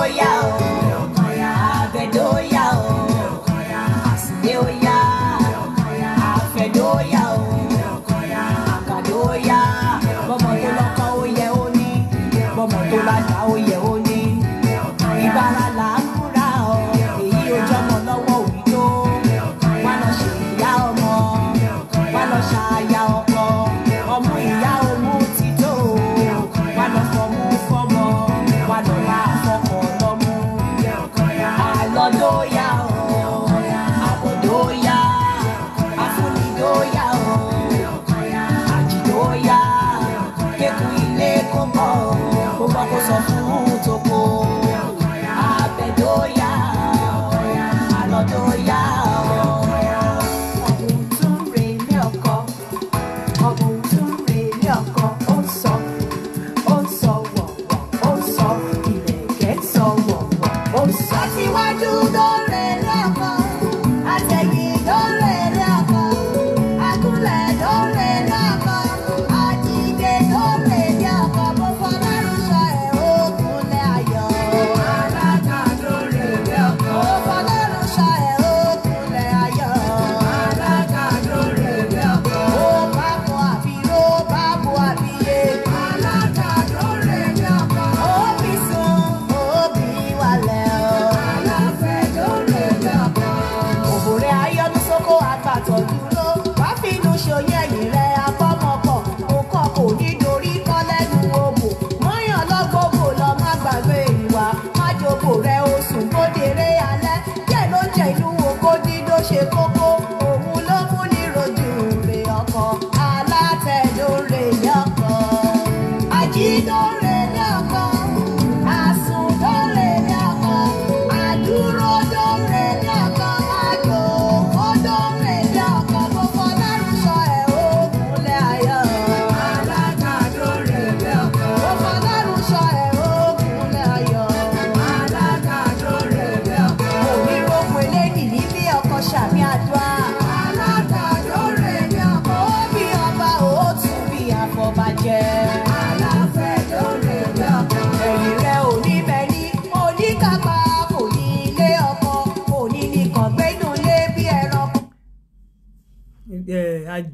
for you. 梦。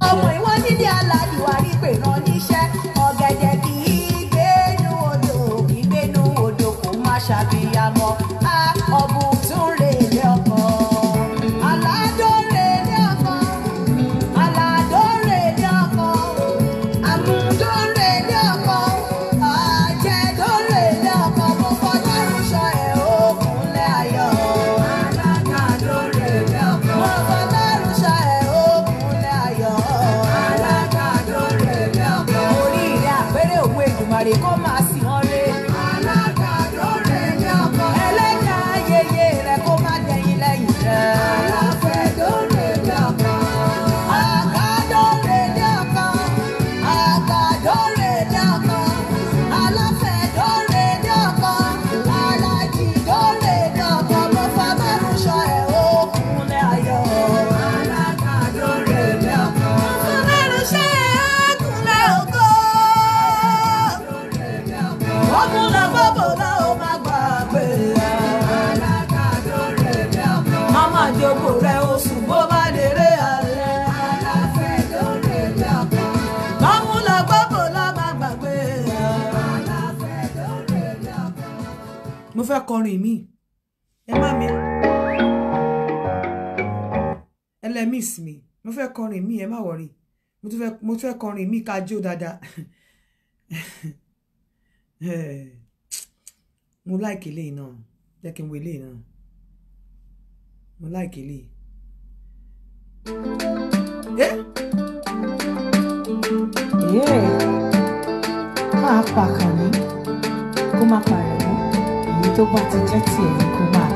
ọmọ ìwọ nílé aláìwárí pè rán níṣẹ́. fẹ́ kọrin mi ẹ má mi ẹlẹ́mìs mi mo fẹ́ kọrin mi ẹ má wọ̀rí mo tún fẹ́ kọrin mi ká jó dáadáa mo láìkì eléyìí náà jẹ́ kí n wo eléyìí náà mo láìkì eléyìí. Yeah. Yeah. Máa pàkàní kó má pààyàn. 我把自家钱你哭我。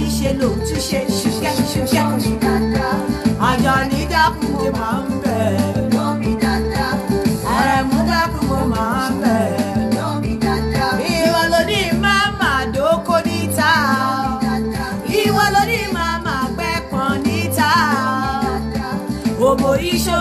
ti ṣe lòun tún ṣe ń ṣiṣẹ́ ṣiṣẹ́ kò ṣe dáadáa. àjà ní dákun mo máa ń bẹ̀. lómi dáadáa. ààrẹ mú dákun mo máa ń bẹ̀. lómi dáadáa. ìwọ ló ní máa máa dóko níta. ìwọ ló ní máa máa gbẹ́pọ̀n níta. òbò iṣó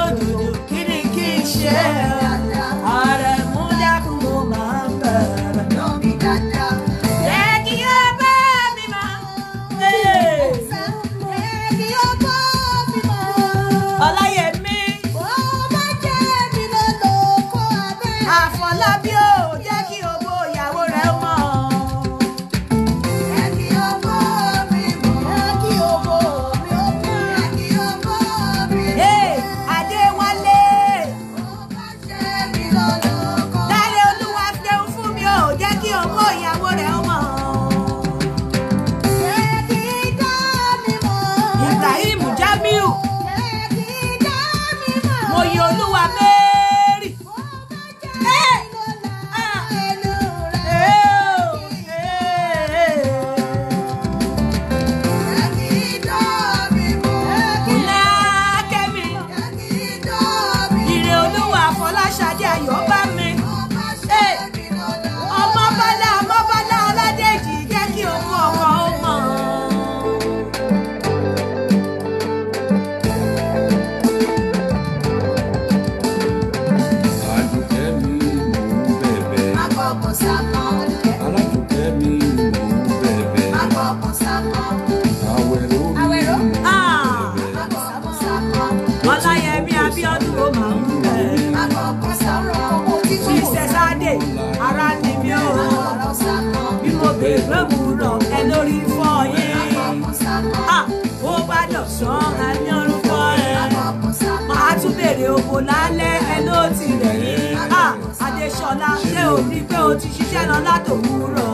ti ṣiṣẹ́ lọ látòwúrọ̀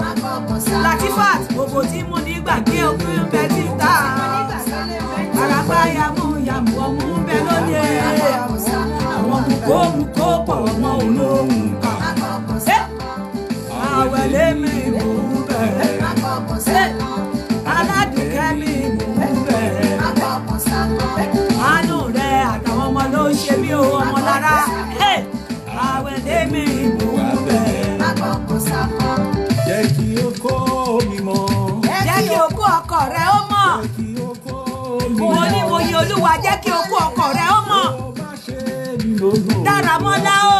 Latifat òbò tí mú ní gbàgbé òkú ń bẹ títà àràgbá yàmú yàmú ọmú ń bẹ lóde àwọn kòkó mú pọ̀ ọmọ olóhùn kan àwẹ̀lé mi. olúwa jẹ́ kí okú ọkọ rẹ̀ ó mọ̀ dára mọ́lá o.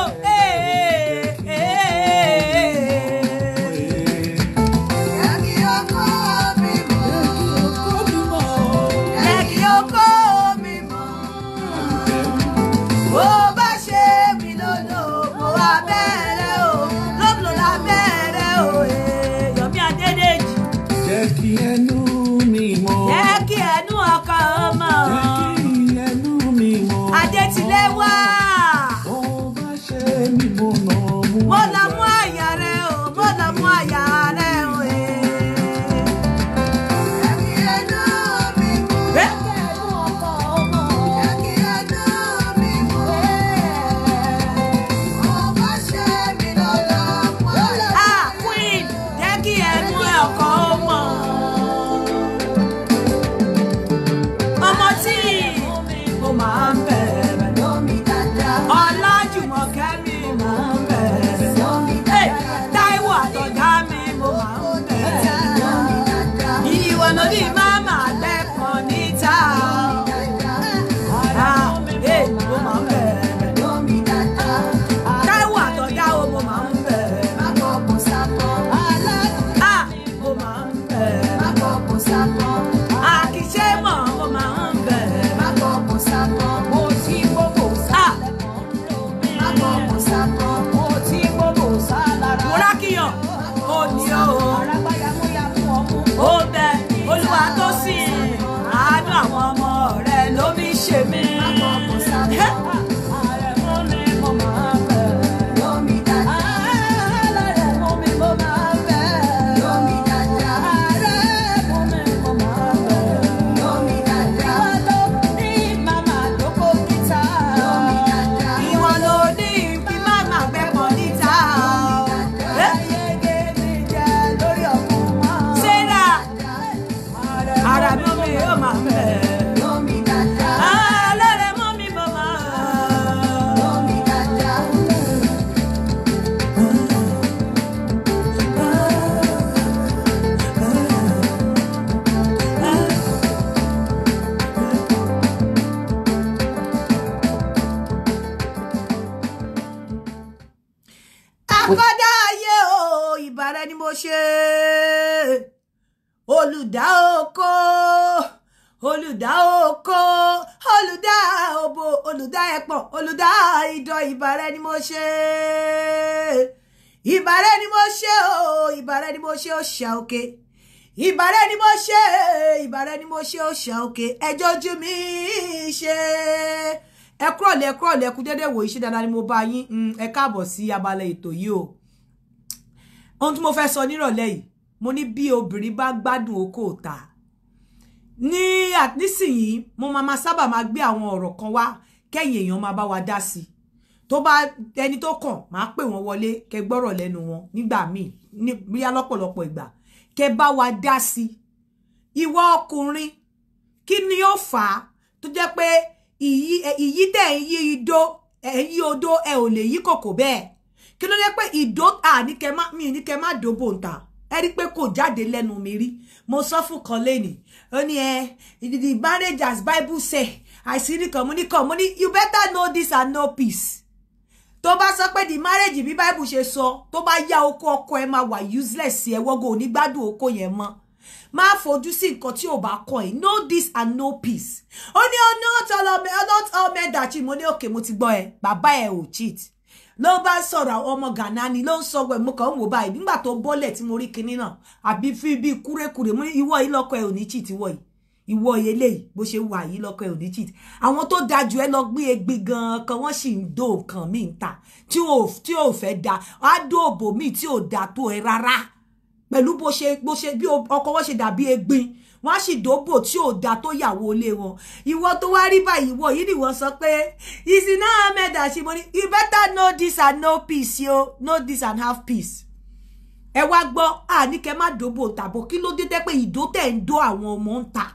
òkè ìbàrẹ̀ ni mo ṣe ìbàrẹ̀ ni mo ṣe òòṣà òkè ẹjọ́ ojú mi ṣe ẹ kúrọ̀lẹ́ ẹ kúrọ̀lẹ́ ẹ kú dédé wò iṣẹ́ dáadáa ni mo bá yín mm, ẹ káàbọ̀ sí abalẹ̀ ètò yìí o ohun tí mo fẹ́ sọ nírọ̀lẹ́ yìí mo ní bí obìnrin bá gbádùn okó òta ní nísìnyìí mo máa ma sábà máa gbé àwọn ọ̀rọ̀ kan wá kẹ́yìn èèyàn máa bá wa dá sí tó bá ẹni tó kàn máa pè wọ́n wọlé kẹ́ gbọ́rọ̀ lẹ́nu wọn nígbà míì ní bóyá lọ́pọ̀lọpọ̀ ìgbà kẹ́ bá wa dá sí ìwọ ọkùnrin kí ni ó fà á tó jẹ́ pé ìyí ìyí tẹ̀ ń yí idó ẹ̀ ń yí odó ẹ ò lè yí kòkò bẹ́ẹ̀ kí ló jẹ́ mi ni kẹ́ má dóbò ń ta ẹ rí pé kò jáde lẹ́nu mi rí mo sọ fún kan lẹ́nìí ó ní the managers Bible say I see the nìkan mú you better know this and no peace tó bá sọ pé di marriage bí bible ṣe sọ tó bá yá ọkọ ọkọ ẹ máa wà useless ẹ wọgọ onígbádùn ọkọ yẹn mọ́ máa fojú sí nǹkan tí ò bá kọ́ ẹ know this and no peace ó ní ọ̀nà ọ̀tọ̀lọ́mẹ ọlọ́tọ̀ọ́mẹ dàchí mo ní òkè mo ti gbọ́ ẹ bàbá ẹ ò cheat ló bá ń sọ̀rọ̀ àwọn ọmọ Ghana ni ló ń sọ pé mo kàn ń wò báyìí nígbà tó bọ́lẹ̀ tí mo rí kinní náà àbí fi bíi kúrékùrè mo ní ìwọ yìí lọ́kọ ẹ ò ní cheat ìwọ yìí ìwọ eléyìí bó ṣe wà yìí lọ́kọ ẹ̀ ò ní cheat àwọn tó dáa jù ẹ lọ gbé egbe gan-an kan wọ́n sì ń dó nǹkan míì ń tà tí ò tí ò fẹ́ da á dó òbò míì tí ò da tó ẹ rárá pẹ̀lú bó ṣe bó ṣe bí ọkọ wọn ṣe dàbí egbin wọn á sì dóbò tí ò da tó yàwó ilé wọn ìwọ tó wá rí báyìí ìwọ yìí nìwọ sọ pé ìsìn náà ahmed àṣìmọ́ni you better know this and know peace yo know this and have peace ẹ wá gbọ́ àní kẹ́ má dóbò tàbó kí ló dé tẹ́ pé ìdó tẹ̀ ń dó àwọn ọmọ ń ta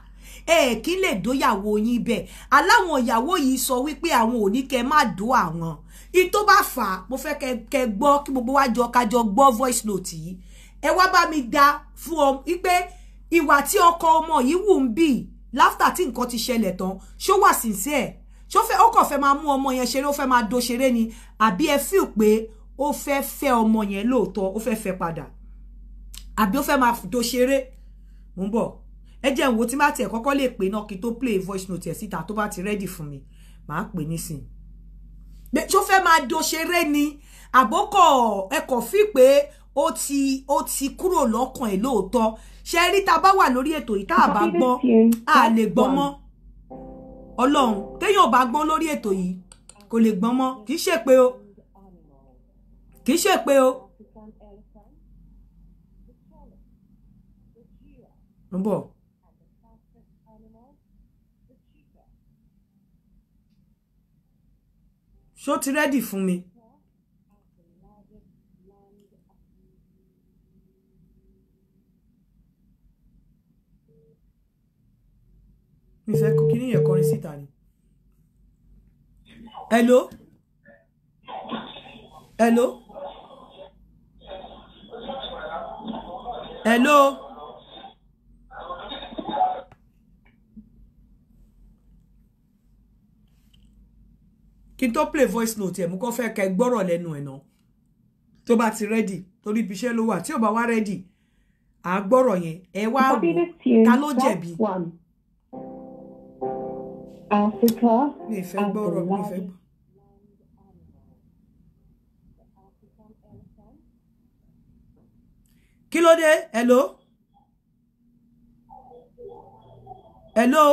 ẹ kí lè dóyàwó yín bẹ́ẹ̀ aláwọn ìyàwó yìí sọ wípé àwọn ò ní kẹ́ má dó àwọn in tó bá fà á mo fẹ́ kẹ́ gbọ́ kí gbogbo wa jọ ká jọ gbọ́ voice note yìí ẹ wá bá mi dá fún ọ wípé ìwà tí ọkọ ọmọ yìí wù ń bì láftà tí nǹkan ti ṣẹlẹ̀ tán ṣó wà sincere ṣó fẹ́ ó kàn fẹ́ máa mú ọmọ yẹn ṣeré ó fẹ́ máa do ṣeré ni àbí ẹ feel pé ó fẹ́ fẹ́ ọmọ yẹn lóòótọ́ ó fẹ́ fẹ́ padà àbí ó fẹ́ máa do ṣeré mo ń bọ̀ ẹ jẹ́ n wo ti má tiẹ̀ kọ́kọ́ lè pè náà kí play voice note ẹ̀ síta tó bá ti ready fún mi màá pè nísìn pé tó ma do doṣeré ni àbókọ̀ ẹkọ̀ fi pé ó ti ó ti kúrò lọ́kàn ẹ̀ lóòótọ́ ṣe rí ta bá wà lórí ètò yìí tá a a lè gbọ́ mọ́ ọlọ́run téèyàn bá gbọ́ lórí ètò yìí kò lè gbọ́n mọ́ kì í ṣe o kì í ṣe o. ń ṣó ti rẹ́dì fún mi. mi fẹ́ kó kíní yẹn kọrin síta ni. hello. hello. hello. kí n tó play voice note ẹ̀ mú kọ́ fẹ́ kẹ́ gbọ́rọ̀ lẹ́nu ẹ̀ náà tó bá ti ready torí ibi iṣẹ́ ló wà tí ò bá wá ready à á gbọ́rọ̀ yẹn ẹ wá wò ta ló jẹ̀bi. Africa mi kí ló dé hello hello.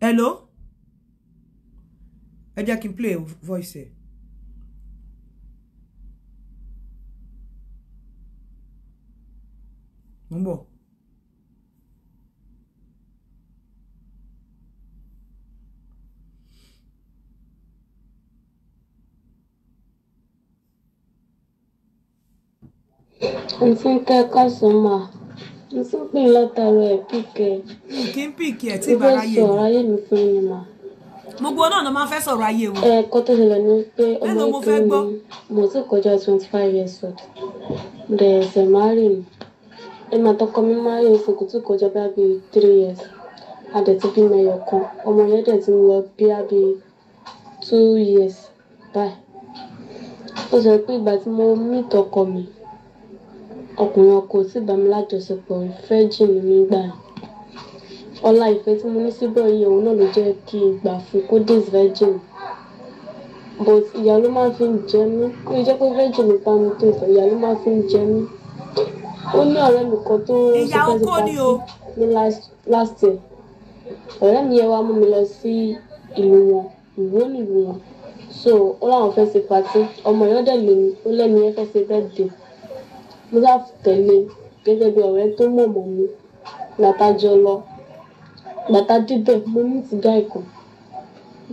hello I just can play voice ẹ̀. mo ń bọ̀. Nfunke Kasuma mo tún pè é látara ẹ̀ píkẹ́. kí n pìkì ẹ̀ tí ìbára yé mi. mo fẹ́ sọ̀rọ̀ ayé mi fún mi mà. gbogbo náà ló máa fẹ́ sọ̀rọ̀ ayé wọn. ẹ̀ẹ̀kan tó ṣẹlẹ̀ ni pé ọmọ ìpín mi mo ti kọjá twenty five years old mo dẹ̀ ẹ̀sẹ̀ máa mi ẹ̀mà tọkọ mi máa rìn fún kọjá bá bíi three years a dẹ̀ ti bímọ ẹyọ kan ọmọ yẹn dẹ̀ ti lọ bíá bíi two years báyìí ó sọ pé ìgbà tí mo mí tọkọ mi ọkùnrin ọkọ tí bá mi lájọṣepọ̀ ìfẹ́ jìnnì mi gbà ọlá ìfẹ́ tí mo ní síbọ̀ yìí òun náà ló jẹ́ kí n gbà fún kó virgin but ìyá ló máa fi ń jẹ mí ó jẹ́ pé virgin ló bá tó ìtàn ìyá ló máa fi ń jẹ mí ó ní ọ̀rẹ́ mi kan tó ṣe fẹ́ ti pàṣẹ ní last year ọ̀rẹ́ mi yẹn wá mú mi lọ sí ìlú wọn ìlú ìlú wọn so ó láwọn fẹ́ ṣe pàṣẹ ọmọ ìyọ́dẹ̀ lèmi ó lẹ́nu yẹn fẹ́ ṣe birthday. Musaf tẹ̀lé gẹ́gẹ́ bí ọ̀rẹ́ tó mọ̀mọ́ mi bàtà jọ lọ bàtà débẹ̀ mo ní ti gáì kan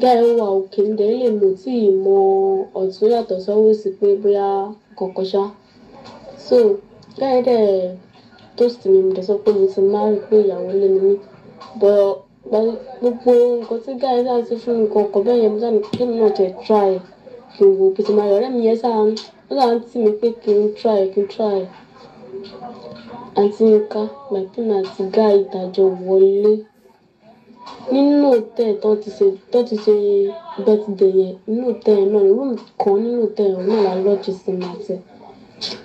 gáì ó wà òkè ǹdẹ̀ lè mọ̀ tí ì mọ ọ̀tún yàtọ̀ sọ́wọ́ sí pé bóyá kọ̀ọ̀kan ṣá so gáì dẹ̀ toast mi mo dẹ̀ sọ pé mo ti máa rí pé ìyàwó lé mi ní bọ́ gbogbo nǹkan tí gáì sáà ti fún nǹkan ọkọ̀ bẹ́ẹ̀ yẹn mo sáà ní kí n náà tẹ̀ try kí n wo kí n ti máa yọ̀ ọ̀rẹ́ mi yẹn sáà ń ó dà àǹtí mi pé kí n try kí n try àǹtí mi ká martin àti guy ìdájọ wọlé nínú òtẹ́ẹ̀ tó ti ṣe tó ti ṣe bẹ́tìdẹ̀ yẹn nínú òtẹ́ẹ̀ náà rúùm kan nínú òtẹ́ẹ̀ náà la lọ́ọ̀jì sí màtẹ́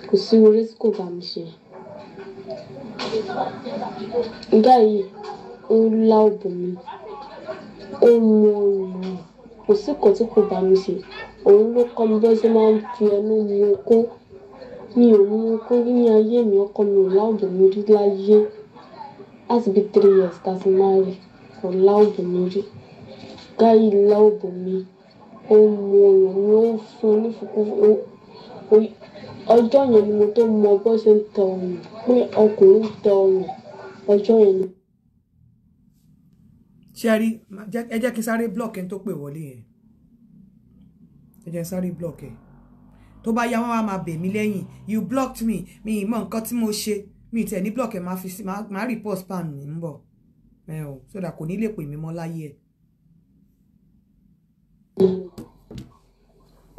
kò sí orí tí kò bá mi ṣe ìgbà yìí ó lá òbò mi ó mú ọrùn kò sí nǹkan tí kò bá mi ṣe òun ló kọ́ mi bẹ́ẹ̀ ṣe máa ń fi ẹnu mu okó mi ò mu okó rí ní ayé mi ọkọ mi ò láòdù mi rí láyé láti bí three years tá a ti máa rí kò láòdù mi rí gáyì láòdù mi ó mu ọyàn mi ó fún un nífun ọjọ́ yẹn ni mo tó mọ bó ṣe ń tẹ ọyàn pé ọkùnrin ń tẹ ọyàn ọjọ́ yẹn ni. ṣé ẹ rí ẹ jẹ́ kí n sáré block tó pè wọlé yẹn ẹ jẹ́ sáré block ẹ̀ tó bá yá wọn wá máa bẹ̀ mí lẹ́yìn you blocked me mi ì mọ nǹkan tí mo ṣe mi tẹ̀ ní block ẹ̀ máa fi sí máa report spam mi ń bọ̀ ẹ o sódà kò ní lè pè mí mọ́ láyé ẹ̀.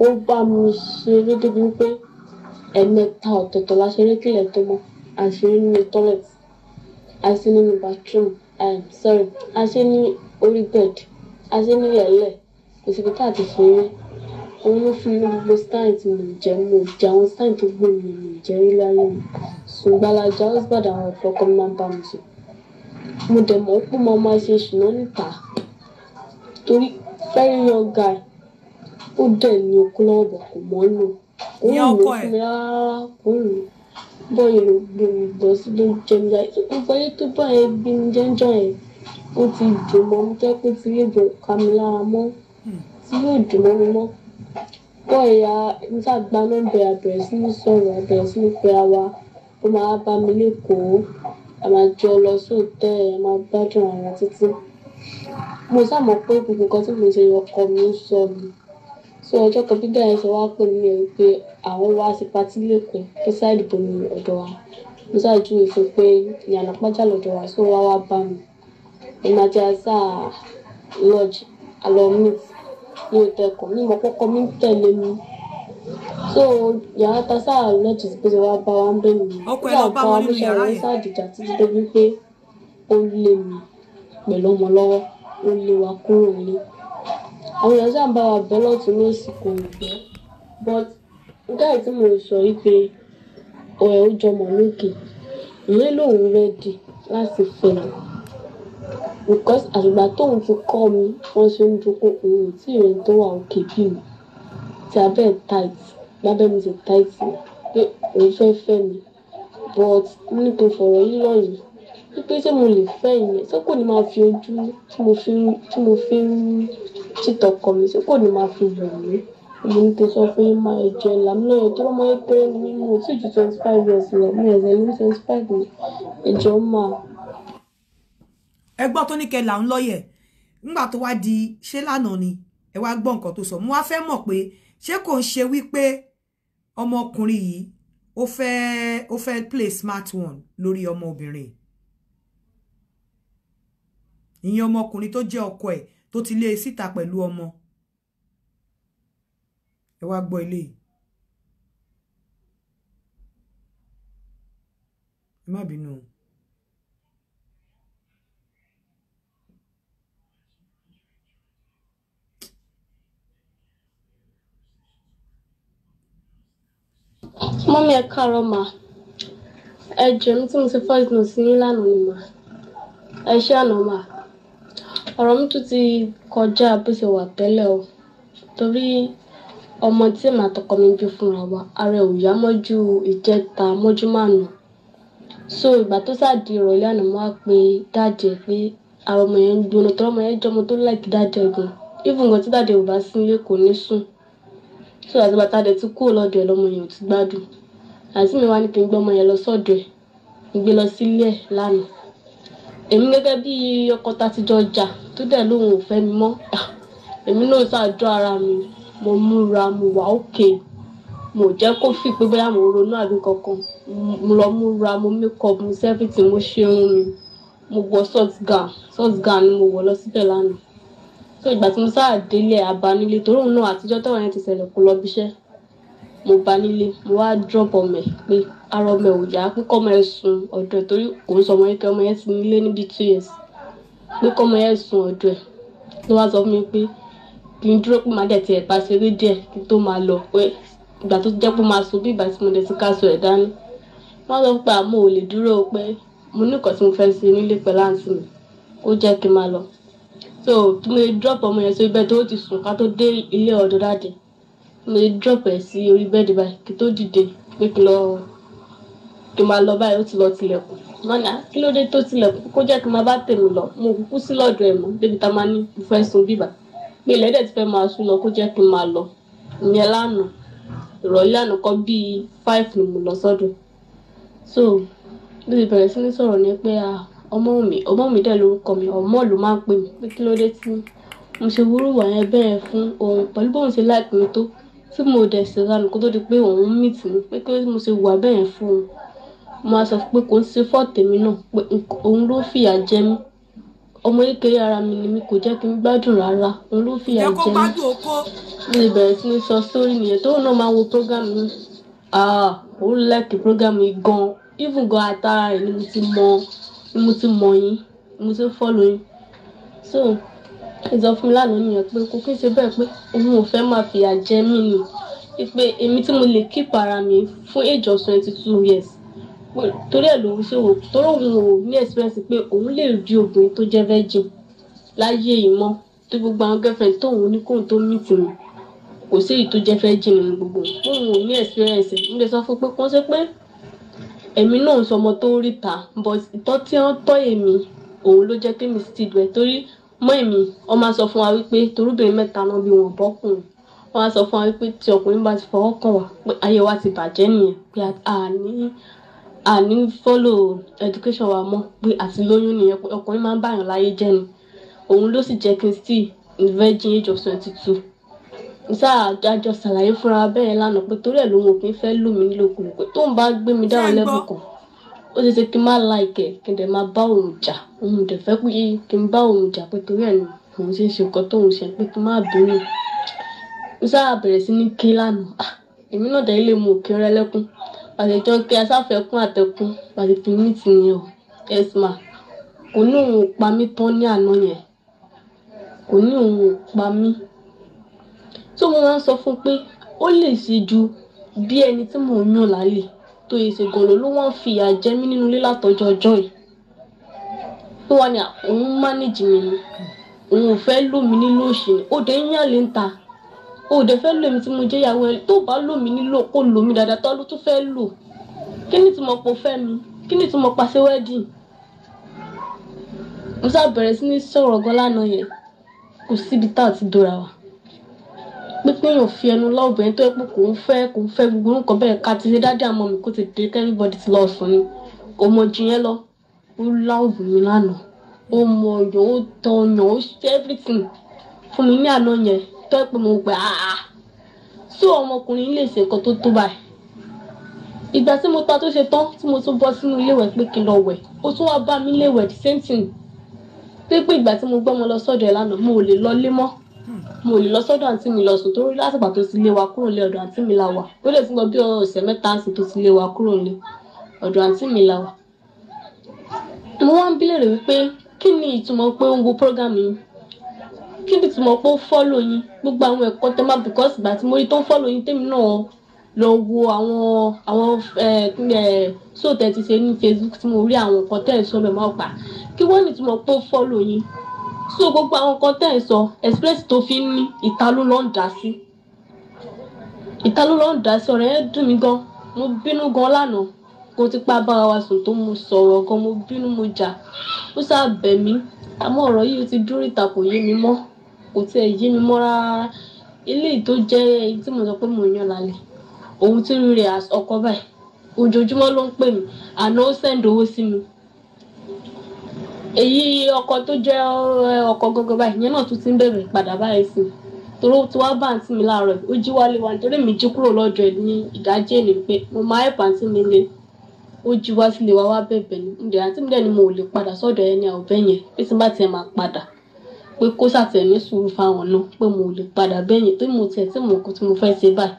ó bá mi ṣeré débi pé ẹ̀mẹ́ta ọ̀tọ̀ọ̀tọ̀ la ṣeré kílẹ̀ tó mọ́ àṣírí nínú toilet àṣírí nínú bathroom um, sorry àṣírí ní orí bed àṣírí ní ilẹ̀ kò síbi tá a ti ṣeré òun ló fún gbogbo stein tí mo jẹ mo jẹ àwọn stein tó gbé mi mi jẹ rí láyé mi sùgbàlàjà husband àwọn ọ̀pọ̀ kan máa ń bá mi sùn mo dẹ̀ mọ̀ pé mo máa ṣe ṣùnà níta torí very young guy ó dẹ̀ ní okun lọ́wọ́ bọ̀ kò mọ́ lò ó lò fún mi rárá kò lò ó bọ́ọ̀lù ló gbé mi lọ sí ló jẹ mi láyé ó fọyé tó bá yẹn gbé mi jẹ́jọ́ yẹn ó ti dùn mọ́ mo jẹ́ pé tí yóò dùn ká mi lára mọ́ hmm. tí yóò dùn mọ́ mi mọ́ bọ́ì ya mo ṣàgbá nọ́mbà ẹ̀ bẹ̀rẹ̀ sí ní sọ̀rọ̀ bẹ̀rẹ̀ sí ní pe àwa ó máa bá mi lẹ́kọ̀ọ́ a máa jọ lọ sóòtẹ́ ẹ̀ máa gbádùn ara títí mo ṣàmọ̀ pé gbogbo nǹkan tí mo ṣe ọkọ mi ń sọ mi so ọjọ́ kan bí bẹ́ẹ̀ ṣe wá pè mí ẹ̀ pé àwọn wá sí patí lẹ́kọ̀ọ́ pé sáìdì bomi ọ̀dọ̀ wa mo ṣáàjú ìfún pé ìyànà pàjá lọ́dọ̀ wa sọ wá wá bá mi ìmájà sáà lọ́ọ̀jì mi ò tẹkùn mi mọ̀ kọ́kọ́ mi so yàrá ta sáà lẹ́tù sí pé ṣe wá bá wa ń bẹ̀rù mi ọkọ ẹ lọ bá wọn nínú yàrá yẹn sáà dìjà títí débi pé ó lé mi pẹ̀lú ọmọ lọ́wọ́ ó lé wa kúrò nílé àwọn èèyàn sáà ń bá wa bẹ́ lọ́tún lọ́sì kò gbẹ́ but gáì tí mo sọ yìí pé ọ̀rẹ́ ó jọmọ̀ lókè ìyẹn lòun rẹ́dì láti fẹ̀yìn because àtìgbà tóun fi kọ́ mi wọ́n ṣe ń dúkú òun tí ìrìn tó wà òkè bí mi tí abẹ́ tight lábẹ́ mi ti tight pé òun fẹ́ fẹ́ mi but ní kò fọ̀rọ̀ yí lọ́yìn wípé ṣé mo lè fẹ́ ìyẹn ṣé kò ní máa fi ojú tí mo fi ń tí mo fi ń títọ̀ kọ mi ṣé kò ní máa fi wù mí èmi ní kí n sọ pé máa jẹ làmúlò yẹn tó bá máa ń pẹ́ ní mímú tí ju twenty five years lọ mi ẹ̀sẹ̀ ní twenty five ẹ̀jọ̀ máa ẹgbọ́n tó ní kẹ là ń lọ́yẹ̀ nígbà tó wá di ṣé lánàá ni ẹ wá gbọ́ nǹkan tó sọ mo wá fẹ́ mọ̀ pé ṣé kò ń ṣe wípé ọmọkùnrin yìí ó fẹ́ ó fẹ́ play smart one lórí ọmọbìnrin ìyẹn ọmọkùnrin tó jẹ́ ọkọ ẹ̀ tó ti lé e síta pẹ̀lú ọmọ ẹ wá gbọ́ ilé yìí ẹ má bínú o. mọ́mí ẹ káàárọ̀ mà ẹ jẹ́ mi tí mo ṣe voice note sí yín lánàá ni mà ẹ ṣé àná mà ọ̀rọ̀ mi tún ti kọjá bó ṣe wà tẹ́lẹ̀ o torí ọmọ tí màá tọkọ mi bí fúnra wa ara ẹ̀ ò yá mọ́jú ìjẹta mọ́jú márùn so ìgbà tó sáàdì ìrọ̀lẹ́ àná mo wá pe dáàdì ẹ̀ pé àwọn ọmọ yẹn ń gbóná tọ́lọ́mọ yẹn jẹ́ ọmọ tó láìkí dáàdì ẹ̀ gan even gan tí dáàdì ò bá sí ilé kò ní sùn so àtìgbà tá a dẹ̀ ti kúrò lọ́dọ̀ ẹ̀ lọ́mọ yẹn ò ti gbádùn àti mi wá ní kí n gbé ọmọ yẹn lọ sọ́dọ̀ ẹ̀ n gbé lọ sílé ẹ̀ lánàá èmi gẹ́gẹ́ bí ọkọ tá ti jọ jà tó dẹ̀ lóun ò fẹ́ mi mọ́ èmi náà ṣàjọ ara mi mo múra mo wà òkè mo jẹ́ kó fi pé bóyá mo ronú àbí kankan mo lọ múra mo makeup mo sẹ́fìtì mo ṣe mi mo wọ short gown short gown ni mo wọ̀ lọ síbẹ̀ lánàá so ìgbà tí mo sáà délé abanilé torí òun náà àtijọ́ tọ́wọ́ yẹn ti ṣẹlẹ̀ kó lọ bíṣẹ́ mo bá nílé mo wá drop ọmọ ẹ pé ara ọmọ ẹ ò yá pé kọ́mọ ẹ sùn ọ̀dọ̀ ẹ torí kò ń sọ ọmọ yẹn pé ọmọ yẹn ti nílé níbi two years pé kọ́mọ yẹn sùn ọ̀dọ̀ ẹ ló wá sọ fún mi pé kí n dúró pé màá dẹ̀ tiẹ̀ bá ṣeré díẹ̀ kí n tó máa lọ pé ìgbà tó jẹ́ pé máa sùn bí ìgbà tí mo dẹ̀ ti ká sọ ẹ̀ dání wọ́n sọ pé àmọ́ ò lè dúró pé mo ní nǹkan tí mo fẹ́ ṣe nílé pẹ̀lú mi ó jẹ́ kí n máa lọ so mo lè drop ọmọ yẹn sí bẹ́ẹ̀ tó ti sùn ká tó dé ilé ọ̀dọ̀ dáadé mo lè drop ẹ̀ sí orí bẹ́ẹ̀dì báyìí kí tó dìde pé kí lọ kí máa lọ báyìí ó ti lọ tilẹ̀kùn lọ́nà kí ló dé tó tilẹ̀kùn kó jẹ́ kí máa bá tèmi lọ mo kúkú sí lọ́dọ̀ ẹ̀ mọ́ débi tá a máa ní mo fẹ́ sun bíbà pé ilẹ̀ dẹ̀ ti fẹ́ máa sún lọ kó jẹ́ kí máa lọ ìyẹn lánàá ìrọ̀lẹ́ àná kan bíi five ni mo lọ sọ́dọ̀ so bí mo bẹ̀rẹ̀ sí ní sọ̀rọ̀ ni pé ah ọmọ mi ọmọ mi dẹ̀ lórúkọ mi ọmọ ló máa ń pè mí pé kí ló dé tí mo ṣe wúrú wà yẹn bẹ́ẹ̀ fún òun pẹ̀lú bóun ṣe láìpẹ́ mi tó tí mo dẹ̀ ṣe ránu kó tó di pé òun mì tì mí pé kí mo ṣe wà bẹ́ẹ̀ fún òun mo á sọ pé kò ń ṣe fọ́ọ̀tẹ̀ mi náà pé òun ló fìyà jẹ mí ọmọ kékeré ara mi ni mi kò jẹ́ kí n gbádùn rárá òun ló fìyà jẹ mí mo lè bẹ̀rẹ̀ sí ní sọ sórí nìyẹn tóun náà máa wo program mi òun ah, lẹ́kì program mi gan-an even gan-an àtàrà rẹ̀ ni mo ti mọ ni mo ti mọ̀ yín mo ti follow yín so ìsọ fún mi lánàá nìyẹn pé kò kí n ṣe bẹ́ẹ̀ pé òun ò fẹ́ máa fìyà jẹ mí ni pé èmi tí mo lè keep ara mi fún age of twenty two years torí ẹ̀ lòun ṣe wò torí òun ò ní experience pé òun lè di obìnrin tó jẹ́ virgin láyé yìí mọ́ tó gbogbo àwọn girlfriend tóun ní kóun tó meet wọn kò sí èyí tó jẹ́ virgin nínú gbogbo òun ò ní experience ń lè sọ fún pé kó ṣe pé èmi náà ń sọmọ tó ríta but ìtọ́ tí wọ́n tọ́ èmi òun ló jẹ́ kémi sì dùn ẹ̀ torí mọ́ èmi wọ́n máa sọ fún wa wípé torúbìnrin mẹ́ta náà bí wọn bọ́kùnrin wọ́n á sọ fún wa wípé tí ọkùnrin bá ti fọwọ́ kàn wá pé ayé wa ti bàjẹ́ nìyẹn pé àní àní follow education wa mọ́ pé àti lóyún nìyẹn pé ọkùnrin máa ń bàyàn láyé jẹ́ ni òun ló sì jẹ́ kí n sí virgin age of twenty two sáà àjọ ṣàlàyé fúnra bẹ́ẹ̀ lánàá pé torí ẹ̀ lòun ò kí ń fẹ́ lù mí lókun pé tóun bá gbé mi dáhùn lẹ́bùn kan ó ṣe ṣe kí n má láìkẹ̀ kí n dẹ̀ máa bá òun jà òun dẹ̀ fẹ́ kí n bá òun jà pé torí ẹ̀ ni òun ṣe ń ṣe nǹkan tóun ṣe pé kí n má bínú mo sáà bẹ̀rẹ̀ sí ní ké lánàá èmi náà dẹ̀ lè mú òkè rẹ lẹ́kún àtẹ̀jọ́ kí asáfẹ́kún àtẹ̀kún àtẹ̀tì mi ní òun pa mí tó mo máa ń sọ fún un pé ó lè ṣe ju bí ẹni tí mò ń yàn lálẹ́ tó yẹ ṣe gòlò ló wọ́n fìyà jẹ mí nínú ilé látọjọ́ ọjọ́ yìí tó wà ní òun mánéjì mi ni òun ò fẹ́ lò mí nílò òṣì ni ó dẹ̀ ń yàn lè ń ta ó dẹ̀ fẹ́ lò mí tí mo jẹ́ ìyàwó ẹ̀ tó bá lò mí nílò kó lò mí dáadáa tó ló tún fẹ́ lò kí ni tí mo pò fẹ́ mi kí ni tí mo pàṣẹ wedding mo sá bẹ̀rẹ̀ sí ní sọ̀rọ̀ gan lánàá yẹn kò síbi tá a ti dóra wa pípé èèyàn fi ẹnu lá obìnrin tó yẹ pé kò ń fẹ́ kò ń fẹ́ gbogbo nǹkan bẹ́ẹ̀ ká ti ṣe dáadáa àmọ́ mi kó ti dé everybody ti lọ sùn ni kò mọ ju yẹn lọ ó lá obìnrin lánàá ó mọ ọyàn ó tọ ọyàn ó ṣe everything fún mi ní àná yẹn tó yẹ pé mo gbà á sí ọmọkùnrin lè ṣe nǹkan tó tó báyìí ìgbà tí mo ta tó ṣe tán tí mo tún bọ́ sínú iléèwẹ̀ pé kí n lọ wẹ̀ ó tún wá bá mi léèwẹ̀ the same thing pé pé ìgbà tí mo gbọ́ mo lọ sọ́dọ̀ ẹ̀ lánàá mo ò lè lọ lé mọ́ mo lè lọ sọ́dọ̀ àǹtí mi lọ sùn torí látìgbà tó ti lé wa kúrò nílé ọ̀dọ̀ àǹtí mi la wà ó lè fún lọ bí ọ̀sẹ̀ mẹ́ta sí tó ti lé wa kúrò nílé ọ̀dọ̀ àǹtí mi la wà. mo wá ń bí lèrè wípé kí ni ìtumọ̀ pé ó ń wo program yìí kí ni ìtumọ̀ pé ó fọ́lò yín gbogbo àwọn ẹ̀kọ́ tẹ máa bìkọ́sì ìgbà tí mo rí tó ń fọ́lò yín tèmi náà lọ wo àwọn àwọn sóòtẹ́ ti ṣe ní Facebook tí mo rí àwọn nǹkan tẹ̀ ń sọ mẹ́mọ́ pa kí wọ́n ní ìtumọ̀ pé ó fọ́lò yín so gbogbo àwọn nǹkan tẹ́ ẹ̀ sọ express tó fi ń ní ìta ló lọ́ ń dá sí ìta ló lọ́ ń dá sí ọ̀rọ̀ yẹn dùn mí gan mo bínú gan lánàá kó ti pa bára wa sùn tó mo sọ̀rọ̀ gan mo bínú mo jà ó sáà bẹ̀ mí àmọ́ ọ̀rọ̀ yìí ti dúró ìta kò yé mi mọ́ kò tiẹ̀ yé mi mọ́ rárá eléyìí tó jẹ́ èyí tí mo sọ pé mo yàn lálẹ́ òun tí rí rẹ̀ ọkọ báyìí ojoojúmọ́ ló ń pè mí àná ó sẹ́ǹdì sí mi èyí ọkọ tó jẹ́ ọkọ gọgọ báyìí yẹn náà tún ti ń bèrè padà báyìí sí torí ó ti wá mi láàárọ̀ ó jí wálé wa nítorí mi jí kúrò ní ìdájí pé mo máa ẹ̀pà mi lé ó jí wá sílé wa wá bẹ̀bẹ̀ ni ni mo lè padà sọ́dọ̀ ẹni yẹn pé tí n bá tiẹ̀ máa padà pé kó sùúrù fáwọn náà pé mo lè padà bẹ́yìn pé mo tiẹ̀ tí mo kò tí mo fẹ́ ṣe báyìí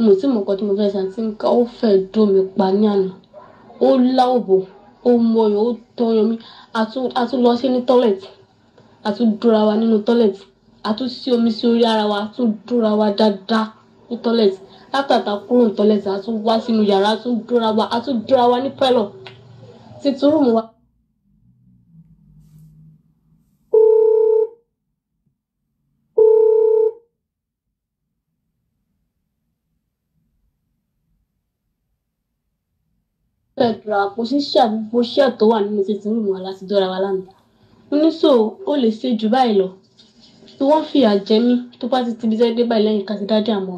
ọ̀dọ̀ mi ó láòbò ó mọyàn ó tọyàn mi a tún lọ sí ní tọ́lẹ̀tì a tún dúra wa nínú tọ́lẹ̀tì a tún sí omi sí orí ara wa a tún dúra wa dáadáa ní tọ́lẹ̀tì látàtà kúrò ní tọ́lẹ̀tì a wá sínú yàrá a dúra wa a dúra wa ní pẹ́lọ̀ títúrùmù wa. pẹ̀lú àpò ṣíṣe àgbogbo ṣẹ́ẹ̀ tó wà nínú títí rúùmù wa láti dọ́ra wa lánàá oníṣòwò ó lè ṣe jù báyìí lọ tí wọ́n fìyà jẹ mí tó bá ti ti bí sẹ́gbẹ́ báyìí lẹ́yìn ká ti dá dé àmọ́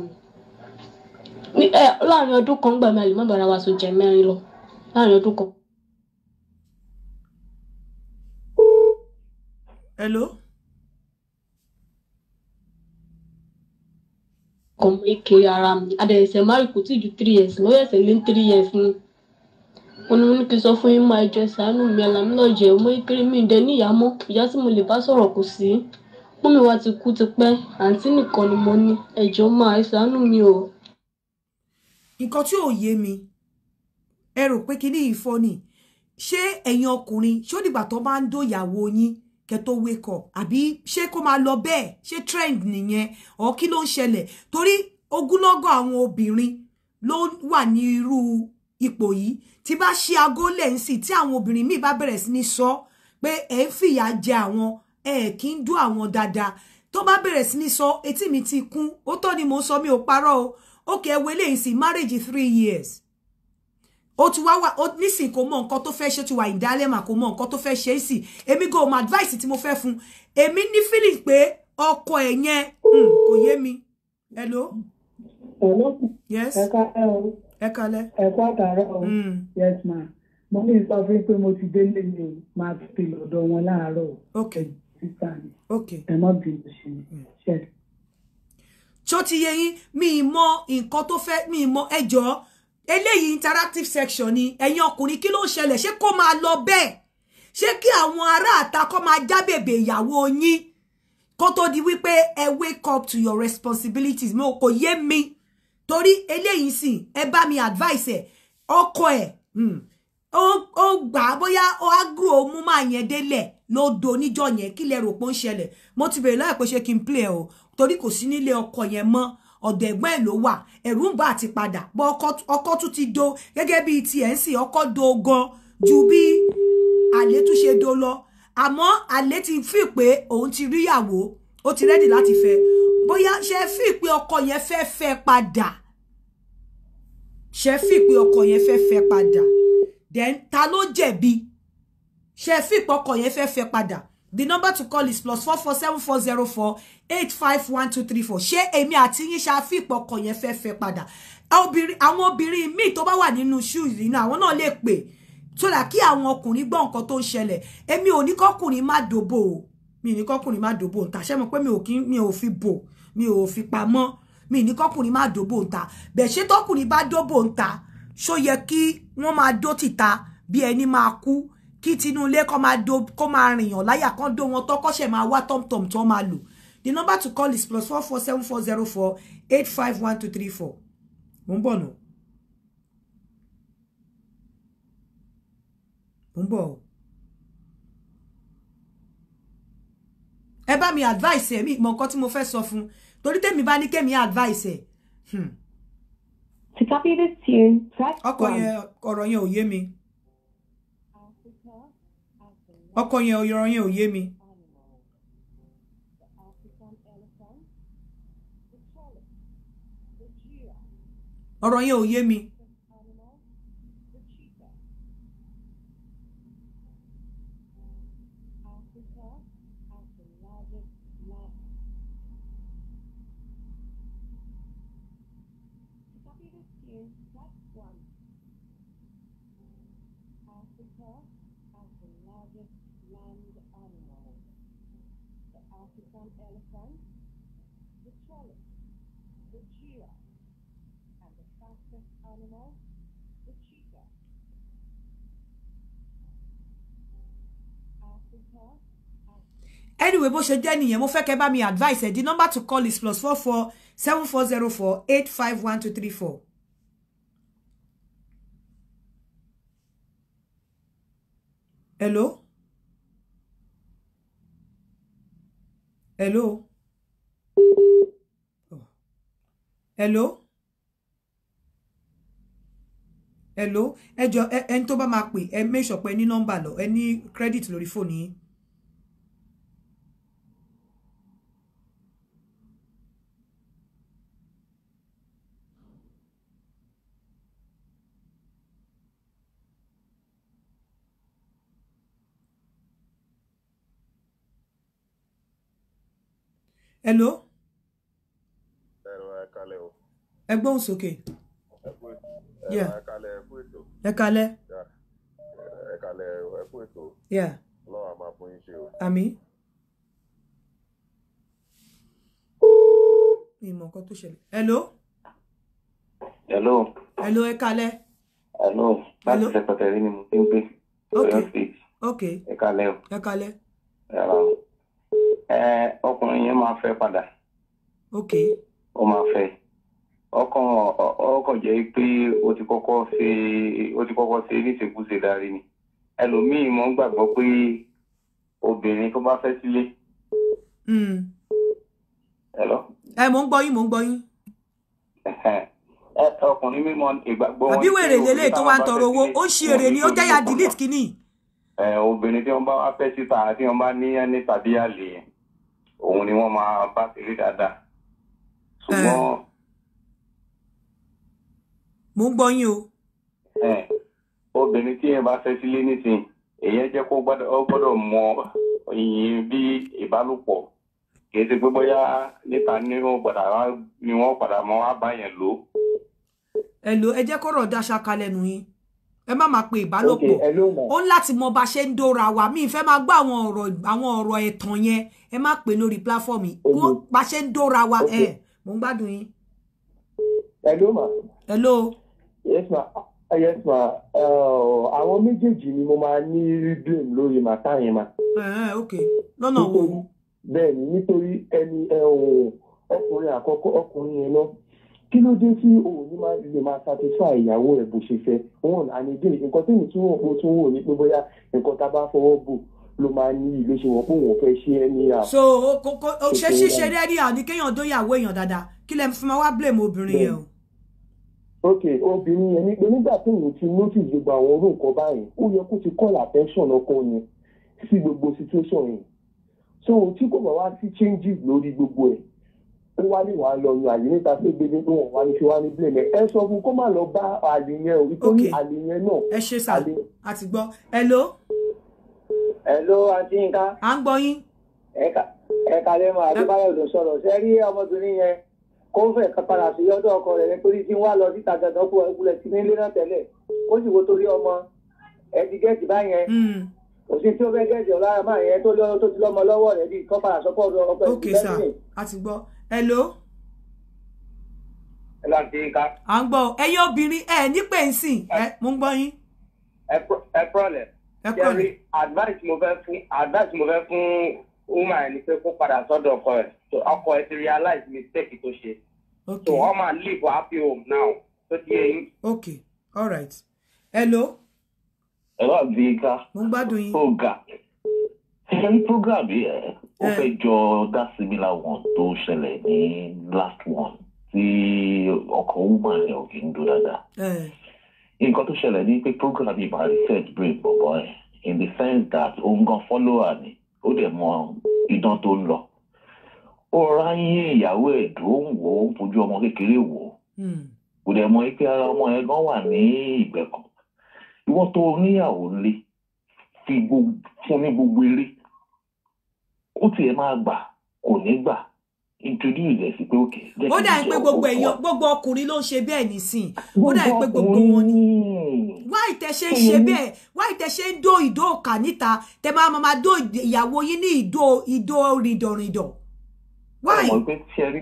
mi láàrin ọdún kan gbàgbé àlè má bàrà wa sọ jẹ mẹ́rin lọ láàrin ọdún kan. hello. kọ̀mọ́ ìkiri ara mi adẹ̀sẹ̀ márùkù tí ju three years lọ́yẹ̀sẹ̀ lé three years ni òun ni mo ní kí n sọ fún yín máa jẹ ṣàánú mi àlàmúlọ̀jẹ̀ ọmọ ìkéré ìdẹ níyàá ìyá tí mo lè bá sọ̀rọ̀ kò sí mọ́mí wa ti kú tipẹ́ àǹtí nìkan ni mo ní ẹ̀jọ̀ máa ẹ ṣàánú mi o. nǹkan tí ò yé mi ẹ rò pé kí ní ìfọ ni ṣé ẹ̀yin ọkùnrin ṣó dìgbà tó máa ń dóyàwó yín kẹ tó wake up àbí ṣé kó máa lọ bẹ́ẹ̀ ṣé trend nìyẹn ọ kí ló ń ṣẹlẹ̀ torí ogúnlọ́gọ̀ àwọn obìnrin ló wà ní irú ipò yìí tí bá ṣe aago lẹ́ǹsì tí àwọn obìnrin míì bá bẹ̀rẹ̀ sí ní sọ pé ẹ̀ ń fìyà jẹ àwọn ẹ̀ kí ń dú àwọn dáadáa tó bá bẹ̀rẹ̀ sí ní sọ etí mi ti kún ó tọ́ ni mò sọ mi ò parọ́ o ókè ẹ wọlé yìí marriage three years ó ti wá wà ó nísìnyí kò mọ nǹkan tó fẹ́ ṣe ó ti wà in kò mọ nǹkan tó fẹ́ ṣe é sì èmi go my advice tí mo fẹ́ fún èmi ní feeling pé ọkọ ẹ̀ yẹn hmm, kò yé mi hello. hello. yes. ẹ ká o ẹ kalẹ. ẹ kú àtàrà o hmm. yes ma mo ní sọ fún pé mo ti délé mi o máa ti lọ́dọ̀ wọn láàárọ̀ o sísá mi ẹ má bínú sí mi hmm. ṣe. tó ti yẹ yín mi ì mọ nǹkan tó fẹ́ mi ì mọ ẹjọ́ eléyìí interactive section ni ẹ̀yin ọkùnrin kí ló ń ṣẹlẹ̀ ṣé kó máa lọ bẹ́ẹ̀ ṣé kí àwọn ará àtakọ́ máa jábèbè ìyàwó yín kó tó di wípé ẹ wake up to your responsibilities mo kò yé mi torí eléyìí sìn ẹ bá mi advice ẹ ọkọ ẹ hmm, ó gbà á bóyá ó agro mú máa yẹn délẹ̀ ló do níjọ́ yẹn kí lẹ rò pé ó ń ṣẹlẹ̀ mo ti bèrè láì pé kí n play o torí kò sí nílé ọkọ yẹn mọ́ ọ̀dọ̀ ẹ̀gbọ́n ẹ̀ ló wà ẹ̀rù ń bà àti padà bọ́ ọkọ tún ti do gẹ́gẹ́ bíi tiẹ̀ ń sìn ọkọ do gan ju bí àlè tún ṣe do lọ àmọ́ àlè ti fi pé òun ti ríyàwó ó ti rẹ́dì láti fẹ́ bóyá ṣe fi pé ọkọ yẹn fẹ́ fẹ́ padà ṣe fi pé ọkọ yẹn fẹ́ fẹ́ padà then ta ló jẹ̀bi ṣe fi pé ọkọ yẹn fẹ́ fẹ́ padà the number to call is plus four four seven four zero four eight five one two three four ṣé èmi àti yín ṣe àfihàn ọkọ yẹn fẹ́ fẹ́ padà àwọn obìnrin míì tó bá wà nínú shoes nínú àwọn náà lè pè so that kí àwọn ọkùnrin gbọ́ nǹkan tó ń ṣẹlẹ̀ èmi ò ní kọ́kùnrin má dòbò o mi ò ní kọ́kùnrin má dòbò ntàṣẹ́ mọ̀ pé mi ò fi bò mi ò fi pamọ́ mi ní kọ́kùnrin má dóbò ń ta bẹ̀ ṣé tọ́kùnrin bá dóbò ń ta ṣó yẹ kí wọ́n máa dó tìta bí ẹni máa kú kí tinúlé kọ́ máa do kọ́ máa rìnyàn láyà kan dó wọn tọ́kọ́ṣẹ̀ máa wá tọ́mtọ́m tó máa lò the number to call is plus four four seven four zero four eight five one two three four mo ń bọ̀ nù mo o. ẹ bá mi advice ẹ mi mọ nǹkan tí mo fẹ́ sọ fún un torí tèmi bá ní kémi advice ẹ̀. Hmm. to copy this tune press one. ọkọ yẹn ọ̀rọ̀ yẹn ò yé mi ọkọ yẹn ọ̀rọ̀ yẹn ò yé mi. ọ̀rọ̀ yẹn ò yé mi. anyway bó ṣe jẹ́ nìyẹn mo fẹ́ kẹ́ bá mi advice ẹ̀ the number to call is plus four four seven four zero four eight five one two three four. hello hello hello hello ẹ jọ ẹni tó bá máa pè ẹ make sure pé ẹ ní nọ́mbà lọ ẹ ní credit lórí fóònù yín. hello. ẹ̀rọ ẹ̀kalẹ̀ o. ẹ gbóhùn sókè. ẹ̀rọ ẹ̀kalẹ̀ ẹ̀kú ètò. ẹ̀kalẹ̀. ẹ̀kalẹ̀ ẹ̀kú ètò. lọ́wọ́ a máa fún yín ṣe o. àmín. ìmọ̀ kan tó ṣẹlẹ̀. hello. hello. hello ẹ̀kalẹ̀. hello láti ṣe pẹtẹrí ni mo ti ń gbé. ok ok ẹ̀kalẹ̀ o. ẹ̀kalẹ̀. ẹ̀kalẹ̀ ọkùnrin yẹn máa fẹ́ padà. ok. ó máa fẹ́ ọkàn ọkàn jẹ́ pé ó ti kọ́kọ́ ṣe ó ti kọ́kọ́ ṣe níṣekúṣe darí ni ẹlòmíì mọ́ gbàgbọ́ pé obìnrin tó bá fẹ́ sílé. Hmm. hello. ẹ mò ń gbọ́ yín mò ń gbọ́ yín. ọkùnrin mímọ ìgbàgbọ́ wọn. àbí wèrè lélẹ̀ tó wá ń tọrọ owó ó ṣe èrè ni ó jẹ́ ya delete kínní. obìnrin tí wọ́n bá wá fẹ́ síta àti wọ́n bá ní ẹni tàbí àlè yẹn òun ni wọ́n máa bá ṣeré dáadáa ṣùgbọ́n. Eh. mo ń gbọ́ yín o. Eh. obìnrin tí yẹn bá fẹ́ sílé nísìnyí èyàn jẹ́ kó gbọ́dọ̀ mọ ìyìn bí ìbálòpọ̀ kì í ṣe pé bóyá níta ni wọ́n padà ni wọ́n padà mọ́ wá bá yẹn lò. ẹ lo ẹ jẹ́ kọ́rọ̀ dáṣà kalẹ̀ nù yín ẹ má máa pe ìbálòpọ̀ ó ń láti mọ bá ṣe ń dóra wa mi ìfẹ́ máa gbọ́ àwọn ọ̀rọ̀ ẹ̀tàn yẹn ẹ má pè lórí platform yìí wọ́n bá ṣe ń dóra wa ẹ mò ń gbádùn yín. hello ma. hello. yes ma ah, yes ma uh, àwọn méjèèjì ni mo máa ní blame lórí màtá yẹn ma. ok lọ́nà wo. bẹ́ẹ̀ ni nítorí ẹni ọkùnrin àkọ́kọ́ ọkùnrin yẹn náà kí ló dé tí òun ní máa lè máa satisfy ìyàwó ẹ̀ bó ṣe fẹ́ one and again nǹkan tí mo tún wò mo tún wò ní pé bóyá nǹkan tá a bá fọwọ́ bò ló máa ní ìlóṣèwọ̀n pé òun fẹ́ ṣe é ní à. so ó ṣe ṣíṣe rẹ́dí àwọn kéèyàn tó yàwó èèyàn dáadáa kí lẹ fi máa wá blame obìnrin yẹn o. ok obìnrin yẹn nígbà nígbà tí òun ti notice gbogbo àwọn orú nǹkan báyìí ó yẹ kó ti call attention ọkọ yẹn sí gbogbo situation yẹn so tí kò bá wá sí changes lórí gbogbo ẹ̀ ó wá ní wàá lọ yan àyè níta pé gbèdé tó wọn wá ní ṣe wá ní blame ẹ sọ fún kó má lọ bá àlè yẹn o ìtòní àlè yẹn náà. ok ẹ ṣe sà àti gbọ́ hello hello àǹtí Yínká. à ń gbọ́ yín. ẹ kàlẹ́ mọ́ àdébáyọ̀ ló sọ̀rọ̀ ṣe rí ọmọbìnrin yẹn kó fẹ́ kápára sí ọ̀dọ̀ ọkọ rẹ̀ nítorí tí wọ́n á lọ síta dandan kó ẹgbẹ́ ti nílé náà tẹ́lẹ̀ kó sì wo torí ọmọ ẹ ti gẹ́ẹ̀tì báyẹn hmm. kò sí tí ó fẹ́ gẹ́ẹ̀tì ọ̀lára máa yẹn tó ti lọ́mọ lọ́wọ́ rẹ̀ bí kápára sọ́kọ́ ọ̀dọ̀ ọkọ hello. ẹ lọ sí ká. à ń gbọ́ ẹyẹ obìnrin ẹ ní jẹ́rí advice mo fẹ́ fún advice mo fẹ́ fún woman ẹni pé kó padà sọ́dọ̀ ọkọ ẹ̀ so ọkọ ẹ̀ ti realize mistake tó ṣe so wọ́n máa live for happy home now tó ti yẹ yín. all right hello. ẹ̀rọ àbí ká mo gbádùn yín. ọ̀gá ṣe ní program yìí ó fẹ́ eh. jọ that similar one tó ṣẹlẹ̀ ní last one tí ọkọ woman yẹn ò kí ń dúró dáadáa. Eh nǹkan tó ṣẹlẹ̀ ní pé program yìí máa ń set brain bọ̀bọ̀ ẹ̀ in the sense that òun gan follower ni ó dẹ̀ mọ idán tó ń lọ ó rọra ń yín ìyàwó ẹ̀dùn ó ń wò ó ń fojú ọmọ kékeré wò ó hmm. kò dẹ̀ mọ pé ara ọmọ ẹ̀ gan wà ní ìgbẹ́kọ̀ ìwọ tó níyàwó ńlé fi fún ní gbogbo eré ó tiẹ̀ máa gbà kò ní gbà introduce ẹ̀ sí pé ok. ó dà pé gbogbo èèyàn gbogbo ọkùnrin ló ń ṣe bẹ́ẹ̀ nísìn ó dà pé gbogbo wọn ni wáì tẹ ṣe ń ṣe bẹ́ẹ̀ wáì tẹ ṣe ń dó ìdó ọ̀kà níta tẹ máa máa dó ìyàwó yín ní ìdó ìdó rìndọ̀rìndọ̀ wáì. ọmọ pé tí ẹ rí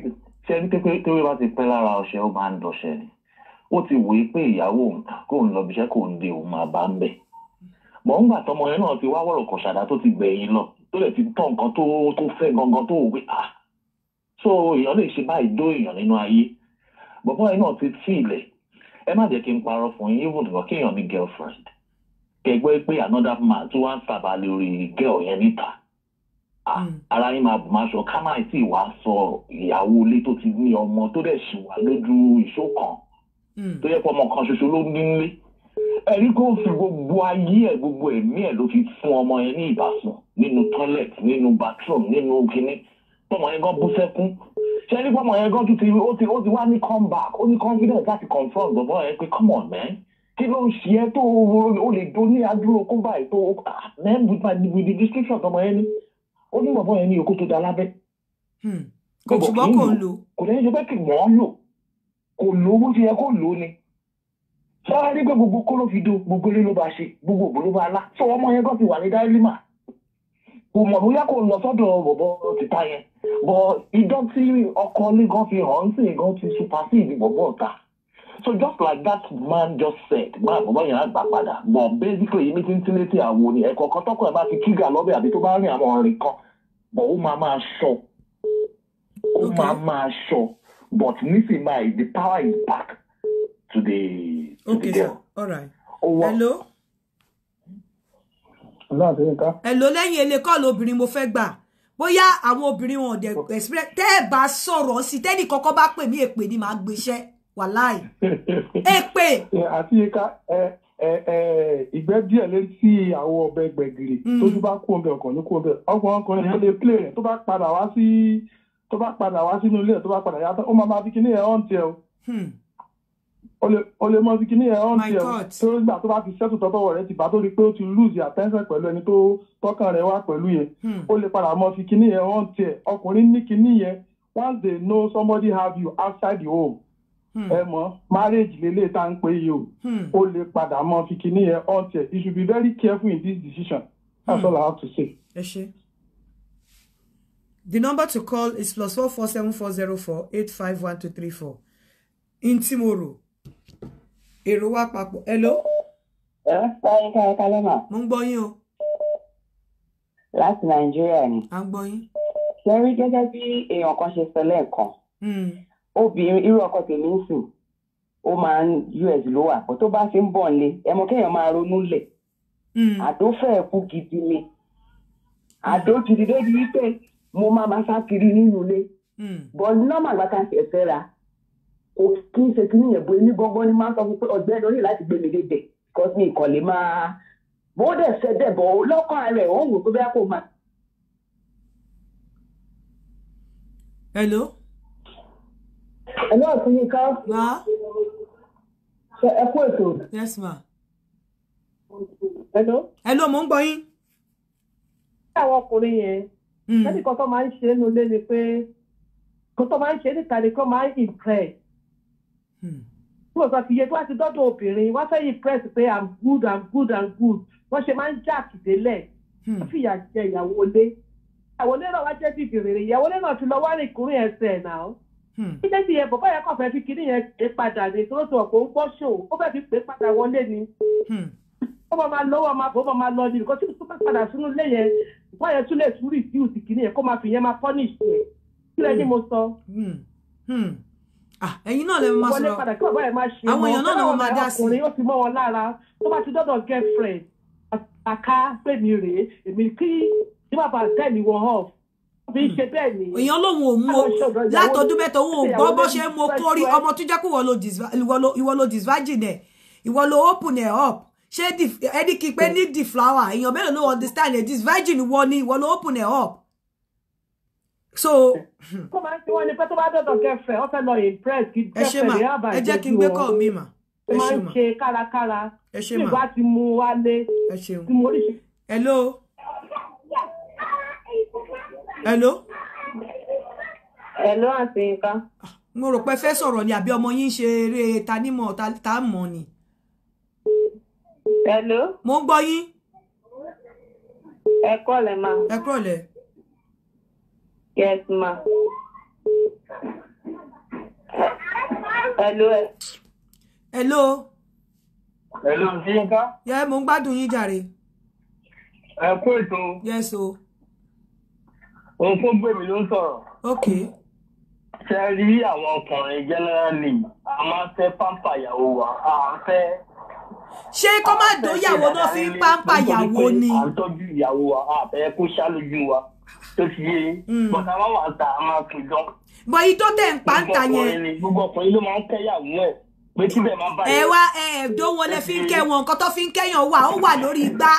pé tí ó bá ti pẹ́ lára ọṣẹ ó máa ń dọṣẹ ni ó ti wòye pé ìyàwó òun kò ń lọ bíṣẹ́ kò ń de òun máa bá ń bẹ̀ mọ̀ ń gbà tọmọ yẹn náà ti wá wọ̀rọ̀ kọ̀ṣàdá tó ti gbẹ̀yìn lọ tó lè ti tọ́ nǹkan tó fẹ́ gangan tó wò pé ah so èèyàn lè ṣe báyìí dó èèyàn nínú ayé bọ̀bọ́ yìí náà ti sí ilẹ̀ ẹ má jẹ́ kí n parọ́ fún yín even nǹkan kéèyàn ní girlfriend kẹgbẹ́ pé another man tí wọ́n ń sábà lórí girl yẹn níta hmm. ara yín máa bù máa sọ ká máa sì wá sọ ìyàwó ilé tó ti ní ọmọ tó dẹ̀ sì wà lójú ìṣó kan hmm. tó yẹ kó ọmọ kan ṣoṣo ló ní nílé ẹni kó fi gbogbo ayé ẹ gbogbo ẹ̀mí ẹ ló fi fún ọmọ yẹn ní ìbásùn nínú toilet nínú bathroom nínú kinní tọmọ yẹn gan bú sẹ́kún ṣe ní fọmọ yẹn gan tún ti ó ti ó ti wá ní come back ó ní confidence láti confront bọ̀bọ̀ yẹn pé come on man kí ló ń ṣe ẹ́ tó o lè do ní adúrò kó báyìí tó man with my with the description tọmọ yẹn ní ó ní bọ̀bọ̀ yẹn ní okó tó da lábẹ́. Hmm. kò ṣùgbọ́n kò lò. kò lẹ́yìn ṣe pé kì wọ́n lò kò lò ó ṣe yẹ kó lò ó ni sáárá nígbà gbogbo kó ló fi do gbogbo ilé bá ṣe gbogbo òbó ló bá lá sọ ọmọ yẹn gan ti wà ní dáílímà kò mọ̀ bóyá kò lọ sọ́dọ̀ bọ̀bọ̀ tìta yẹn bọ̀ idán tí ọkọ ilé fi hàn sí gan ti supersede bọ̀bọ̀ ọ̀tá so just like that man just said máa bọ̀bọ̀ yẹn á gbà padà but basically ibi tí ń tilé tí àwọn ni ẹ̀kọ́ kan tọ́kọ̀ ẹ̀ bá ti kíga lọ́bẹ̀ àbí tó bá rìn àwọn ọ̀rìn kan but ó máa máa sọ ó máa máa sọ but nísìnyí the power is back to the to okay, the girl. sir all right. Oh, hello náà tó yín ẹ ló lẹ́yìn ele kọ́ọ̀lù obìnrin mo fẹ́ gbà bóyá àwọn obìnrin wọn dẹ̀ express tẹ́ ẹ bá sọ̀rọ̀ sí tẹ́nì kọ́kọ́ bá pè mí èpè ni màá gbéṣẹ́ wàláì èpè. àti yín ká ẹ ẹ ẹ ìgbẹ́ díẹ̀ lé sí àwọn ọbẹ̀ gbẹ̀gìrì hmm. tójú bá kú ọbẹ̀ ọkàn ní kú ọbẹ̀ ọkùnrin ọkùnrin yẹn lè plé rẹ̀ tó bá padà wá sí tó bá padà wá sínú ilé tó bá padà yàtọ̀ ó máa máa fi kíní ẹ̀ ọ́n tiẹ̀ o. Hmm o lè mọ sí kíní ẹ ọ́n tiẹ̀ tó gbà tó bá ti ṣẹ́tù tọ́tọ́wọ̀ rẹ ti bá tó di pé ó ti lose attention pẹ̀lú ẹni tó tọ́kàn rẹ wá pẹ̀lú yẹn hmm. o lè padà mọ sí kíní ẹ ọ́n tiẹ̀ ọkùnrin ní kíní yẹn once they know somebody have you outside the home hmm. ẹ mọ marriage lélẹ̀ tá n pé yìí o hmm. o lè padà mọ fi kíní yẹn ọ́n tiẹ̀ you should be very careful in this decision that's all I have to say. ẹ ṣe the number to call is plus four four seven four zero four eight five one two three four in Timoro èrò wa papọ̀ hello. ẹ sáré káyọ kálẹ̀ mà. mo ń gbọ́ yín o. láti nàìjíríà ni. a ń gbọ́ yín. ṣe rí gẹ́gẹ́ bí èèyàn kan ṣe sọ lẹ́ẹ̀kan. Hmm. obìnrin irú ọkọ tèmi ń sìn ó máa ń us ló wà pọ̀ tó bá fi ń bọ̀ nílé ẹmọ kéèyàn máa ronú lẹ̀. Hmm. àdó fẹ́ẹ̀ kú gidi ni. àdó gidi débi wípé mo máa ma sá kiri nínú ilé. bọ̀ nọ́mà gbàtà ẹ̀fẹ́ ra kò kí n ṣe kíní yẹn bo èmi gbọ́ngbọ́n ni máa ń sọ fún pé ọ̀gbẹ́ni orí láti gbé mi dédè because mi ìkọ̀lé máa bó dẹ̀ ṣe dẹ̀ bọ̀ lọ́kàn rẹ̀ ó ń wò pé bẹ́ẹ̀ kó máa. hello. hello ọ̀túnyìnká. wá. ṣe ẹ kú ètò. yes ma. hello. hello mo ń gbọ́ yín. ṣé àwọn ọkùnrin yẹn lẹ́yìn hmm. kan tó máa ń ṣe é nulẹ̀ ni pé kan tó máa ń ṣe é níta ni kan máa ń impress Hmm. wọ́n sọ fi yẹ tó wá ti dọ́dọ̀ obìnrin wọ́n fẹ́ impress pé i'm good i'm good i'm good wọ́n ṣe máa ń já kìdélẹ̀ hmm. wọ́n fìyà jẹ ìyàwó ilé ìyàwó ilé náà wá jẹ́ ìyàwó ilé náà ti lọ wárí ìkùnrin ẹsẹ̀ náà ilé ti yẹ bọ̀bọ̀ yẹn kàn fẹ́ fi kíní yẹn pè padà ní tó tó ọ̀pọ̀ ń gbọ́ ṣò ó fẹ́ fi padà wọlé ni hmm. ó bọ̀ máa lọ́wọ́ máa lọ tí bá padà sínú ilé yẹn bọ́ yẹn tún lè tún yẹn kó máa Ah, ẹ̀yin náà lè máa sọ̀rọ̀ àwọn èèyàn náà ni wọ́n máa dá sí. ọkùnrin yóò ti mọ́ wọn lára tó bá ti dọ́dọ̀ girlfriend àká pé mi rèé èmi kí ní bàbá tẹ̀lé wọn off bí í ṣe bẹ́ẹ̀ ni. èèyàn lòun ò mú o látọdún mẹ́ta òun ò gbọ́ bó ṣe ń mo kórí ọmọ tó jẹ́ kó ìwọ lo disvirgin ẹ̀ ìwọ lo open ẹ̀ up ṣé ẹni kí pé hmm. ní the flower èèyàn mélòó ló understand ẹ̀ disvirgin wọ ni ìwọ lo open ẹ̀ up so. kó máa ń tí wọ́n ní pé tó bá dọ̀dọ̀ kẹfẹ́ ọ̀fẹ́ lọ impress kí kẹfẹ́ lè yá bàjẹ́ jù ọ́ ẹ jẹ́ kí n gbé kọ́ mi mà ẹ ṣe mà ṣe kárakára tí ìgbà ti mú wálé tí mo rí ṣe. hello. hello. hello àti nǹkan. Ah, mo rò pé fẹ́ sọ̀rọ̀ ni àbí ọmọ yín ṣe eré ta ni mọ̀ mọ̀ ni. hello. mo ń gbọ́ yín. ẹ kọ́ lẹ̀ máa. ẹ kọ́ lẹ̀. Yes, ma. Hello. Hello. Hello, Yínká. Yẹ mo ń gbádùn yín jàre. Ẹ kú ètò. Yes o. Òun fún gbèmí ló ń sọ̀rọ̀. Ok. Ṣé rí àwọn ọkùnrin generally a máa ń pampa pápá wa a fẹ́. Ṣé kó má dóyàwó náà fi ń pápá ìyàwó ni? À ń ìyàwó wa a fẹ́ kó ṣá lójú wa tó ti yé yín bọ̀dá máa wà tà á máa pè dán. bọ yìí tó tẹ̀ ń pa ń ta yẹn. gbogbo ọkùnrin ló máa ń kẹ́yàwó ẹ̀ pé tíbẹ̀ máa bá yẹn. ẹ wá ẹ ẹ dówó lẹ fi ń kẹ́ wọn nǹkan tó fi ń kẹ́yàn wà ó wà lórí igbá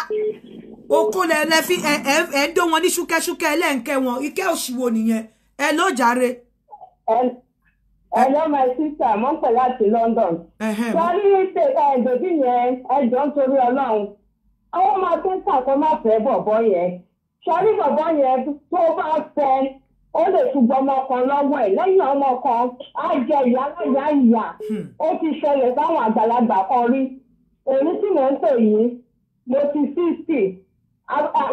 oko lẹ lẹ fi ẹ ẹ ẹ dó wọn ní ṣúkẹ́ṣúkẹ́ ẹ lẹ́ǹkẹ́ wọn ikẹ́ òṣìwò nìyẹn ẹ ló jàre. Hello, my sister, mo ń pè láti London. Sọ́rí ìdòdì yẹn, ẹ jọ ń torí Ọlọ́run. Àwọn máa tún sàkó má fẹ́ bọ̀bọ̀ yẹn sọrí bàbá yẹn tó bá fẹ́ ó lè ṣùgbọ́n ọmọ kan lọ́wọ́ ẹ̀ lẹ́yìn ọmọ kan á jẹ ìyá láyà ìyá hmm. ó ti ṣẹlẹ̀ sáwọn àgbàlagbà kan rí èmi tí mò ń pè yìí mo ti sixty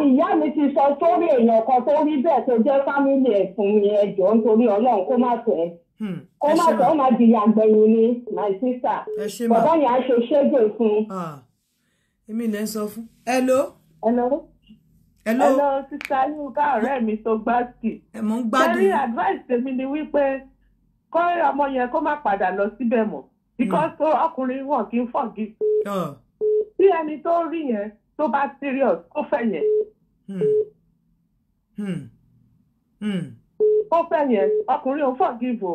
ìyá mi ti sọ sórí èèyàn kan tó rí bẹ́ẹ̀ tó jẹ́ fámìlì ẹ̀ fún mi ẹ̀jọ̀ nítorí ọlọ́run kó má tẹ̀ hmm. kó má tẹ̀ ó má di àgbẹ̀yìn ni my sister bàbá yẹn á ṣe ṣẹ́gbẹ̀ fún. Ah. èmi lẹ́ ń sọ fún. hello. hello hello hello sista yinka ọ̀rẹ́ mi tó gbáàsì. ẹ mọ̀ ń gbádùn. very advice tèmi ni wípé kọ́ ọmọ yẹn kó má padà lọ síbẹ̀ mọ́ hmm. because ọkùnrin wọn kì í fọ̀gì. bí ẹni tó rí yẹn tó bá serious kó fẹ́ yẹn. Hmm. Hmm. kó fẹ́ yẹn ọkùnrin ò forgive o.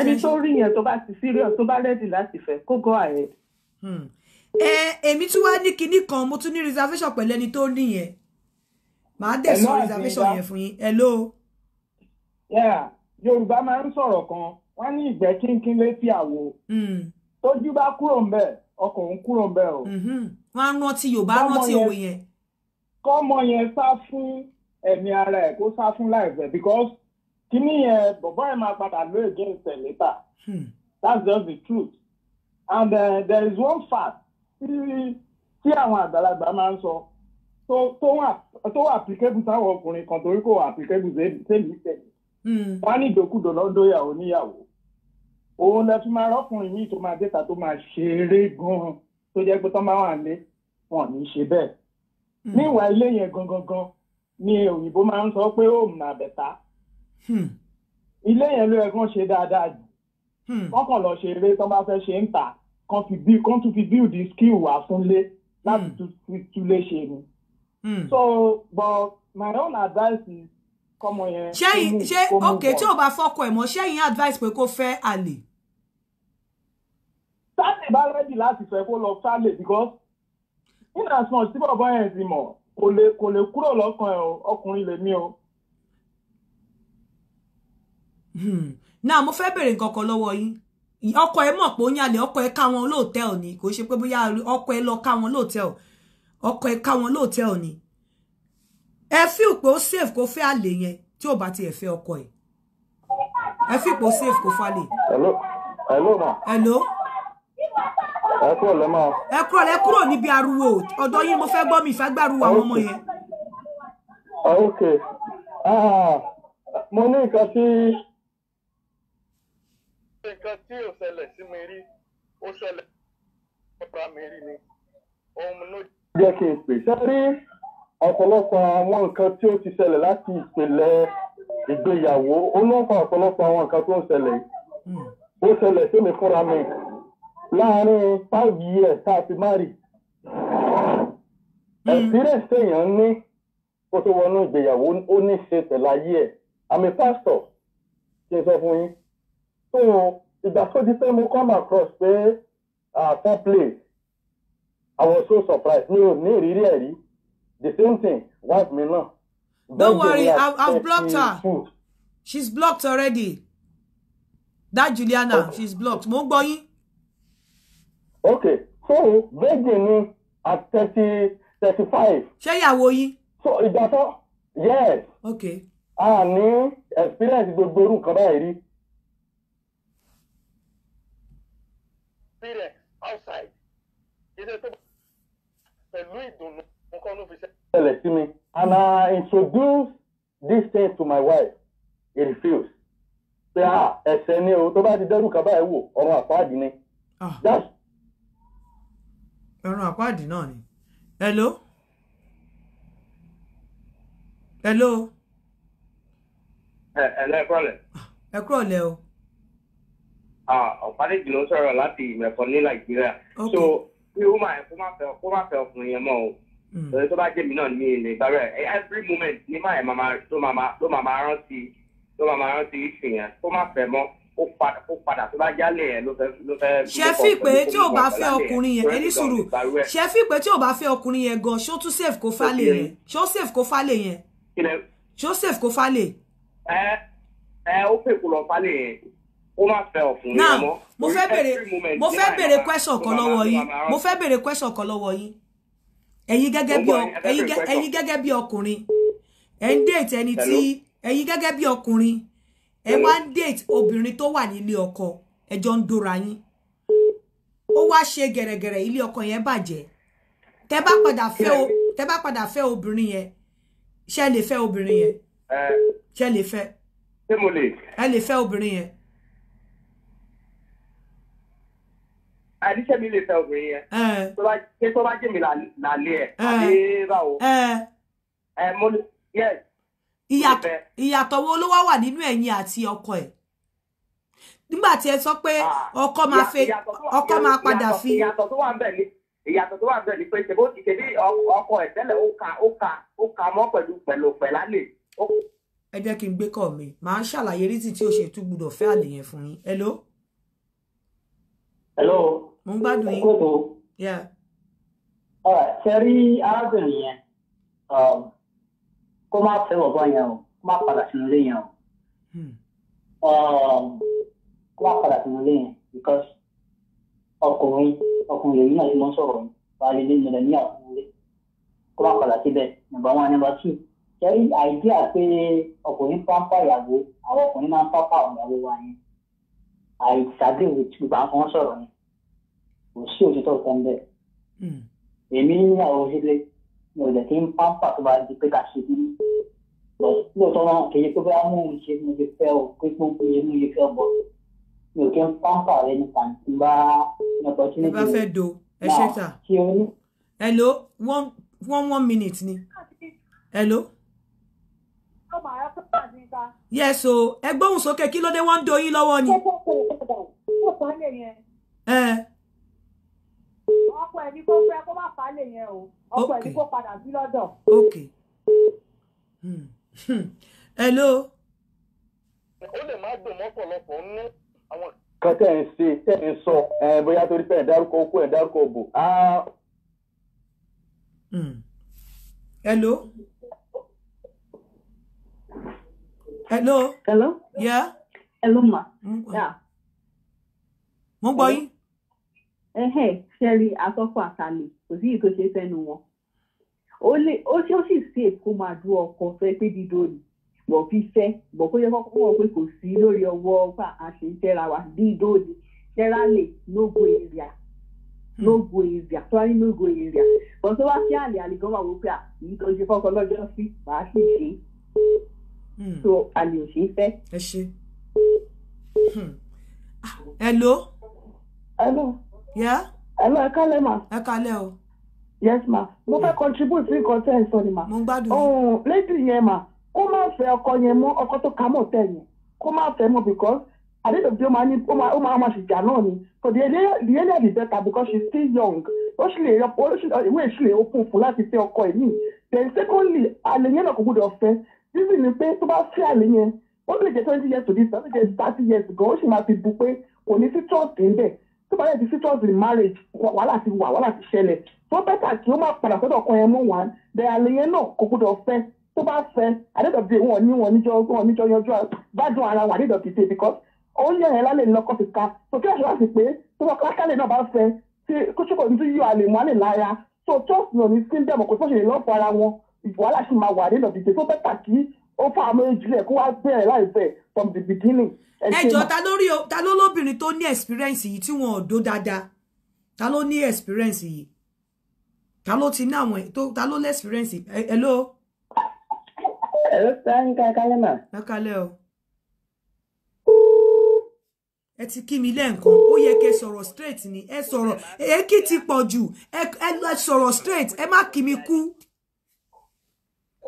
ẹni tó rí yẹn tó bá ti serious tó bá ready láti fẹ́ kó go ahead. Hmm ẹ èmi tún wá ní kinní kan mo tún ní reservation pẹ̀lú ẹni tó ní yẹn màá dẹ̀ sọ reservation yẹn fún yín hello. yorùbá máa ń sọ̀rọ̀ kan wọ́n ní ìgbẹ́ kínkín létí àwo hmm. tójú bá kúrò ń bẹ̀ ọkọ̀ ń kúrò ń bẹ̀ o. Hmm. wọ́n á rántí yorùbá rántí òwe yẹn. kọ́mọ yẹn sá fún ẹ̀mí ara ẹ̀ kó sá fún láìpẹ́ because kíní yẹn bọ̀bọ́ ẹ̀ máa padà lóye against ẹ̀ later hmm. that's just the truth and uh, there is one fact tí àwọn àgbàlagbà máa ń sọ tó wà àplikẹ́bù sáwọn ọkùnrin kan torí kò wà àplikẹ́bù sẹ́mi sẹ́mi hmm. wọ́n á ní ìdókùdò lọ́dọ̀yàwó níyàwó òun lẹ fi máa rọ́kùnrin míì tó máa déta tó máa ṣeré gan-an tó jẹ́ pé tán bá wà lé wọn ò ní ṣe bẹ́ẹ̀ hmm. níwà ilé yẹn gangan gan ni òyìnbó máa ń sọ pé òun nà bẹ̀tà hmm. ilé yẹn ló yẹ kán ṣe dáadáa jù wọ́n kàn lọ ṣeré tán bá fẹ́ ṣe ń tà kan fi tún fi build the skill wá fúnlé láti hmm. tún lè ṣe ni. Hmm. so but my own advice is kọ́mọ yẹn. ṣẹ́yìn ṣe ok tí o bá fọkọ ẹ̀ mọ́ ṣẹ́yìn advice pé kó fẹ́ àlè. sáàlè bá rẹ́dì láti fẹ́ kó lọ sáàlè because in as much tí bọ̀bọ̀ yẹn ti mọ̀ kò lè kò lè kúrò lọ́kàn ẹ̀ ọkùnrin lèmi o. Hmm. náà mo fẹ́ bèrè nǹkan kan lọ́wọ́ yín ọkọ ẹ mọ̀ pé ó yàlẹ̀ ọkọ ẹ ká wọn lóòtẹ́ẹ̀l ni kò ṣe pé bóyá ọkọ ẹ lọ ká wọn lóòtẹ́ẹ̀l ọkọ ẹ ká wọn lóòtẹ́ẹ̀l ni ẹ fíìl pé ó safe kó fẹ́ àlè yẹn tí ò bá tiẹ̀ fẹ́ ọkọ ẹ ẹ fíìl pé safe kó fẹ́ àlè. hello ma. hello. ẹ kúrò lẹ máa. ẹ kúrò lẹ kúrò níbi ariwo ọ̀dọ̀ yín mo fẹ́ gbọ́ mi ìfẹ́ gbàrú àwọn ọmọ yẹn. ok ah, mo ní nǹkan tí nǹkan tí ò ṣẹlẹ̀ sí mi rí ó ṣẹlẹ̀ nípa mi rí ni òun ló jẹ́ kí n pè. sẹ́rí ọ̀pọ̀lọpọ̀ àwọn nǹkan tí ó ti ṣẹlẹ̀ láti ìpìlẹ̀ ìgbéyàwó ó ló ń fa ọ̀pọ̀lọpọ̀ àwọn nǹkan tó ń ṣẹlẹ̀ hmm. ó ṣẹlẹ̀ sí mi fúnra mi láàárín five years tá a fi má rì ẹ̀sìrẹ̀ sèèyàn ní kó tó wọnú ìgbéyàwó ó ní ṣe pẹ̀lú ẹ̀ àmì pásítọ̀ kí n sọ fún yín so ìgbà tó di pé mo come across pé fún play I was so surprised mi ò ní ìrírí ẹ̀ rí the same thing wife mi náà. don't worry I've, I've blocked her she's blocked already that Juliana okay. she's blocked mo ń gbọ́ yín. okay so virgin ni at thirty thirty five. ṣé ìyàwó yín. so ìgbà tó yes. okay. a ní experience gbogbo orúkọ báyìí rí. pẹ̀lú ìdùnnú nǹkan ló fi ṣẹlẹ̀ sí mi. and I introduce this thing to my wife he refused pé ah ẹ̀ṣẹ̀ ni o tó bá ti dẹ́rù kábà ẹ̀ wò ọ̀run àpáàdì ni. Ah. ọ̀run àpáàdì náà ni. hello. hello. ẹ ẹ lẹ́ẹ̀kọ́ lẹ̀. ẹ kúrò lẹ o. Ah, ọ̀pá-dèjì ló ń sọ̀rọ̀ láti ìmẹ̀kọ ní nàìjíríà. so pé ó máa kó má fẹ́ kó má fẹ́ ọkùnrin yẹn mọ́ o lórí mm. tó bá jẹ́ mi náà ní ilé ìgbàrọ̀ ẹ̀ every moment ní máa ẹ̀ ló máa máa rántí ló máa máa rántí ìsìn yẹn kó má fẹ́ mọ́ ó padà ó padà tó bá jálè yẹn ló fẹ́ ló fẹ́. ṣe fi pé tí ò bá fẹ́ ọkùnrin yẹn ẹni sùúrù ṣe fi pé tí o bá fẹ́ ọkùnrin yẹn gan ṣó tún safe kó falẹ̀ yẹn ṣó safe kó falẹ̀ yẹn ṣó safe kó falẹ̀. ẹ ẹ ó fèkó lọ falẹ̀ yẹn. Now, má fẹ́ mo fẹ́ bèrè mo fẹ́ bèrè question kan lọ́wọ́ yín mo fẹ́ bèrè question kan lọ́wọ́ yín ẹ̀yin gẹ́gẹ́ bí ẹ̀yin gẹ́gẹ́ bí ọkùnrin ẹ̀ ń date ẹni tí ẹ̀yin gẹ́gẹ́ bí ọkùnrin ẹ wá ń date obìnrin tó wà nílé ọkọ ẹ jọ ń dóra yín ó wá ṣe gẹ̀rẹ̀gẹ̀rẹ̀ ilé ọkọ yẹn bàjẹ́ tẹ bá padà fẹ́ o tẹ bá padà fẹ́ obìnrin yẹn ṣé lè fẹ́ obìnrin yẹn eh. ṣé lè fẹ́ ṣé mo lè ẹ lè fẹ́ obìnrin yẹn. àníṣẹ́mi bụ ihe obìnrin yẹn ṣé tó bá jẹ́ mi lálẹ́ ẹ̀ àbí báwo ẹ̀ mo lè yẹ. ìyàtọ̀ wo ló wá wà nínú ẹ̀yin àti ọkọ ẹ̀ nígbà tí ẹ sọ pé ah. ọkọ máa fẹ́ ọkọ máa padà fi. ìyàtọ̀ tó wà ń bẹ̀ ni ìyàtọ̀ tó wà ni pé ṣe bó ti ṣe bí ọkọ ẹ̀ tẹ́lẹ̀ ó ka ó ka ó mo ń gbádùn yín. kókó. ṣe rí arábìnrin yẹn um, kó má fẹ́ bọ̀bọ̀ yẹn o kó má padà sínú ilé yẹn o hmm. um, kó má padà sínú ilé yẹn because ọkùnrin ọkùnrin lèmi náà ti mọ sọ̀rọ̀ yìí wàá lè lé nílẹ̀ ní àkúrò rẹ̀ kó má padà síbẹ̀ number one number two kẹ́rí àìdíà pé ọkùnrin pàmpá ìyàwó àwọn ọkùnrin máa ń pápá ìyàwó wa yẹn àìsàdéwò tí gbogbo sọ̀rọ̀ yẹn òṣì òṣìṣẹ́ kan bẹ́ẹ̀. èmi ní àwọn òṣèré mi ò dẹ̀ kí n pàmpà tó bá di pé ká ṣe bí lóòótọ́ náà kìí pé bá mú un ṣe mo lè fẹ́ o pé mo pè é mo lè fẹ́ bọ̀ mi ò kí n pàmpà rẹ nípa tí bá nípa tí níbi. ẹ bá fẹ́ hello one one one minute ni hello. yes o ẹ gbóhùn sókè kí wọ́n ń do yín lọ́wọ́ ni. ẹ ọkọ ẹni kó fẹ́ kó má fà á lè yẹn o ọkọ ẹni kó padà sí lọ́dọ̀. okay. Hmm. Hmm. hello. ó lè má dùn mọ́pọ̀lọpọ̀ nínú àwọn. kan tẹ́ ẹ̀ ṣe tẹ́ ẹ̀ ń sọ bóyá torí pé ẹ̀ dárúkọ okú ẹ̀ dárúkọ òbò. Hmm. hello. hello. hello. yeah. hello ma. mo gbọ́ yín ẹhẹ ṣẹrí asọfọ àtàlẹ kò sí èyí tó ṣe fẹnu wọn ó lè ó ṣe ó sì safe kó máa dú ọkọ fẹ pé dídó ni bọ fífẹ bọ kó yẹ kọkọ wọ pé kò sí lórí ọwọ́ ọgbà àṣẹ ìfẹra wa dídó ni ṣẹra lè nógo èrìà nógo èrìà tó wá ní nógo èrìà bọ tó wá sí àlè àlè gan wà wó pé àyí tó ṣe fọkọ lọ́jọ́ sí màá sì ṣe hmm. so àlè ò ṣe é fẹ. ẹ ṣe. Hmm. Ah, hello. hello. Yeah. Hello, ẹ kálẹ̀ ma. Ẹ kálẹ̀ o. Yes ma. Mo fẹ́ mm. contribute three nǹkan sorry ma. Mo ń gbádùn yín. Oh, lady yẹn ma, kó má fẹ́ ọkọ yẹn mọ́ ọkọ tó ka mọ̀ tẹ̀ yẹn. Kó má fẹ́ mọ́ because àdéhùn bí ó máa ní ó máa ó máa ṣì jà náà ni. So the area the area be better because she still young. Ó sì lè ó sì ìwé ìṣì lè open fún láti fẹ́ ọkọ ẹ̀ ní. Then secondly, àlè yẹn náà kò gbọdọ̀ fẹ́. Bíbí ni pé tó bá fẹ́ àlè yẹn, ó lè jẹ́ twenty years to this, ó lè jẹ́ thirty years gan, ó sì máa fi bu pé kò ní sí trust níbẹ̀ tó bá yẹ di in marriage wàhálà ti wà wàhálà ti ṣẹlẹ̀ tó bẹ́tà kí ó má padà sọ́dọ̀ kan yẹn mú wá dẹ̀yàlẹ̀ yẹn náà kò gbọdọ̀ fẹ́ tó bá fẹ́ àdédọ̀bí wọn ní wọn níjọ wọn níjọ yanjú gbádùn ara wọn àdédọ̀bí dé because òun yẹn yẹn lálẹ́ lọ́kọ́ fi ka so kí ẹ̀ṣọ́ àti pé tó bá kákálẹ̀ náà bá fẹ́ tí kóṣùkò ní tí yọ àlè mọ́ àlè lára so tó ní òní sí ń dẹ̀mọ̀ kó tó ṣe lọ́pọ̀ ara wọn wàhálà sì máa wà àdédọ̀bí dé tó bẹ́tà kí ó fà mí sílẹ̀ kó wá bẹ̀rẹ̀ láìpẹ́ from the beginning. ẹjọ ta lórí ta ló lóbìnrin tó ní experience yìí tí wọn ò dó dáadáa ta ló ní experience yìí ta ló ti ní àwọn ta ló lé experience yìí hello. hello sáyẹn ká kálẹ̀ mà. ká kálẹ̀ o. ẹ ti kí mi lẹ́ǹkan ó yẹ kẹ́ sọ̀rọ̀ straight ni ẹ sọ̀rọ̀ èkì ti pọ̀ jù ẹ sọ̀rọ̀ straight ẹ má kí mi kú.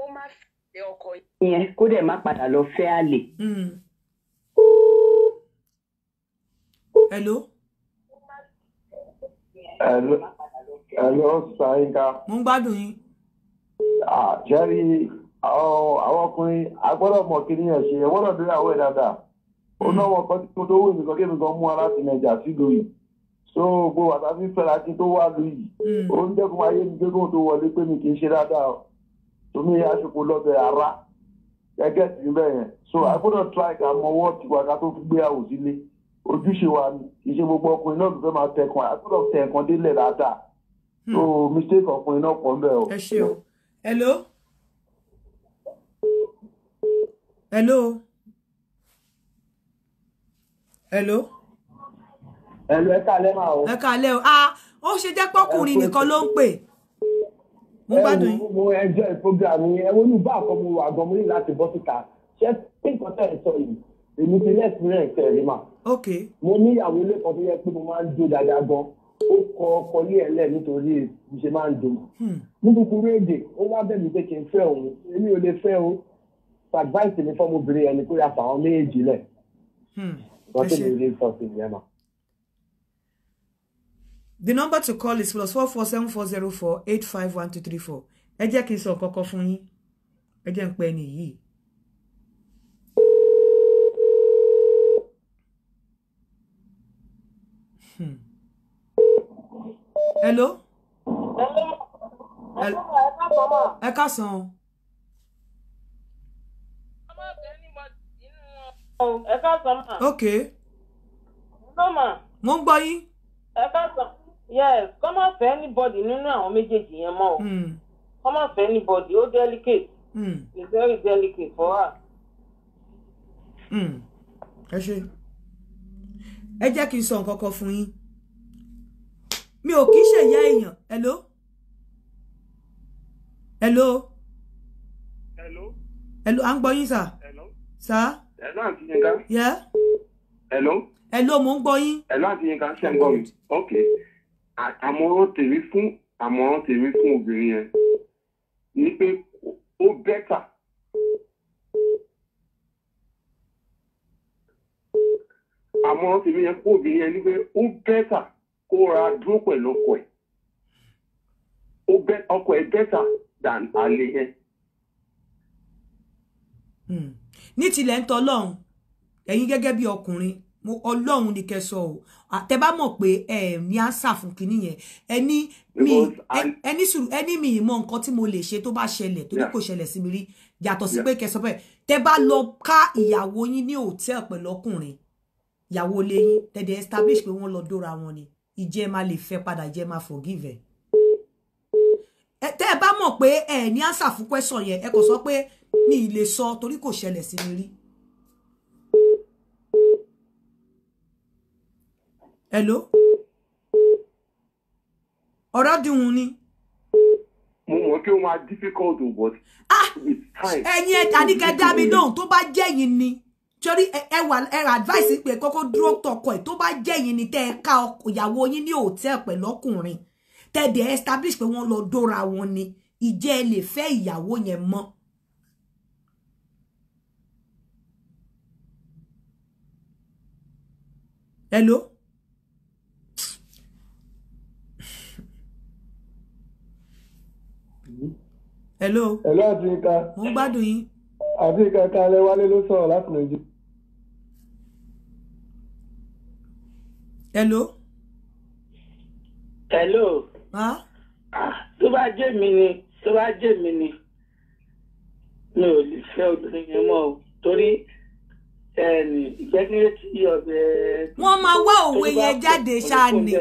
ó má fi ọkọ̀ yìí yẹn kó dẹ̀ má padà lọ fẹ́ àlè. Hmm. hello. hello hello sayinka. mo ń gbádùn yín. àṣẹ́rí àwọn ọkùnrin agbọ́dọ̀ mọ̀ kí nìyẹn ṣe ẹ̀wọ́dọ̀ bí àwọn ẹ̀ dáadáa ó hmm. náwó kan tó lówó nìkan kí nìkan mú aláṣẹ nàìjà sílùú yìí so gbogbo wàtàbí fẹ́ra kí tó wà lù yìí hmm. ó ń dẹ́kun ayé mi gbégùn tó wọlé pé mi kì í ṣe dáadáa o tòmí aṣòkò lọ́bẹ̀ ara gẹ́gẹ́ tí bẹ́ẹ̀ yẹn so I gbọ́dọ̀ try ká mọ ọwọ́ tiwa ká tó fi gbé àwò sílé ojúṣe wa ni gbogbo ọkùnrin náà ló fẹ́ máa tẹ̀kàn I gbọ́dọ̀ tẹ̀kàn délẹ̀ dáadáa hmm. so mistake ọkùnrin náà pọ̀ nbẹ̀ o. ẹ ṣe o hello hello hello. hello ẹ káalẹ́ máa o. ẹ káalẹ́ o ah ó ṣe jẹ́ pọ́kùnrin nìkan ló ń pè mo gbádùn yín. mo enjoy program yẹn ẹ wọnú bá àkọ́ mo wà gan láti bọ́ síta ṣé pé tẹ̀ sọ yìí èmi ti ní experience ẹ̀ rí mà. ok mo ní ìyàwó ilé kan tó yẹ pé mo máa ń jó dáadáa gan ó kọ ọkọ ilé ẹ̀ lẹ̀ nítorí bí ṣe máa ń dùn. Hmm. ní kúkúrú èdè ó wá bẹ̀ mí pé kí n fẹ́ òun èmi ò lè fẹ́ o advice mi fọ́mọbìnrin ẹni kó yà fà àwọn méjèèjì lẹ̀. Hmm. nǹkan tó lè rí sọ sí mà the number to call is plus four four seven four zero four eight five one two three four ẹ jẹ́ kí n sọ kọ́kọ́ fún yín ẹ jẹ́ n pẹ́ ẹni yìí. Hmm. hello. hello. ẹ káàsán o. ẹ káàsán ma. ok. ló mà. mo ń gbọ́ yín. ẹ káàsán yes kọ́ má fẹ́ anybody nínú àwọn méjèèjì yẹn mọ́ o hmm. kọ́ má fẹ́ anybody ó delicate mm. it's very delicate for her. Hmm. ẹ ṣe ẹ jẹ́ kí n sọ nǹkan kan fún yín mi ò kí ṣèyá èèyàn hello hello hello hello à ń gbọ́ yín sà sà. hello àǹtí yín ká. hello. hello mo ń gbọ́ yín. hello àǹtí yín ká ṣe ń gbọ́ mi ok àmọ̀ràn tèmi fún àmọ̀ràn tèmi fún obìnrin yẹn ni pé ó bẹ́tà àmọ̀ràn tèmi yẹn fún obìnrin yẹn ni pé ó bẹ́tà kó ra dúró pẹ̀lú ọkọ ẹ̀ ọkọ ẹ̀ bẹ́tà than àlè yẹn. Hmm. ní tilẹ̀ ń tọ́ lọ́hùn ẹ̀yin gẹ́gẹ́ bí ọkùnrin mo ọlọ́run ni kẹ́ sọ o tẹ́ bá mọ̀ pé ẹ ní àṣà fún kinní yẹn ẹni mi eni suru eni mi ìmọ̀ nǹkan tí mo lè ṣe tó bá ṣẹlẹ̀ torí kò ṣẹlẹ̀ sí mi rí yàtọ̀ sí pé kẹ́ sọ bẹ́ẹ̀ tẹ́ bá lọ ká ìyàwó yín ní hòtẹ́ẹ̀lì pẹ̀lú ọkùnrin ìyàwó ilé yín tẹ̀dẹ̀ establish pé wọ́n lọ dóra wọn ni ìjẹ́ máa lè fẹ́ padà ìjẹ́ máa forgive ẹ̀ tẹ́ ẹ bá mọ̀ pé ẹ ní àṣà fún question yẹn ẹ kò sọ mi ì lè sọ torí kò ṣẹlẹ̀ mi rí hello ọ̀rọ̀ dìhun ni. mo mọ̀ kí ó máa difficult but with ah! time. ẹ̀yin ẹ̀ tàbí kẹ́dá mi lóhùn tó bá jẹ́ yìí ni torí ẹ wà ẹ advice pé kọ́kọ́ dúró tọkọ ẹ̀ tó bá jẹ́ yìí ni tẹ́ ẹ ká ìyàwó yín ní hòtẹ́ẹ̀lì pẹ̀lú ọkùnrin tẹ́ ẹ dẹ̀ establish pé wọ́n lọ dóra wọn ni ìjẹ́ ẹ lè fẹ́ ìyàwó yẹn mọ́. hello. hello. hello adinka. mo ń gbádùn yín. adinka kalẹ wálé ló sọ̀rọ̀ láti nàìjíríà. hello. hello. ma. tó bá jẹ́ mi ni tó bá jẹ́ mi ni mi ò lè fẹ́ obìnrin yẹn mọ́ o torí ìgbẹ́ni létí ọ̀bẹ. wọ́n máa wá òwe yẹn jáde ṣáà ni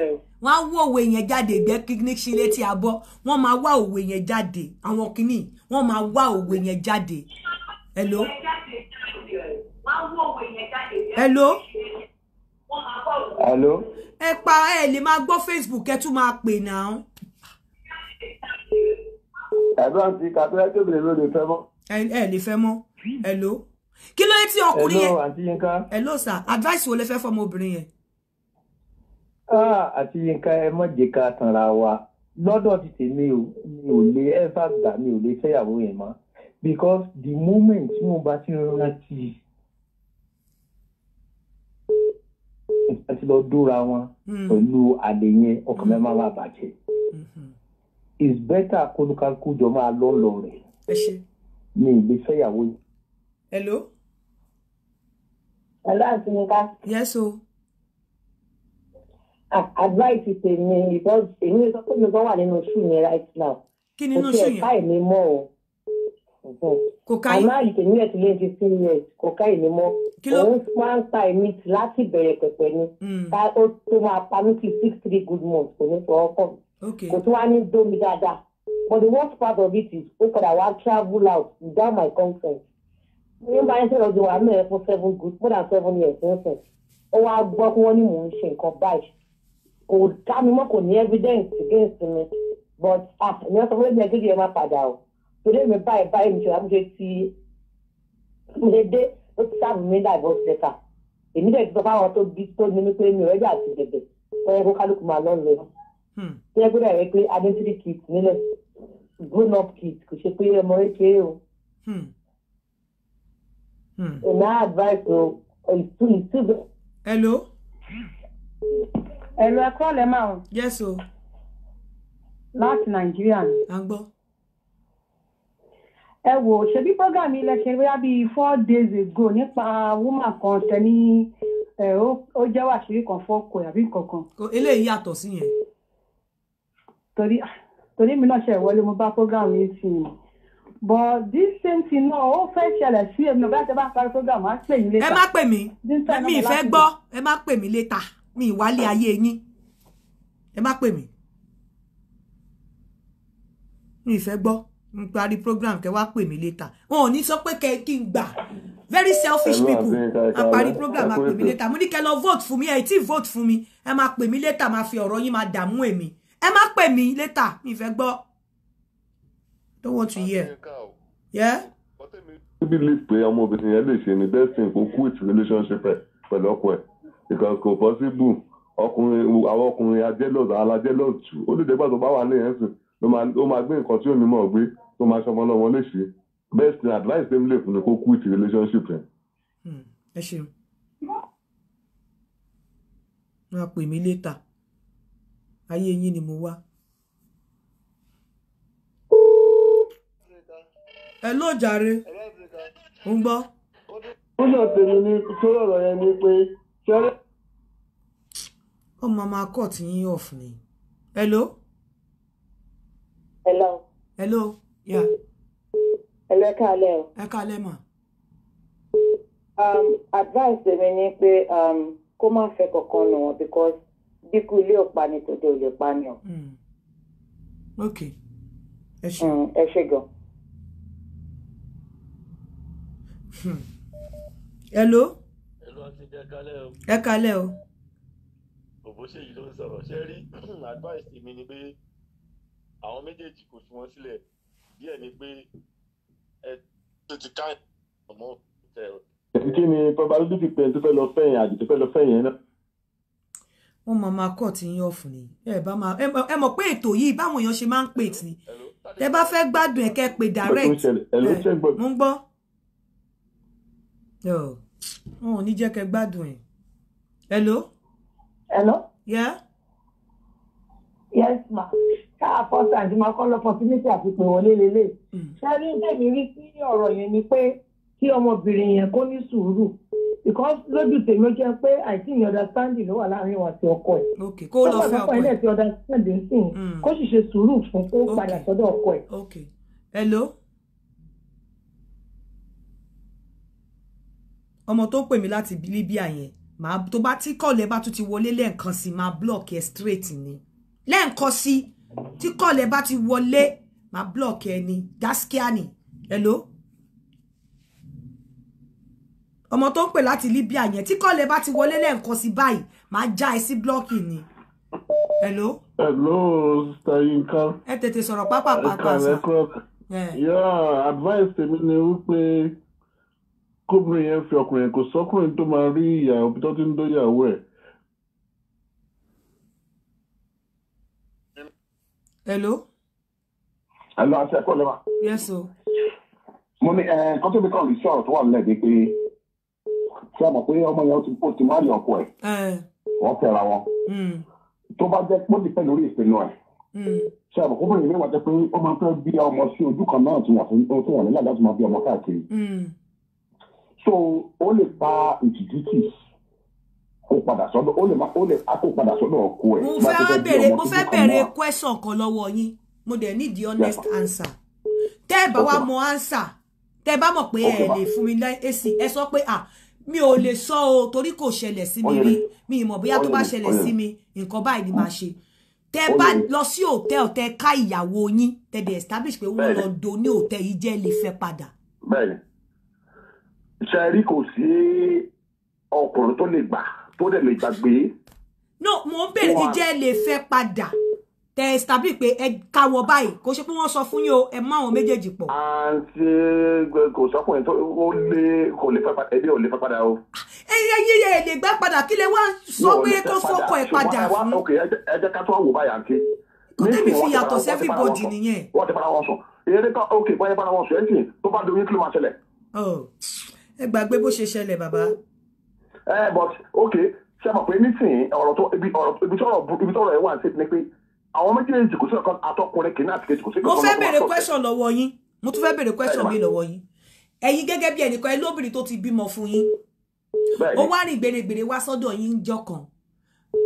wọ́n á wọ òwe yẹn jáde ìgbẹ́ kíní sí létí abọ́ wọ́n máa wá òwe yẹn jáde àwọn kíní wọ́n máa wá òwe yẹn jáde. hello. hello. hello. ẹ pa ẹ lè máa gbọ́ facebook ẹ tún máa pè náà. ẹ̀gbọ́n ti kàtúrẹ́ tóbi ló lè fẹ́ mọ́. ẹ lè fẹ́ mọ́ hello. kí ló dé tí ọkùnrin yẹn hello àǹtí Yínká hello sir advice wo lẹ fẹ́ fọmọ obìnrin yẹn àti Yínká ẹ má jẹ́ ká tanra wa lọ́dọ̀ ti tèmi o mi ò lè ẹ́fà gbà mi ò lè fẹ́yàwó yẹn mọ́ because the moment tí mo bá ti rántí nípa tí lọ dóra wọn hmm. pẹ̀lú àlè yẹn ọkàn mẹ́fà máa hmm. bàjẹ́ hmm. it's better kólúkálukú jọ máa lọ́ lọ rẹ̀ mi ò lè fẹ́yàwó yẹn. hello. hello àti Yínká. yes o advice tèmi because èmi sọ pé mi kàn wà nínú ṣù mi right now kí nínú ṣù yẹn kò tí ẹ ká èmi mọ́ o kò ká yìí àmàlì tèmi ẹ̀ ti lé ti fi yẹn kò ká èmi mọ́ òun máa ń pa èmi láti bẹ̀rẹ̀ pẹ̀pẹ̀ ni hmm. ká ó tó máa pa mí ti six three good months kò ní sọ ọkọ mi kò tún wá ní dómi dáadáa but the worst part of it is ó padà wá travel out without my consent ní bá yẹn sọ̀rọ̀ di wàhálà ẹ̀ fún seven good more than seven years ní sẹ́yìn ó wá gbọ́ pé wọ́n ní mò ń ṣe nǹkan báyìí kò dá mi mọ́ kò ní evidence against me but ah ìyẹn sọ fún mi ẹgbẹ́ yẹn máa padà o torí mi báyìí báyìí mi ṣe wá mi ti mi ṣe dé ó ti sáàbù mi divorce letter èmi dẹ̀ ti sọ fáwọn tó bí tó ní mi pé mi ò rẹ́jà àti bèbè ó yẹ kó kálukú máa lọ lọ hmm. ó yẹ kó dẹ̀ pé identity kit nílẹ̀ grown up kit kò ṣe pé ọmọ kékeré o ìná hmm. hmm. advice o ìtú ìtú. hello ẹ̀rọ ẹ̀kọ́ lẹ máa o. yes o. láti nàìjíríà ni. à ń gbọ́. ẹ wò ṣebí program ilẹ̀ ṣe wáyà bíi four days ago nípa woman kan tẹ ní ó jẹ́wọ́ àṣírí kan fọ́ọ̀kọ̀ àbí kankan. eléyìí yàtọ̀ sí yẹn. torí torí mi náà ṣe ìwọlé mo bá program yìí sí i but this same thing náà ó fẹ́ ṣẹlẹ̀ sí èmi náà bí a bá parí program á pè mí létà. ẹ má pè mí mi ì fẹ́ gbọ́ ẹ má pè mí létà mi ìwálé ayé yín ẹ má pè mí mi ìfẹ́ gbọ́ n parí program kẹ wá pè mí later wọn ò ní sọ pé kẹ kí n gbà very selfish people a parí program a pè mí later mo ní kẹ lọ vote fún mi ẹ tí vote fún mi ẹ máa pè mí later máa fi ọ̀rọ̀ yín máa dààmú èmi ẹ má pè mí later mi ìfẹ́ gbọ́ don't want to hear. Yeah? believe pé ọmọbìnrin yẹn lè ṣe ni destin kó quit relationship ẹ pẹ̀lú ọkọ ẹ̀ because kò possible ọkùnrin àwọn ọkùnrin ajẹ́lọ́ọ̀dù alájẹ́lọ́ọ̀tù ó lè dẹ́gbà tó bá wà ní ẹ̀sìn ló máa gbé nǹkan tí ò ní mọ̀ gbé tó máa ṣọmọ náà wọn léṣe best thing advice dem lè fún ni kó kú ìtì relationship yẹn. Hmm, ẹ ṣeun máa pè mí létà ayé yín ni mo wá. ẹ ló jàre ń gbọ́. ó náà ní sórí ọ̀rọ̀ yẹn ni pé ọmọ máa kọ́ tí yín off ni. hello. hello. hello. Yeah. hello ẹ káalẹ́ o. ẹ káalẹ́ mà. Um, advice mi ni pé um, kó má fẹ́ kankan nù wọn because bíkú ilé ọ̀pá ni tòde ò lè pa ni o. Hmm. ok ẹ ṣe. Hmm, ẹ ṣe gan. Hmm. hello ẹ kalẹ́ o. òbó ṣèyí ló ń sọ̀rọ̀ ṣe rí advice mi ni pé àwọn méjèèjì kò fi wọn sílẹ̀ díẹ̀ ni pé ẹ tó ti ká ọmọ tẹ ọ. kí ni probability pé tó fẹ́ lọ fẹ̀yìn àjò tó fẹ́ lọ fẹ̀yìn náà. wọ́n máa máa kọ́ ti yín ọ̀fun ni ẹ bá máa ẹ mọ̀ pé ètò yìí báwọn èèyàn ṣe máa ń pè tí tẹ bá fẹ́ gbádùn ẹ̀kẹ́ pé direct mo ń gbọ́ wọn ò ní jẹ́ kẹ́ gbádùn ẹ̀. hello. hello. yeah. yes ma káà fọ́sà àti máa kọ́ lọ́pọ̀tínítì àfipè wọlé lélẹ̀. sẹ́rí hmm. tèmi rí sí ọ̀rọ̀ yẹn ni pé kí ọmọbìnrin yẹn kó ní sùúrù because lójú tèmi ó jẹ́ pé àìsí ní understanding ló wà láàrin wọn àti ọkọ ẹ̀. ok kó lọ fẹ́ ọkọ ẹ̀ lọ́pọ̀ ẹ̀ lẹ́sìn understanding sìn kó sì ṣe sùúrù fún kó padà sọ́dọ̀ ọkọ ẹ̀. ok hello. ọmọ tó pè mí láti Libya yẹn màá tó bá tí kọ̀lẹ̀ bá tún ti wọlé lẹ́ẹ̀kan sí màá block ẹ straight ni lẹ́ẹ̀kan sí tí kọ̀lẹ̀ bá ti wọlé màá block ẹ ni gaskia hello ọmọ tó ń pè láti Libya yẹn tí kọ̀lẹ̀ bá ti wọlé lẹ́ẹ̀kan sí báyìí màá já ẹ sí blocking ni hello. hello sister Yinka. ẹ tètè sọ̀rọ̀ pápá pápá sọ. ẹ kàlẹ́ crop. yọ advice tèmi ni wípé kóbìnrin yẹn fi ọkùnrin yẹn kò sọkùnrin tó máa rí ìyà òbí tó ti ń dóyàwó ẹ̀. hello. hello àti ẹ̀kọ́ lẹ́wà. yes o. mo ní kó tóbi kan rí sọ̀rọ̀ tó wà nílẹ̀ bíi pé ṣé ẹ mọ̀ pé ọmọ yẹn ó ti máa rí ọkọ ẹ̀ eh. wọ́n fẹ́ra wọn hmm. tó bá jẹ́ pé ó ti fẹ́ lórí ìpinnu ẹ̀ ṣe àbùkù bẹ̀rẹ̀ ìwé wa jẹ́ pé ó máa fẹ́ bí ọmọ sí ojú kan náà tó wà nílẹ̀ láti máa bí ọmọ káàkiri. Hmm so ó lè fa ìtìtìtì kó padà sọ́dọ̀ ó lè má ó lè kó padà sọ́dọ̀ ọkọ ẹ̀. mo fẹ́ bẹ̀rẹ̀ mo fẹ́ bẹ̀rẹ̀ question kan lọ́wọ́ yín mo dẹ̀ need the honest yeah. answer tẹ́ ẹ bá wa mọ answer tẹ́ ẹ bá mọ̀ pé ẹ lè fún mi lẹ́sìn ẹ sọ pé ah mi ò lè sọ o torí kò ṣẹlẹ̀ sí mi rí mi ìmọ̀ bóyá tó bá ṣẹlẹ̀ sí mi nǹkan báyìí ni màá ṣe tẹ bá lọ sí hòtẹ́ẹ̀lì tẹ ká ìyàwó yín tẹ dẹ̀ establish pé wọ́n lọ do ní hòtẹ́ẹ̀lì yìí jẹ́ lè fẹ́ padà. bẹ́ẹ̀ni ṣẹ́rí kò sí ọkùnrin tó lè gbà tó dẹ̀ lè gbàgbé. no mo ń bèrè ìjẹ́ lè fẹ́ padà tẹ ẹ tàbí pé ẹ káwọ báyìí kò ṣe pé wọ́n sọ fún yín o ẹ má àwọn méjèèjì pọ̀. à ń ṣe kò sọkùnrin tó ó lé kò lè fẹ́ padà ẹbí ò lè fẹ́ padà o. ẹyẹ yíyẹ ẹ lè gbà padà kí lè wá sọ pé kó fọkọ ẹ padà fún. ẹ jẹ́ ká tó wò báyìí àǹtí. kò tẹ́mi fi yàtọ̀ sí everybody nìyẹn. wọ́n ti para wọn sùn eré kan ok báyìí para wọn sùn ẹ̀ sìn tó bá dorí kí ló máa ṣẹlẹ̀. Oh ẹ gbàgbé bó ṣe ṣẹlẹ̀ bàbá. ẹ eh, but okay ṣe mọ̀ pé nísìnyí ọ̀rọ̀ tó ibi tọ́rọ̀ ibi tọ́rọ̀ ẹ̀ wà ní pé àwọn méjèèjì kò sí ọ̀kan atọ́kùnrin kìíní àti kejì kò sí ọ̀kan. mo fẹ́ bèrè question lọ́wọ́ yín mo tún fẹ́ bèrè question mi lọ́wọ́ yín ẹ̀yin gẹ́gẹ́ bí ẹnìkan ẹ lóbìnrin tó ti bímọ fún yín ó wá rìn gbèrègbèrè wá sọ́dọ̀ yín jọ́ kan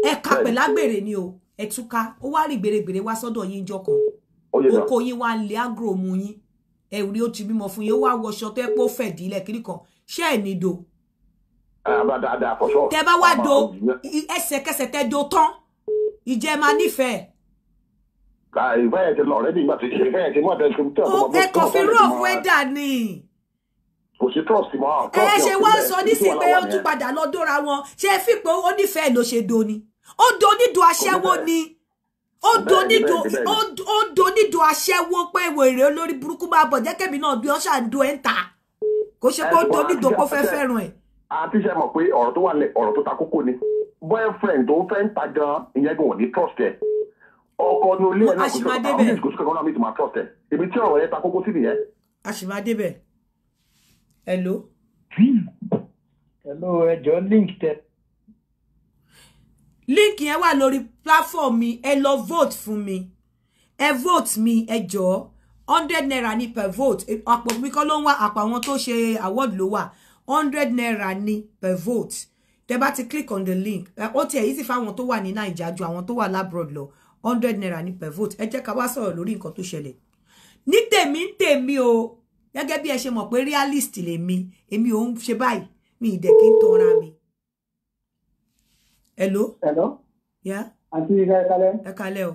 ẹ ka pẹ̀lágbèrè ni o ẹ túká ó wá rìn gbèrègbèrè wá sọ́dọ̀ yín jọ́ kan oko yín wá lé agro mu yín ẹ̀rí ó ti bímọ fún yín ó wá wọṣọ tó ẹ fẹ̀dí ilẹ̀ kiri kan ṣé ẹ̀ ní do. Ah, tẹ bá wá do ẹsẹ̀kẹsẹ̀ tẹ do tán ìjẹ́ máa nífẹ̀ẹ́. ìfẹ́ ẹ̀ ti lọ rẹ́dí ìgbà tí ìfẹ́ ẹ̀ ti mọ̀ tẹ́sí tí ọ̀tọ̀ mọ̀ bẹ́ẹ̀ kọ́ fi rough weather ni. kò sí trust mọ́. ẹ ṣe wá sọ nísìnyí pé ó tún padà lọ dóra wọn ṣé ẹ fi pé ó nífẹ̀ẹ́ ló ṣe do ni ó do nídùú aṣẹ́wó ni ó do nídò ó do nídò aṣẹ́wó pé wèrè olórí burúkú máa bọ̀ jẹ́ náà bí wọ́n ṣà ẹ̀ ń ta kò ṣe pé ó tóbi tó fẹ́ fẹ́ràn ẹ̀. àti ṣe mọ̀ pé ọ̀rọ̀ tó wà lẹ̀ ọ̀rọ̀ tó ta kókó ni boyfriend tó fẹ́ ń ta gan ìyẹn gan ò ní trust ẹ̀ ọkọ ní olé ẹ̀ náà kò sọ̀rọ̀ àwọn méjì kò sọ̀rọ̀ náà mi tún máa trust ẹ̀ ibi tí ọ̀rọ̀ yẹn hello. hello ẹjọ link tẹ. link yẹn wà lórí platform mi ẹ lọ vote fún mi ẹ vote mi ẹ jọ̀ọ́ hundred naira ni per vote e, àpò mi kọ́ ló ń wá àpò àwọn tó ṣe award ló wà hundred naira ni per vote tẹ bá ti click on the link ó tiẹ̀ yìí sì fáwọn tó wà ní naija ju àwọn tó wà labroad lọ hundred naira ni per vote ẹ jẹ́ ká wá sọ̀rọ̀ lórí nǹkan tó ṣẹlẹ̀ ní tèmi ń tèmi o gẹ́gẹ́ bí ẹ ṣe mọ̀ pé realist lèmi èmi ò ń ṣe báyìí mi ì dẹ̀ kí n tanra mi. hello. hello. ya. àti ìka ẹ kalẹ̀. ẹ kalẹ̀ o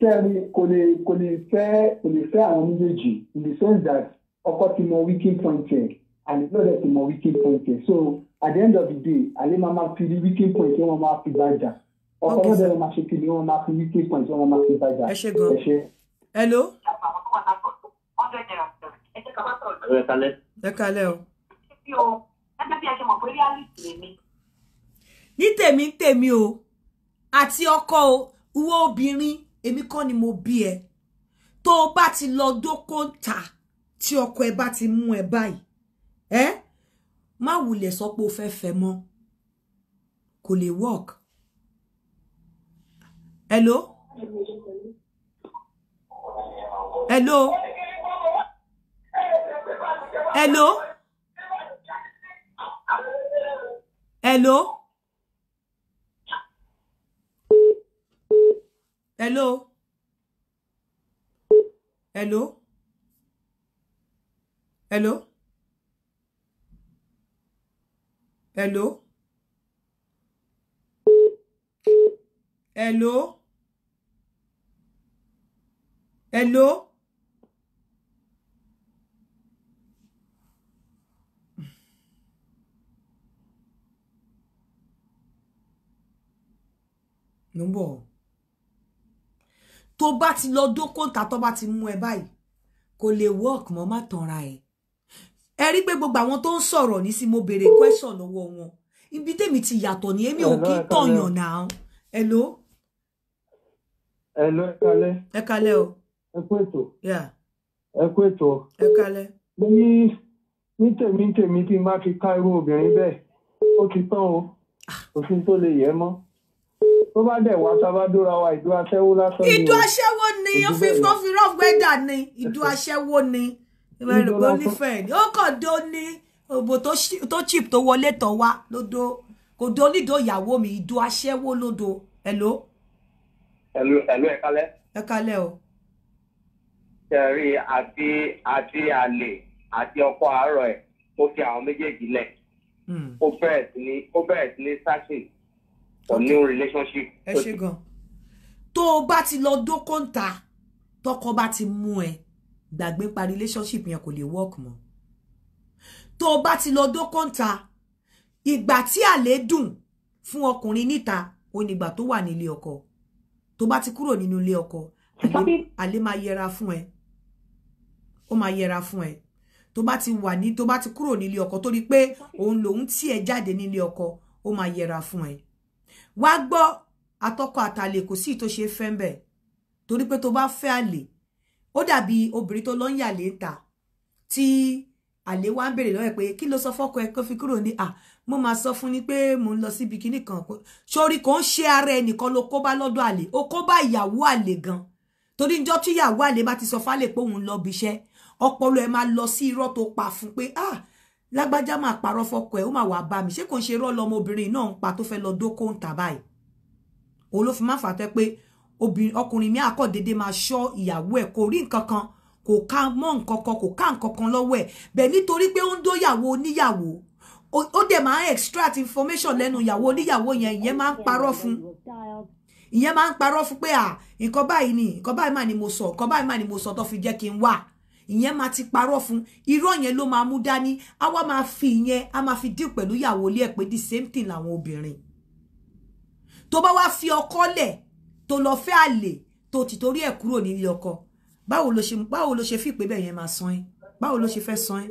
tẹ́rí kò lè kò lè fẹ́ kò lè fẹ́ àwọn méjèèjì in the sense that ọkọ ti mọ weaking point yẹn and it's not that ti mọ weaking point yẹn so at the end of the day alẹ́ máa máa fi weaking point yẹn wọ́n máa fi bá jà ọkọ náà bẹ̀rẹ̀ máa ṣe kí ni wọ́n máa fi weaking point yẹn wọ́n máa fi bá jà. ẹ ṣe gan ẹ ṣe. hello. ẹ kalẹ. ẹ kalẹ o. ní tèmi tèmi o àti ọkọ o wo obìnrin èmi kọ́ ni mo bí ẹ tó o bá ti lọ dóko ta tí ọkọ ẹ bá ti mú ẹ báyìí ẹ má wulẹ̀ sọ pé o fẹ́ fẹ́ mọ́ kò lè work hello hello hello hello. hello hello hello hello hello hello. Number tó bá ti lọ dókòǹtà tó bá ti mú ẹ báyìí kò lè work mọ́ má tanra ẹ̀ ẹ rí pé gbogbo àwọn tó ń sọ̀rọ̀ ní sí mo béèrè question lọ́wọ́ wọn ibi tèmi ti yàtọ̀ ní èmi ò kí ń tọ̀yàn náà ẹ ló. ẹ ló ẹ o. ẹ kú ètò. ẹ kú ètò. ẹ kalẹ̀. ní ní tèmi tèmi tí n bá fi ká irú obìnrin bẹ́ẹ̀ ti tán o ah. kò sí tó lè yẹ mọ́ tó bá dẹ̀ wá sábàdúrà wa ìdú aṣẹ́wó lásán ni ìdú aṣẹ́wó ni ó fi fọ́ fi rough weather ni ìdú aṣẹ́wó ni ìrẹ̀lùgbọ́n nífẹ̀ẹ́ ó kàn dó ní òbò tó chip tó wọlé tán wá lódò kò dó nídò ìyàwó mi ìdú aṣẹ́wó lódò hello. hello hello ẹ kálẹ́. ẹ kálẹ́ o. sẹ́rí àti àti àlè àti ọkọ àárọ̀ ẹ̀ mo fi àwọn méjèèjì lẹ̀ hmm. ó bẹ̀rẹ̀ sí ní ó bẹ̀rẹ̀ sí ní sáṣẹ̀ or okay. new relationship. ẹ ṣe gan tó o bá ti lọ dókòǹta tọkọ bá ti mú ẹ gbàgbé pa relationship yẹn kò lè work mọ́ tó o bá ti lọ dókòǹta ìgbà tí àlè dùn fún ọkùnrin níta ó nígbà tó wà nílé ọkọ tó bá ti kúrò nínú ilé ọkọ àlè máa yẹra fún ẹ ó máa yẹra fún ẹ tó bá ti wà ní tó bá ti kúrò nílé ọkọ torí pé òun lòun tí ẹ jáde nílé ọkọ ó máa yẹra fún ẹ wá gbọ́ àtọkọ àtàlè kò sí tó ṣe fẹ́ ń bẹ̀ torí pé tó bá fẹ́ àlè ó dàbí obìnrin tó lọ ń yàlè ń ta tí àlè wá ń béèrè lọ́wọ́ ẹ̀ pé kí ló sọ fọ́kọ ẹ kó fi kúrò ní à mo máa sọ fún ni pé mo ń lọ síbi kíní kan sórí kò ń ṣe ara ẹnìkan ló kó bá lọ́dọ̀ àlè ó kó bá ìyàwó àlè gan torí njọ́ tí ìyàwó àlè bá ti sọ fálè pé òun lọ bíṣẹ́ ọpọlọ ẹ máa lọ sí irọ́ tó pa fún pé ah lágbájá máa parọ́ fọkọ ẹ̀ ó máa wà bá mi ṣé kò ń ṣe irọ́ lọmọbìnrin náà ń pa tó fẹ́ lọ dókó ń tà báyìí òun ló fi máa fà tẹ́ pé ọkùnrin mi àkọ́ déédéé máa ṣọ́ ìyàwó ẹ̀ kò rí nǹkan kan kò ká mọ́ nǹkan kan kò ká nǹkan kan lọ́wọ́ ẹ̀ bẹ́ẹ̀ nítorí pé ó ń dóyàwó oníyàwó ó dẹ̀ máa ń extract information lẹ́nu ìyàwó oníyàwó yẹn ìyẹn máa ń parọ́ fún ìyẹn máa ń parọ́ fún pé à nǹkan báyìí ni nǹkan báyìí mà ni mo sọ nǹkan báyìí mà ni mo sọ tó fi jẹ́ kí n wà ìyẹn máa ti parọ́ fún irọ́ yẹn ló máa mú dání á wá máa fi ìyẹn á máa fi dín pẹ̀lú ìyàwó ilé ẹ̀ pé the same thing làwọn obìnrin tó bá wá fi ọkọ lẹ̀ tó lọ fẹ́ àlè tó ti torí ẹ̀ kúrò nílé ọkọ báwo ló ṣe báwo ló ṣe fi pé bẹ́ẹ̀ yẹn máa san ẹ́ báwo ló ṣe fẹ́ san ẹ́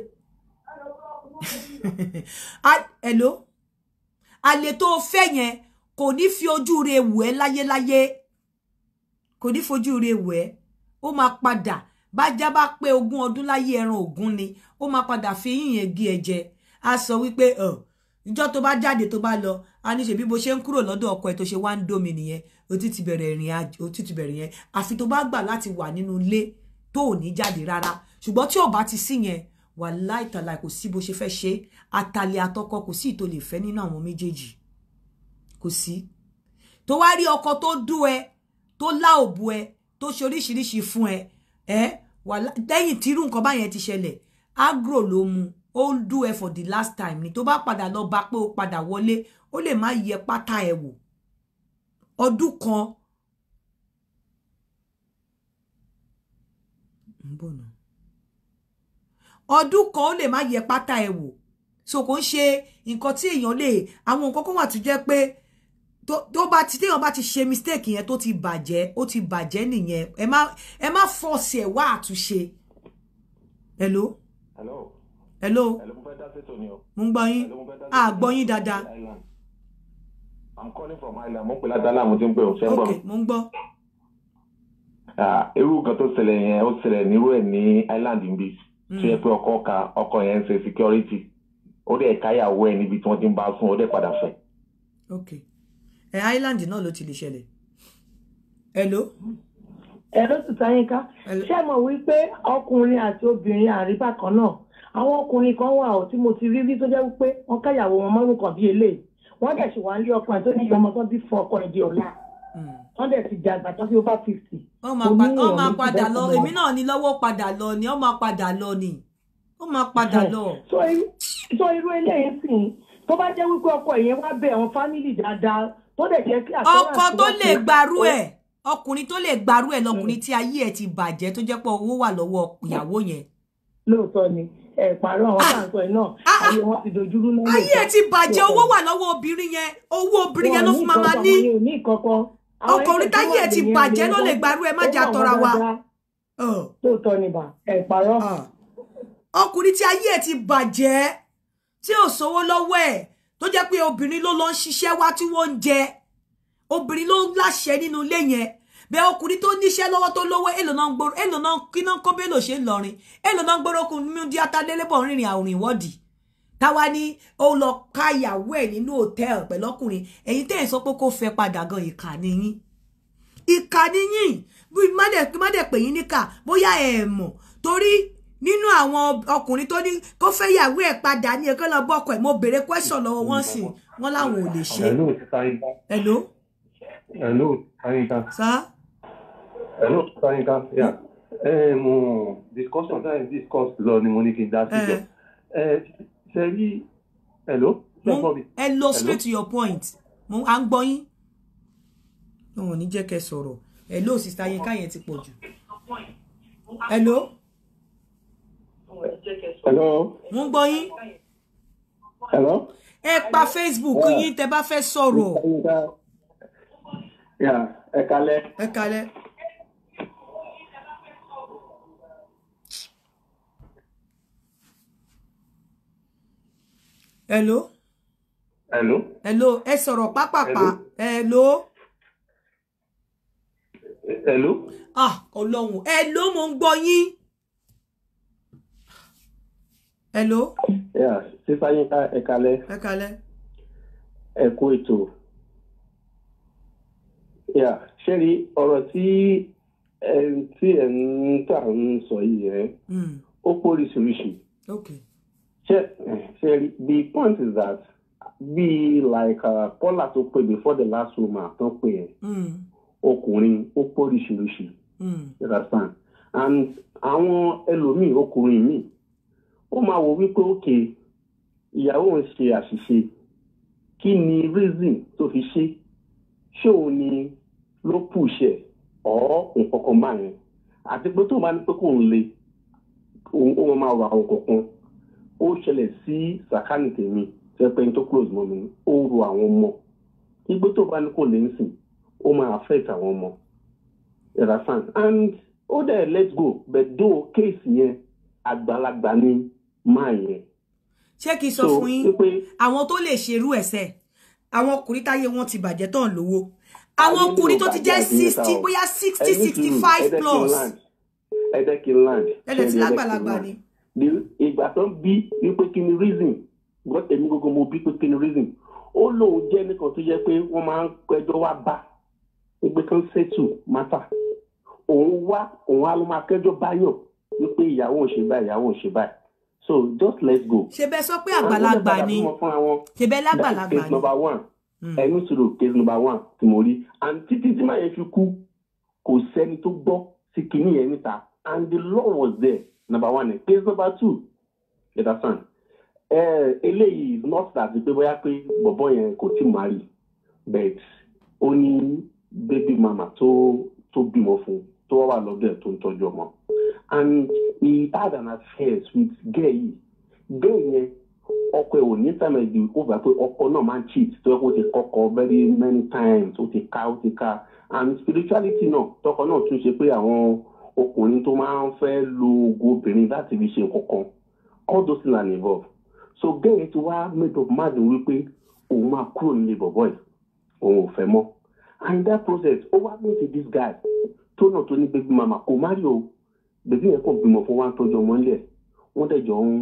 hello àlè tó fẹ́ yẹn kò ní fi ojú rẹ̀ wò ẹ́ láyéláyé kò ní fojú rẹ̀ wò ẹ́ ó máa padà bájá bá pé ogún ọdún láyé ẹran ògún ni ó máa padà fi eyín yẹn gé ẹ̀jẹ̀ a sọ wípé ọ ìjọ tó bá jáde tó bá lọ a ní ṣe bí bó ṣe ń kúrò lọ́dọ̀ ọkọ ẹ̀ tó ṣe wá ń dómi nìyẹn òtítì bẹ̀rẹ̀ ìrìn àjò òtítì bẹ̀rẹ̀ yẹn àfi tó bá gbà láti wà nínú ilé tó ò ní jáde rárá ṣùgbọ́n tí ò bá ti sí yẹn wàláì tàlà kò sí bó ṣe fẹ́ ṣe àtàlẹ̀ àtọkọ kò sí ìtò lè fẹ́ nínú àwọn méjèèjì kò sí tó wá rí ọkọ tó dú ẹ tó lá òbú ẹ tó ṣe oríṣiríṣi ẹ eh, wà lẹ́yìn tí irú nǹkan báyẹn ti ṣẹlẹ̀ agro ló mu ó do ẹ for the last time ni tó bá padà lọ bá pé ó padà wọlé ó lè má yẹ pátá ẹ wò ọdún kan ọdún kan ó lè má yẹ pátá ẹ wò so kò ń ṣe nǹkan tí èèyàn lè àwọn nǹkan kan wà tó jẹ́ pé tó bá ti téèyàn bá ti ṣe mistake yẹn tó ti bàjẹ́ ó ti bàjẹ́ nìyẹn ẹ má ẹ ẹ̀ wá àtúnṣe. hello. hello. hello. mo ń gbọ́ yín a gbọ́ yín dáadáa. i'm calling from Ireland mo ń pè ládàá láàmú tí ń pè ò ń gbọ́. ok mo ń gbọ́. irú kan tó ṣẹlẹ̀ yẹn ó ṣẹlẹ̀ nírú ẹ̀ ní Ireland níbí tó yẹ hmm. pé ọkọ ka ọkọ yẹn ń ṣe security ó dẹ̀ káyàwó ẹ̀ níbi tí wọ́n ti ń bá sùn ó dẹ̀ padà fẹ́. okay ẹ island náà ló ti lè ṣẹlẹ̀ hello. ẹ̀rọ tuntun ayínká ṣé ẹ mọ̀ wípé ọkùnrin àti obìnrin àríbá kan náà àwọn ọkùnrin kan wà ó tí mo ti rí rí tó jẹ́ wípé wọ́n káyàwó wọn márùn kan bí eléyìí wọ́n dẹ̀ ṣì wá ń lé ọkùnrin tó ní ọmọ tó bí fún ọkùnrin di ọ̀la hmm. wọ́n dẹ̀ ti dàgbà tó fi over fifty. ó máa padà lọ èmi náà ni lọ́wọ́ padà lọ ni ó máa padà lọ ni ó máa padà lọ. so irú eléyìí sì tó bá jẹ́ wípé ọkọ ìyẹn wá bẹ̀ àwọn fámìlì dáadáa tó dẹ̀ jẹ́ kí àtọ́wà ọkọ tó lè gbarú ẹ̀ ọkùnrin tó lè gbarú ẹ̀ lọkùnrin hmm. tí ayé ẹ̀ ti bàjẹ́ tó jẹ́ pé owó wà lọ́wọ́ ìyàwó yẹn. lóòótọ́ ni ẹ pààrọ̀ àwọn káàkó ah! ẹ náà ah! ayé wọn ti dojúrú lọ́wọ́ ayé ẹ̀ ti bàjẹ́ owó wà lọ́wọ́ obìnrin yẹn owó obìnrin yẹn ló fún mama ní ọkùnrin táyé ẹ̀ ti bàjẹ́ ló lè gbarú ẹ̀ má jà tọ́ra wa. lóòótọ́ ni bà ẹ pààrọ̀. Ah. ọkùnrin tí ayé ẹ̀ ti bàjẹ́ tí ò sówó lọ́wọ́ ẹ̀ tó jẹ́ pé obìnrin ló lọ ń ṣiṣẹ́ wá tí wọ́n ń jẹ obìnrin ló ń láṣẹ nínú ilé yẹn bẹ́ẹ̀ ọkùnrin tó níṣẹ́ lọ́wọ́ tó lówó èlò náà ń gbòòrò èlò náà kíná kó bẹ́ẹ̀ lò ṣe ń lọrin èlò náà ń gbòòrò kún mí di atadélébọ̀ rìnrìn àrùn ìwọ́dì táwa ní ó lọ ká ìyàwó ẹ̀ nínú hòtẹ́ẹ̀lì pẹ̀lọ́kùnrin ẹ̀yin tẹ́ ẹ̀ sọ pé kó fẹ́ padà gan ìkà nìyín ìkà nìyín bí mádẹ̀ pé yín níkà bóyá ẹ̀ mọ̀ torí nínú àwọn ọkùnrin tó ní kó fẹ́ yàwó ẹ̀ padà ní ẹ̀kọ́ lọ bọ́kọ̀ ẹ̀ mo béèrè question lọ́wọ́ wọn sì wọ́n láwọn ò lè ṣe. hello. hello Ayinka. sa. hello Ayinka. ẹ mo discussion time discuss lọ ni mo ní kí n dá sí jọ eh. ẹ ṣe rí hello. hello straight to your point mo à ń gbọ́ yín. wọn ò ní jẹ́ kẹ́ sọ̀rọ̀ hello sista Yinka yẹn ti pọ̀ jù. hello mo ń gbọ́ yín. ẹ pa facebook yín tẹ́ bá fẹ́ sọ̀rọ̀. ẹ kalẹ̀. ẹ kalẹ̀. hello. hello. hello ẹ sọ̀rọ̀ pápápá hello. hello. ah ọlọ́run hello mo ń gbọ́ yín hello. yeah sísá yín ká ẹ kalẹ̀. ẹ kalẹ̀. ẹ kú ètò. yeah ṣé rí ọ̀rọ̀ tí ẹ tí ẹ ń tà ń sọ yìí ẹ hmm. ó pọ̀ oríṣiríṣi. okay. ṣé ṣé rí the point is that bí like uh, Paula tó pè before the last woman tó pè ẹ hmm. ọkùnrin ó pọ̀ oríṣiríṣi. Hmm. you understand and àwọn ẹlòmíì ọkùnrin míì ó máa wò wípé òkè ìyàwó ń ṣe àṣìṣe kí ni reason tó fi ṣe ṣé òun ni ló pùṣẹ ọ nǹkan kan bá yẹn àti pé tó máa ní pé kò ń le òun máa wà àwọn kọ̀ọ̀kan ó ṣẹlẹ̀ sí sàkánì tèmi tẹ́pẹ́ tó close mọ́ mi ni ó ro àwọn ọmọ igbó tó bá ní kò lè ń sìn ó máa affect àwọn ọmọ ẹ̀rà fan and ó dẹ̀ let go but though case yẹn àgbàlagbà ni máa yẹn. ṣé kí n sọ fún yín àwọn tó lè ṣerú ẹ̀ṣẹ̀ àwọn ọkùnrin táyé wọn ti bàjẹ́ tán lówó àwọn ọkùnrin tó ti jẹ́ sixty bóyá sixty sixty five plus. ẹ̀dẹ̀ kí n land ẹ̀dẹ̀ tí lágbàlagbà ni. ìgbà tó ń bí wípé kí ni reason gbọ́dọ̀ èmi gbogbo mo bí pé kí ni reason ó lóun jẹ́ nìkan tó jẹ́ pé wọ́n máa ń pẹjọ́ wá bá ẹgbẹ́ kan ṣètù mátà òun wá òun á ló máa kẹjọ́ báyọ̀ wípé ìyàwó òun ṣe báyìí ìyàwó òun ṣe báyìí so just let's go. ṣe bẹ sọ pé àgbàlagbà ni ṣe lágbàlagbà ni. case number one hmm. ẹnu sòrò case number one tí mo rí and títí tí màá yẹn fi kú kò sẹ́ni tó gbọ́ sí kinní yẹn níta and the law was there number one case number two you understand eléyìí is not that the people pé bọ̀bọ̀ yẹn kò tí marry but ó ní baby mama tó tó bímọ fún tó wà lọ́dọ̀ ẹ̀ tó ń tọ́jú ọmọ and he had an affair with gay. Gay, girl yẹn ọkọ ẹ ò ní sàmì ju ó gbà pé ọkọ náà máa ń cheat tó yẹ kó ti kọkọ very many times ó ti ká ó ti ká and spirituality náà tọkọ náà tún ṣe pé àwọn ọkùnrin tó máa ń fẹ́ lo oògùn obìnrin láti fi ṣe kankan all those things are involved so gay yẹn ti wá made up mind wípé òun máa kúrò nílé bọ̀bọ̀ yìí òun ò fẹ́ mọ́ and in that process ó wá meet this guy tó náà tó ní baby mama kò má rí o bèbí yẹn kò bímọ fún wa tọ́jú ọmọ ńlẹ̀ wọ́n dẹ̀ jọ ń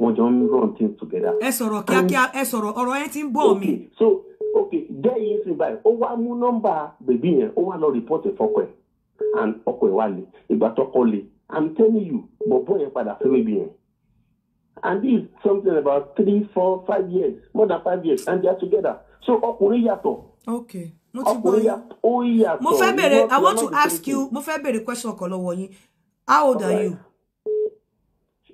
wọ́n jọ ń run things together. ẹ sọ̀rọ̀ kíákíá ẹ sọ̀rọ̀ ọ̀rọ̀ yẹn ti ń bọ̀ mí. so ok jẹ́ iye sí báyìí ó wá mú nọ́mbà bèbí yẹn ó wá lọ rìpọ́tì fọkọ ẹ̀ and ọkọ ẹ̀ wá le ìgbà tọkọ le i'm telling you bọ̀bọ̀ yẹn padà fẹ́ bèbí yẹn and this is something about three four five years more than five years and they are together so ọkùnrin yàtọ̀. okay mo ti gbọ́ mo fẹ́ bèrè i want to ask you mo fẹ́ bèrè question kan lọ́wọ́ yín how old are you.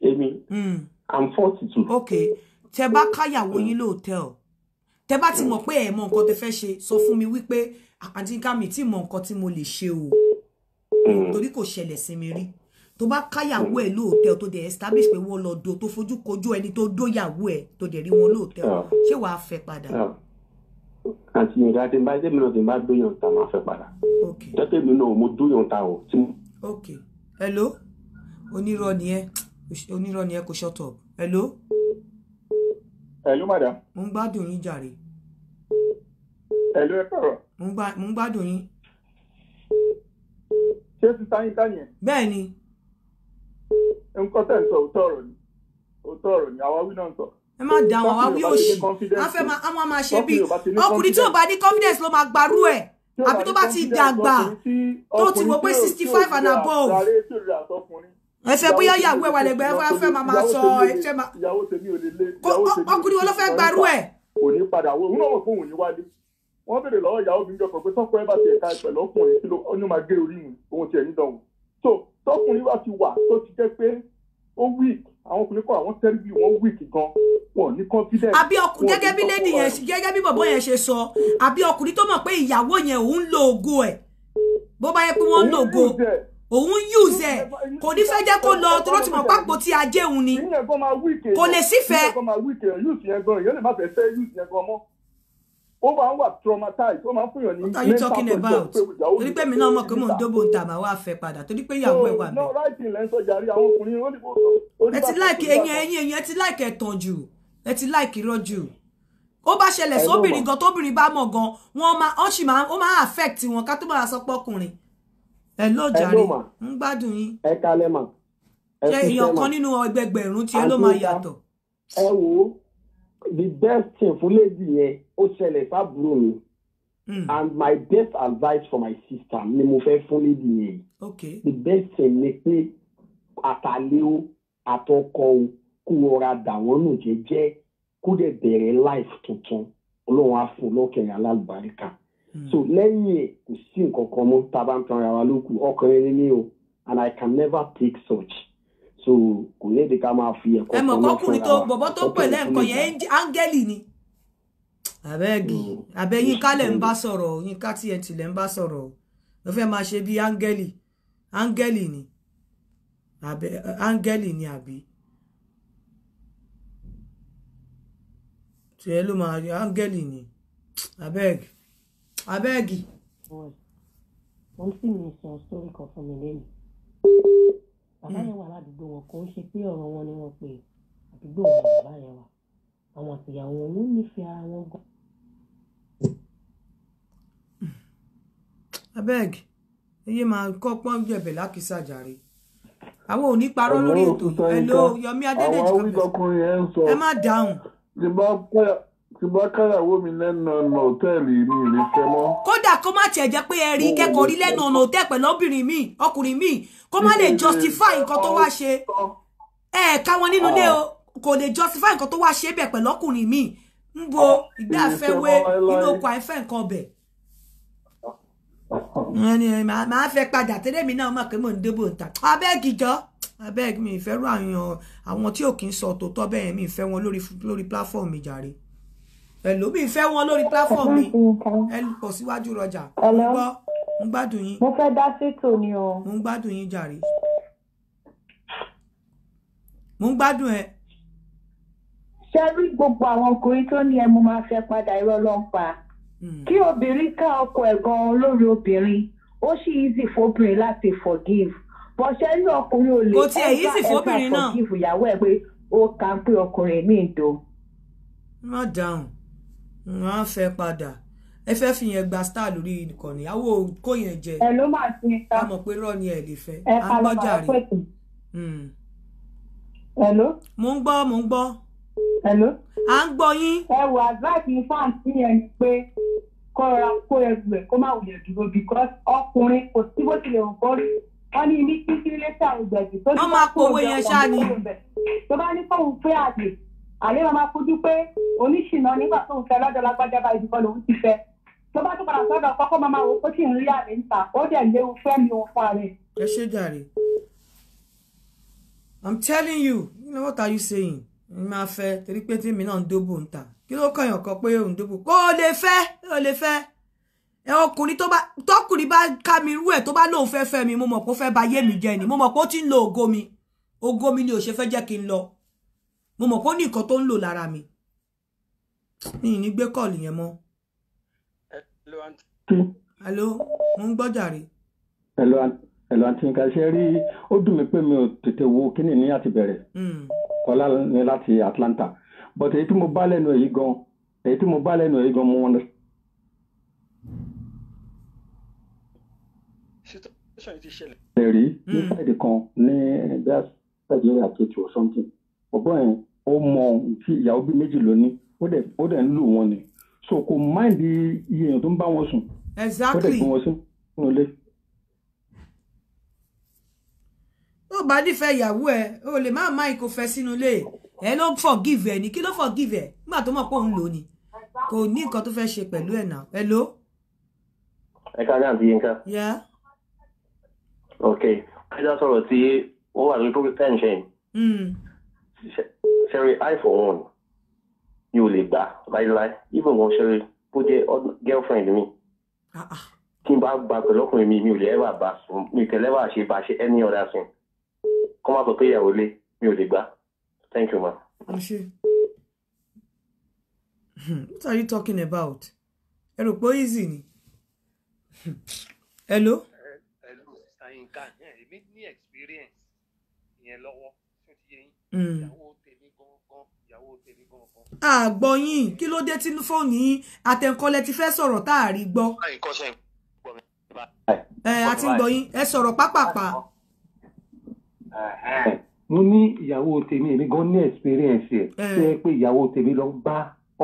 èmi hmm. i'm forty two. Okay. tẹ bá káyàwó yín lóòótẹ́ọ̀ tẹ bá ti mọ̀ pé ẹ̀ mọ nǹkan tẹ fẹ́ ṣe sọ fún mi wípé àǹtí ká mi ti mọ nǹkan tí mo lè ṣe o hmm. torí kò ṣẹlẹ̀ sí mi rí tó bá káyàwó ẹ lóòótẹ́ tó dẹ̀ establish pé wọ́n lọ do tó fojú kojú ẹni tó dóyàwó ẹ tó dẹ̀ rí wọn lóòótẹ́ ah. ṣé wàá fẹ́ padà. Yeah àti nǹkan tí n bá tẹ́mi náà tí n bá dóyàn ta máa fẹ́ padà tẹ́tẹ́mi náà mo dóyàn ta o. ok hello onírọ́ ni ẹ onírọ́ ni ẹ kò shut up hello. hello madam. mo ń gbádùn yín jàre. hello ẹ kọ̀rọ̀. mo ń gbádùn yín. ṣé ti sáyìn sáyìn. bẹ́ẹ̀ ni. nǹkan tẹ̀ ń sọ òótọ́ ọ̀rọ̀ ni òótọ́ ọ̀rọ̀ ni àwa wí náà ń sọ ẹ má dá wọn wá wí òṣì àwọn máa ṣe bí ọkùnrin tí ò bá ní confidence ló máa gbarú ẹ̀ àbí tó bá ti dàgbà tó ti wò pé sixty five and above ẹ fẹ́ bóyá ìyàwó ẹ wà lẹ́gbẹ̀ ẹ fẹ́ máa máa sọ ẹ fẹ́ máa ọkùnrin wo ló fẹ́ gbarú ẹ̀. kò ní padà wo òun náà mọ̀ fún òun ní wálé wọ́n béèrè lọ́wọ́ ìyàwó mi jọkọ̀ pé tọ́kọ ẹ bá tiẹ̀ ká ìpẹ̀lú ọkùnrin kí ló ọyún máa gé orí mi òun tiẹ̀ nídọ̀hún so tọkùnrin bá ti wà tó ti jẹ́ pé ó weak àwọn ọkùnrin kọ́ àwọn tẹ́rìbì wọn wíìkì gan wọn ní confidence. àbí ọkùnrin gẹ́gẹ́ bí lady yẹn gẹ́gẹ́ bí bọ̀bọ̀ yẹn ṣe sọ àbí ọkùnrin tó mọ̀ pé ìyàwó yẹn òun lo ògo ẹ̀ bó bá yẹ pé wọ́n lo ògo òun use kò ní fẹ́ jẹ́ kó lọ tó ló ti mọ̀ pápò tí ajé òun ni kò lè sífẹ̀ẹ́ ó máa ń wà traumatized ó máa ń fún yàn ní mental control. what are you talking about torí pé mi náà mọ̀ pé mò ń dóbò ń tà máa wá fẹ́ padà torí pé ìyàwó ẹ̀ wà mí. no right in lẹ́sọ̀ jàre àwọn ọkùnrin ó ní kó. ẹ ti láìkì ẹyin ẹyin ẹyin ẹ ti láìkì ẹ̀tàn jù ẹ ti láìkì irọ́ jù ó bá ṣẹlẹ̀ sóbìnrin gan tóbìnrin bá mọ̀ gan wọn máa ó sì máa ó máa affect wọn ká tó máa sọ pọkùnrin ẹ ló jàre ń gbádùn yín ẹ kalẹ̀ mà ṣe èèyàn kan nínú ẹgbẹgbẹ̀rún tí ẹ ló máa yàtọ̀. ẹ wo the best thing fún lady yẹn ó ṣẹlẹ̀ sábúrò mi hmm. and my best advice for my sister ni mo fẹ́ fún lédi yẹn the best thing ni pé àtàlẹ́ o àtọkọ o kó rọra dà nù jẹ́jẹ́ kó dẹ̀ bẹ̀rẹ̀ life tuntun ọlọ́run á fún lọ́kẹ̀yìn alálùbáríkà hmm. so lẹ́yìn ẹ̀ kò sí nǹkan kan mọ́ tá ń tan wa lókù ọkùnrin ni mí o and I can never take such so kò ní èdè ká máa fi ẹ̀kọ́ kan lọ́kùnrin wa ẹ mọ̀ tó bọ̀bọ́ tó pẹ̀lẹ́ nǹkan yẹn áńgẹ́lì ni abẹ́gi abẹ́ yínká lẹ̀ ń bá sọ̀rọ̀ yínká tnt lẹ̀ ń bá sọ̀rọ̀ ló fẹ́ máa ṣe bí áńgẹ́lì áńgẹ́lì ni abẹ́ áńgẹ́lì ni àbí tiẹ̀ ló máa áńgẹ́lì ni abẹ́gi abẹ́gi. wọ́n sì mi sọ sórí kan fún mi lẹ́nu bàbá hmm. yẹn wà ládùúgbò wọn kò ń ṣe pé ọ̀rọ̀ wọn ni wọ́n pè àdúgbò wọn bàbá yẹn wà àwọn àtìyàwó wọn nífẹ̀ẹ́ ara wọn gan abeg iye máa kọ́pọ́n jẹ̀bẹ̀ lákìsà jàre àwọn ò ní lórí ètò hello Yomi Adédèjì ẹ má dáhùn. tí káyàwó mi lẹ́nu ọ̀nà òtẹ́ẹ̀lì mi kódà kó má tiẹ̀ pé ẹ rí kẹ́kọ̀ọ́ rí lẹ́nu ọ̀nà pẹ̀lú kó má lè justify nǹkan tó wá ṣe ẹ ká nínú ilé ah. o lè justify nǹkan tó wá ṣe bẹ̀ pẹ̀lú ọkùnrin ah, inú oko àìfẹ́ nǹkan màá fẹ́ padà tẹ́lẹ̀ mi náà mọ̀ pé mò ń débò ń ta abeg ìjọ abeg mi ìfẹ́ rú àwọn àwọn tí ò kí ń sọ tòótọ́ bẹ́ẹ̀ mi ìfẹ́ wọn lórí lórí platform mi jàre ẹ̀ló mi ìfẹ́ wọn lórí platform mi ẹ pọ̀ síwájú rọjà ń gbọ́ ń gbádùn yín. mo fẹ́ dá sí tòní o. mo ń gbádùn yín jàre. mo ń gbádùn ẹ ṣe rí gbogbo àwọn ọkùnrin tó ní ẹ mo máa fẹ́ padà irọ́ ló ń pa Hmm. kí obìnrin ká ọkọ ẹ̀ gan-an lórí obìnrin ó sì easy fóbìnrin láti forgive bọ́sẹ̀ ní ọkùnrin ò lè ẹ̀ka ẹ̀ka forgive ìyàwó ẹ̀ pé ó kà ń pé ọkùnrin mi ń do. má dáhùn wọn á fẹ́ padà ẹ fẹ́ fi yẹn gba star lórí ìkànnì àwọ̀ kó yẹn jẹ ẹ ló máa ti ta a mọ̀ pé rọ́ọ̀ ni ẹ lè fẹ́ à ń gbọ́jà rẹ̀. ẹ ló. mo ń gbọ́ mo ń gbọ́ hello. à ń gbọ́ yín. ẹ wò advice mo fún àǹtí yẹn ni pé kó ra kó ẹrù ẹ̀ kó má wulẹ̀ dúró because ọkùnrin kò sí bó tilẹ̀ ò kọ́ rí wọ́n ní ní títí létà ògbẹ̀bí tó ti máa kó owó yẹn ṣáà ni. tó bá ní kóun pé àlè àlè máa fojú pé oníṣìnà nígbà tóun fẹ́ lọ́dọ̀ lágbájá báyìí kọ́ lòun ti fẹ́ tó bá tún padà sọ́dọ̀ kọ́kọ́ máa máa wò ó sì ń rí àlè ń ta ó dẹ̀ léwu fẹ́ mi ò fa rẹ̀. ẹ ṣe jàre I'm telling you, you know what are you saying? mi máa fẹ́ torí pé tí mi náà ń dóbò ń ta kí ló kọyàn kan pé òun dóbò kó o lè fẹ́ o lè fẹ́ ẹ ọkùnrin tó bá tọkùnrin bá ká mi rú ẹ̀ tó bá lóun fẹ́ fẹ́ mi mo mọ̀ pé ó fẹ́ ba yé mi jẹ ni mo mọ̀ pé ó ti ń lo ògo mi ògo mi ni ò ṣe fẹ́ jẹ́ kí n lọ mo mọ̀ pé ó ní nǹkan tó ń lò lára mi mi ì ní gbé kọ́ọ̀lù yẹn mọ́. Hello, mo ń gbọ́ jàre. Hello, àǹtí nǹkan ṣe rí ó dùn mí pé mi ò tètè wo kíní ní àtìbẹ̀rẹ̀. Hmm kọ́lá ni láti Atlanta but èyí tí mo bá lẹ́nu èyí gan èyí tí mo bá lẹ́nu èyí gan mo wọn. situation rí hmm. ní kan ní bíi kejì or something ọ̀bọ̀n yẹn ó mọ tí ìyàwó bíi méjì ló ní ó dẹ̀ ń lù wọ́n ni so kò máìndì iye èèyàn tó ń bá wọn sùn ó dẹ̀ gbé wọn sínú ilé. tó bá nífẹ̀ẹ́ ìyàwó ẹ o lè má má kó fẹ́ sínú ilé ẹ ló forgive ẹ ní kí ló forgive ẹ nígbà tó mọ̀ pé òun lò ní kò ní nǹkan tó fẹ́ ṣe pẹ̀lú ẹ̀ náà ẹ ló. ẹ ká ní àǹtí Yínká. ok ẹja sọ̀rọ̀ tí ó wà lórí tó ń ṣe hmm. ṣeré iphone one ni ò lè gbà láíláí even gan ṣeré bó jẹ́ girlfriend mi ah, ah. kí n bá gbà pẹ̀lú ọkùnrin mi mi ò lè ẹ̀ wà bá sùn mi ò wà ṣe bá ṣe any other thing kọ́ má sọ pé ìyàwó lé mi ò lè gbà thank you ma. what are you talking about? ẹ rò pé ó easy ni. hello. hello sayinka èmi ní experience yẹn lọ́wọ́ tó ti yẹ yín hmm. ìyàwó tèmi gangan ìyàwó tèmi gangan. àgbọ̀ kí ló dé tí fóònù àtẹ̀kọ́lẹ̀ ti fẹ́ sọ̀rọ̀ tá a rí gbọ́. ẹ àti gbọ̀ ẹ sọ̀rọ̀ pápápá mo ní ìyàwó tèmi èmi gan ní experience ẹ̀ ṣe é pé ìyàwó tèmi lọ bá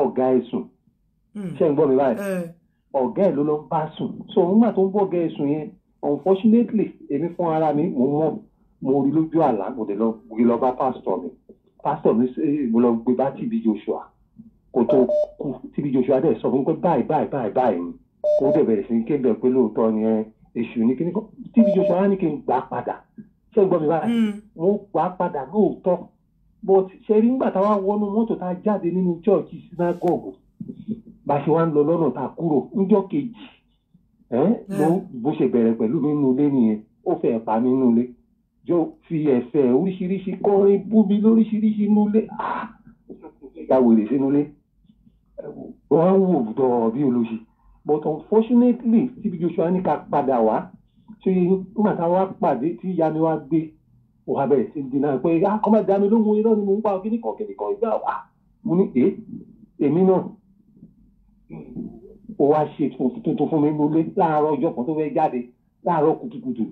ọ̀gá ẹ̀ sùn hmm. ṣé ń gbọ́ mi báyìí ọ̀gá ẹ̀ ló lọ bá sùn so nígbà tó ń bọ̀ ọ̀gá sùn yẹn unfortunately èmi fún ara mi mo mọ̀ mo rí lójú àlá mo dẹ̀ lọ gbé lọ bá pásítọ̀ mi pásítọ̀ mi mo lọ gbé bá TB Joshua kò tó kú TB Joshua dẹ̀ sọ fún pé báyìí báyìí báyìí báyìí ni kó dẹ̀ bẹ̀rẹ̀ sí kéde pé lóòótọ́ ni ẹ èṣù ní kíní TB Joshua ní kí n gbà padà ṣé gbọ́ mi báyìí wọ́n hmm. wá padà lóòótọ́ but ṣe rí nígbà táwa wọnú mọ́tò tá a jáde nínú chọ́ọ̀chì sinagogo bá ṣe wá ń lọ lọ́nà tá a kúrò níjọ́ kejì ló hmm. bó ṣe bẹ̀rẹ̀ pẹ̀lú nínú ilé nìyẹn ó fẹ́ pa nínú ilé jọ fi ẹ̀fẹ̀ oríṣiríṣi kọrin bú lóríṣiríṣi nínú ilé ah! ya wèrè sínú ilé wọ́n wò dọ̀ bí olóṣì but unfortunately tíbi Joshua ní ká padà wá tí nígbà tá a wá pàdé tí ìyá mi wá gbé òun abẹ́rẹ́ sí dínà pé akọ́mọ ah, ìdá mi lóhun irọ́ ni mò ń pa kíní kan kíní kan ìgbà wà ah, mo ní èé èmi náà ó wá ṣe tuntun fún mi lólé láàárọ̀ ọjọ́ kan tó fẹ́ jáde láàárọ̀ kùtùkùtù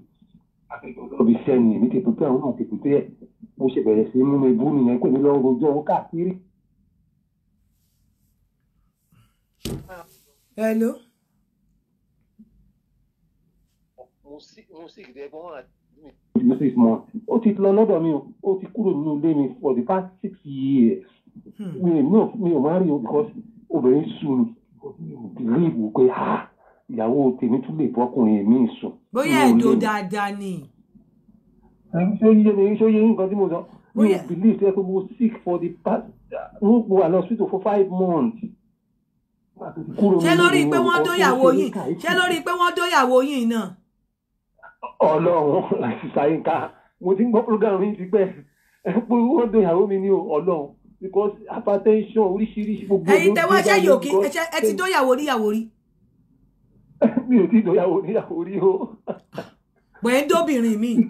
àbí sẹ́ni èmi ti pípẹ́ àwọn àti pípẹ́ ẹ̀ mo ṣe bẹ̀rẹ̀ sí mú mi bú nìyẹn pé mi lọ́ọ́ rojọ́ owó káàkiri. hello. music rẹ gbọ́n wà. music mọ ó ti lọ lọ́dọ̀ mi ó ti kúrò nínú ilé mi for the past six years hmm. mi ò mi ò máa rí o because obìnrin sú mi believe wò pé ah, ìyàwó tèmi tún lè bọ́kùnrin mi sùn. bóyá ètò dáadáa ni. ṣé yíyé mi ṣé yíyé nǹkan tí mo sọ mi ò believe ṣe pé sick for the past mo wà lọ hospital for five months ṣé lórí pé wọ́n dóyàwó yìí ṣé lórí pé wọ́n dóyàwó yìí náà ọlọ́run láti ṣàyínká mo ti ń gbọ́ program yìí ti pẹ́ pé wọ́n dún ìyàwó mi ní ọlọ́run because hypertension oríṣiríṣi gbogbo ẹ̀yin tẹ wá ṣe yòókì ẹ ti dóyàwó níyàwó rí. mi ò tí dóyàwó níyàwó rí o. pẹ̀ ń dóbìnrin mi.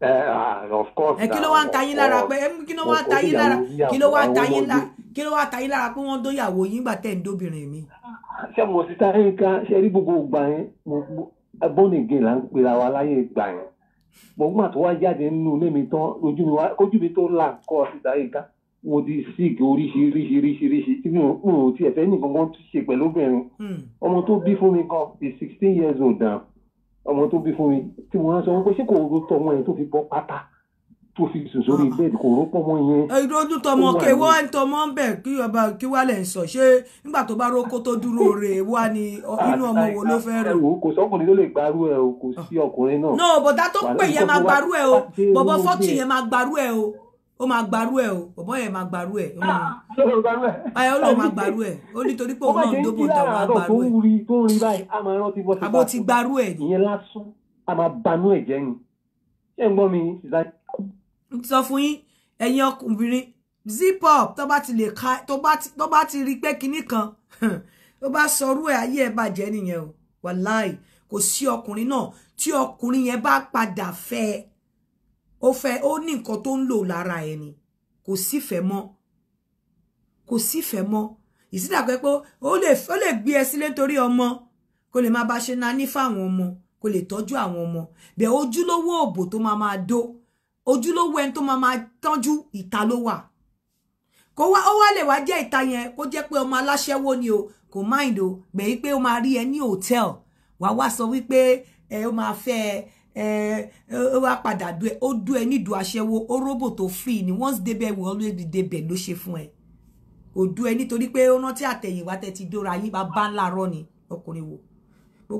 Eh, ah, of course ẹ kí ló wá ń ta yín lára pé kí ló wá ń ta yín lára kí ló wá ń ta lára kí ló wá ta yín lára pé wọ́n dóyàwó yín gbà tẹ̀ ń dóbìnrin mi. Ah, ṣé mo ti ta ẹ̀ka ṣe rí gbogbo ìgbà yẹn bónìgè là ń pera wa láyé ìgbà yẹn gbọ̀ngbà tó wá jáde nínú ilé mi tán ojú mi wá ojú mi tó là ń kọ́ síta ìka mo ti sick oríṣiríṣiríṣiríṣi tí mi ò tiẹ̀ fẹ́ nìkan kan ṣe pẹ̀lú obìnrin hmm. ọmọ tó bí fún mi kan is sixteen years old now ọmọ tó bí fún mi tí mo rán sọ wọn pé ṣé kò ro tọmọ yẹn tó fi bọ́ pátá tó fi sùn sórí bẹ́ẹ̀dì kò rópọ̀ mọ́ yẹn. Eh, ìdójú tọmọ kí ewu á ń tọmọ ń bẹ kí ọba kí wàá lè sọ ṣé nígbà tó bá rókó tó dúró rè wá ni inú ọmọ wo ló fẹ́ rò. kò sọkùnrin ló lè gbarú ẹ o kò sí ọkùnrin náà. no bọ̀dá tó pè yẹn máa gbarú ẹ o bọ̀bọ̀ fọ́tù yẹn máa gbarú ẹ o ó máa gbarú ẹ o bọ̀bọ̀ yẹn máa gbarú ẹ. ayọ̀ ó lọ máa gbarú ẹ ó nítorí pé òun náà ń dóbò dá máa gbarú ẹ. àbó ti gbarú ẹ. ìyẹn lásán a máa banú ẹ̀ jẹ́ ni ṣé ń gbọ́ mi ṣìṣà n ti sọ fún yín ẹ̀yin ọkùnrin zip up tó bá ti lè ka tó bá ti tó bá ti rí pé kinní kan tó bá sọrú ẹ̀ ayé ẹ̀ bàjẹ́ nìyẹn o wàláì kò sí ọkùnrin náà tí ọkùnrin yẹn bá padà fẹ́ ó fẹ́ ó ní nǹkan tó ń lò lára ẹ̀ ni kò sífẹ̀ẹ́ mọ́ kò sífẹ̀ẹ́ mọ́ ìsídàgbẹ́ pé ó lè ó lè gbé ẹ sílé nítorí ọmọ kó lè máa bá ṣe nání fáwọn ọmọ kó lè tọ́jú àwọn ọmọ bẹ́ẹ̀ ojúlówó òbò tó máa máa dó ojúlówó ẹni tó máa máa tọ́jú ìta ló wà kó wá ó wá lè wá jẹ́ ìta yẹn kó jẹ́ pé ọmọ aláṣẹ́wó ni o kò mind o gbẹ̀ yí pé ó máa rí ẹ ní hòtẹ́ẹ̀l wà wá sọ wípé ẹ ó máa fẹ́ ẹ ó wá padà dú ẹ ó dú ẹ nídú aṣẹ́wó ó róbò tó free ni once débẹ̀ will always be débẹ̀ ló ṣe fún ẹ kò dú ẹ nítorí pé ó rántí àtẹ̀yìnwá tẹ ti dóra yín bàbá ńlá rọ ni ọkùnrin wo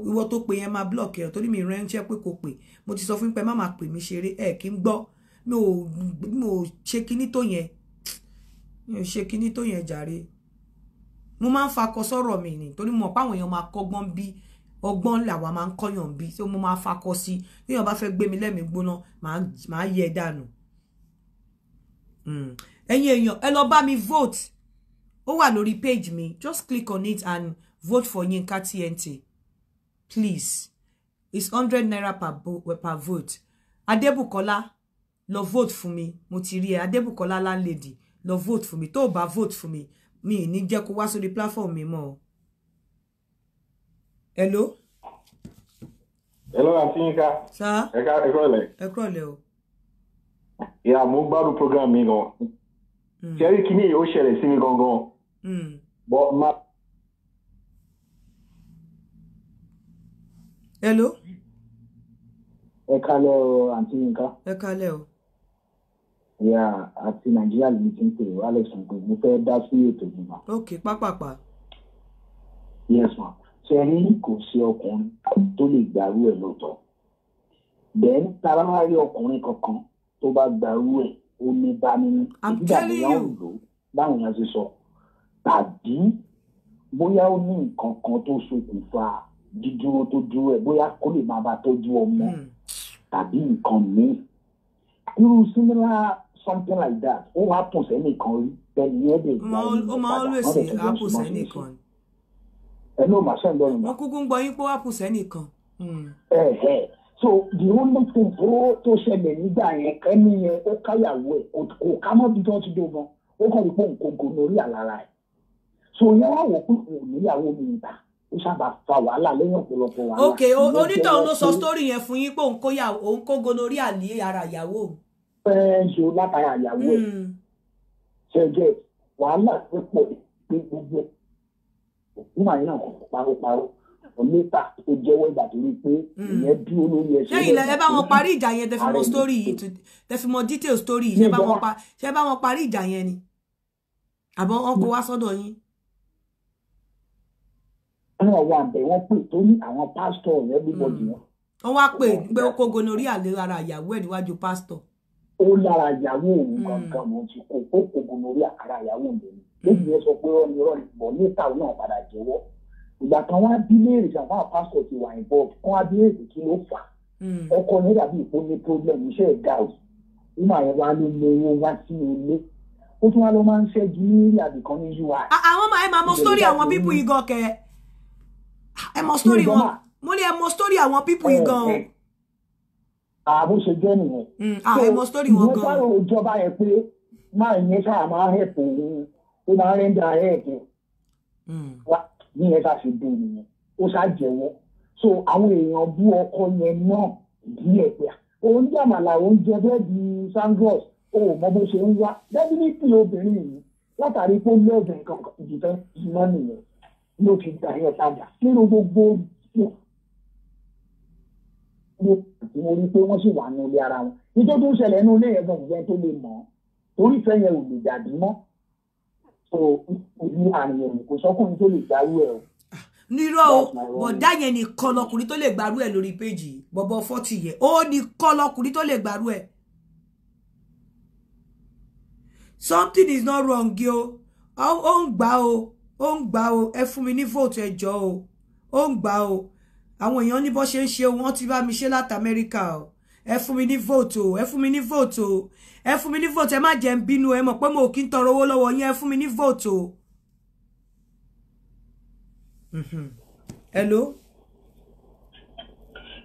ìwọ tó pe yẹn máa block ẹ torí mi ránṣẹ́ pé kò pè mo ti sọ fún pé má máa pè mí ṣeré ẹ kí n gbọ́ mi ò mi ò ṣe kinní tó yẹn mi ò ṣe kinní tó yẹn jàre mo máa ń fakọ sọ̀rọ̀ mi ni torí mo páwọn èèyàn máa kọ́gbọ́n bí ọgbọ́n làwa máa ń kọ́yàn bí tí mo máa fakọ sí téèyàn bá fẹ́ gbé mi lẹ́mìí gbóná màá yẹ dànù hmm. ẹ̀yin èèyàn ẹ lọ bá mi vote ó wà lórí page mi just click on it and vote for Yinka TNT please it's hundred naira per, per vote Adébùkọ́lá lọ vote fún mi mo ti rí ẹ adébùkọ́lá landlady lọ vote fún mi tó o bá vote fún mi mi ì ní jẹ́ kó wá sórí platform mi mọ́ o. hello. hello àti yínká. sá ẹ ká ẹ kúrọ̀lẹ́. ẹ kúrọ̀lẹ́ o. ìyá mo gbádùn program mi gan. Hmm. ṣẹ́rí kínní ó ṣẹlẹ̀ sí mi gangan. Hmm. bọ́ máa. hello. ẹ kálẹ́ o àǹtí yínká. ẹ kálẹ́ o ìyá àti nàìjíríà ló ti ń pè wá lẹ́sùn pé mo fẹ́ dá sí ètò ìgbìmọ̀. ok pápápá. yes ma ṣe rí kò sí ọkùnrin tó lè gbàrú ẹ̀ lọ́tọ̀ then tara wá rí ọkùnrin kankan tó bá gbàrú ẹ̀ ó ní bá nínú ìgbà bóyá ó lò báwọn yẹn ti sọ tàbí bóyá ó ní nǹkan kan tó ṣokùnfà dídúró tó dúró ẹ̀ bóyá kó lè máa bá tọ́jú ọmọ hmm. tàbí nǹkan mìíràn irú similar something like that ó wàá tún sẹ́nìkan rí bẹ́ẹ̀ni yẹn lè gba ìlú padà wọ́n lè tún bá sùn mọ́ ẹnu ò máa ṣẹ́ni lọ́rùn náà. wọ́n kúkú ń gbọ́ yín pé wàá pùsẹ́ nìkan. ẹ hmm. ẹ so the only thing tó tó ṣẹlẹ̀ nígbà yẹn ẹni yẹn ó káyàwó ẹ̀ kò ká mọ́ bí wọ́n ti dó gan ó kàn ní pé nǹkan kò lórí àlára ẹ̀ so yẹn wá wò pé òun níyàwó mi ìgbà ó sábà fa wàhálà lẹ́yìn ọ̀pọ̀lọpọ̀ wàhálà. ok onítọ̀hún ló sọ sítórì yẹn fún yín pé òun kó gonorrhea ní ara ìyàwó òun fẹ́ẹ́ ṣe látara ìyàwó ẹ̀ hmm. ṣẹ̀jẹ̀ wàhálà tó pọ̀ ní gbogbo nígbà yẹn náà paroparo níta tó jẹ́wọ́ ìgbà tó rí pé hmm. ìyẹn bí olórí ẹ̀ṣẹ̀ lẹ́yìn lẹ́ bá wọn parí ìjà yẹn tẹ́ fi mọ story yìí tẹ́ fi mọ detail story yìí ṣe bá wọn parí ìjà yẹn ni àbọ̀ wọn kò wá sọ́dọ̀ yín. wọn wà bẹ wọn pè tó ní àwọn pásítọ̀ rẹ bí wọn jù wọn. wọn wá pè pé ó kó gonorrhea lé ara ìyàwó ẹ̀ níwájú pásítọ̀ ó lára ìyàwó òun hmm. gangan mo ti kó ó kò gonoré àkàrà ìyàwó mi lóbi hmm. yẹn sọ pé ọ̀nì ọ̀nì bọ̀ níta náà padà jẹ́wọ́ ìgbà kan wá bí léèrè sàfà pásítọ̀ ti wà involved kan wá bí léèrè kí ló fà hmm. ọkọ ní dàbí ìpó ní problem iṣẹ́ ẹ̀dá o wọ́n máa wá ló lówó wá sí ilé ó tún wá ló máa ń ṣẹ́jú ní ìyàbí kan ní ui. àwọn máa ẹ máa mọ sórí àwọn pípù yìí gan kẹ ẹ mọ sórí wọn mo ní ẹ mọ sórí àwọn pípù yìí gan o àbó ṣe jẹ́ nìyẹn. àìmọ mm, ah, sórí wọn gan. ìwé táwọn ìjọba yẹn pé máa yẹn ṣáà máa hẹ̀pù òun ó máa ń rẹ́ńdà ẹ̀ẹ́dẹ̀ mm. wá ní ẹ̀ka ṣe dé nìyẹn ó ṣáà jẹ̀wọ́ so àwọn èèyàn bú ọkọ yẹn náà díẹ̀ pé òun jẹ́ àmàlà òun jẹ bẹ́ẹ̀ di sandros ó mọ bó ṣe ń wá dẹ́bílítì obìnrin yìí látàrí pé lẹ́ẹ̀dẹ̀ nǹkan ìdìbẹ́ ìmọ̀ nìyẹn ló fi gbà yẹn tajà nínú gbogbo tí mo rí pé wọ́n sì wà nù ilé ara wọn nítorí tó ń ṣẹlẹ̀ nínú ilé yẹn gan ìyẹn tó lè mọ̀ torí ìfẹ́ yẹn ò lè dàbí mọ́ so ìlú àyẹ̀wò kò sọ́kùnrin tó lè gbárù ẹ̀ o. nírọ̀ o bọ̀dá yẹn ni kọlọkùnrin tó lè gbárù ẹ̀ lórí péjì bọ̀bọ̀ fọ́tì yẹn ó ní kọlọkùnrin tó lè gbárù ẹ̀. something is not wrong gi o ó ń gbà o ó ń gbà o ẹ fún mi ní vote ẹ jọ o ó ń gbà o àwọn èèyàn ní bó ṣe ń ṣe wọ́n ti bá mi ṣe láti amẹ́ríkà o ẹ fún mi ní vote o ẹ fún mi ní vote o ẹ fún mi ní vote ẹ má jẹ́ ń bínú ẹ mọ̀ pé mo kì í tọrọ owó lọ́wọ́ yín ẹ fún mi ní vote o. Mhm. hello.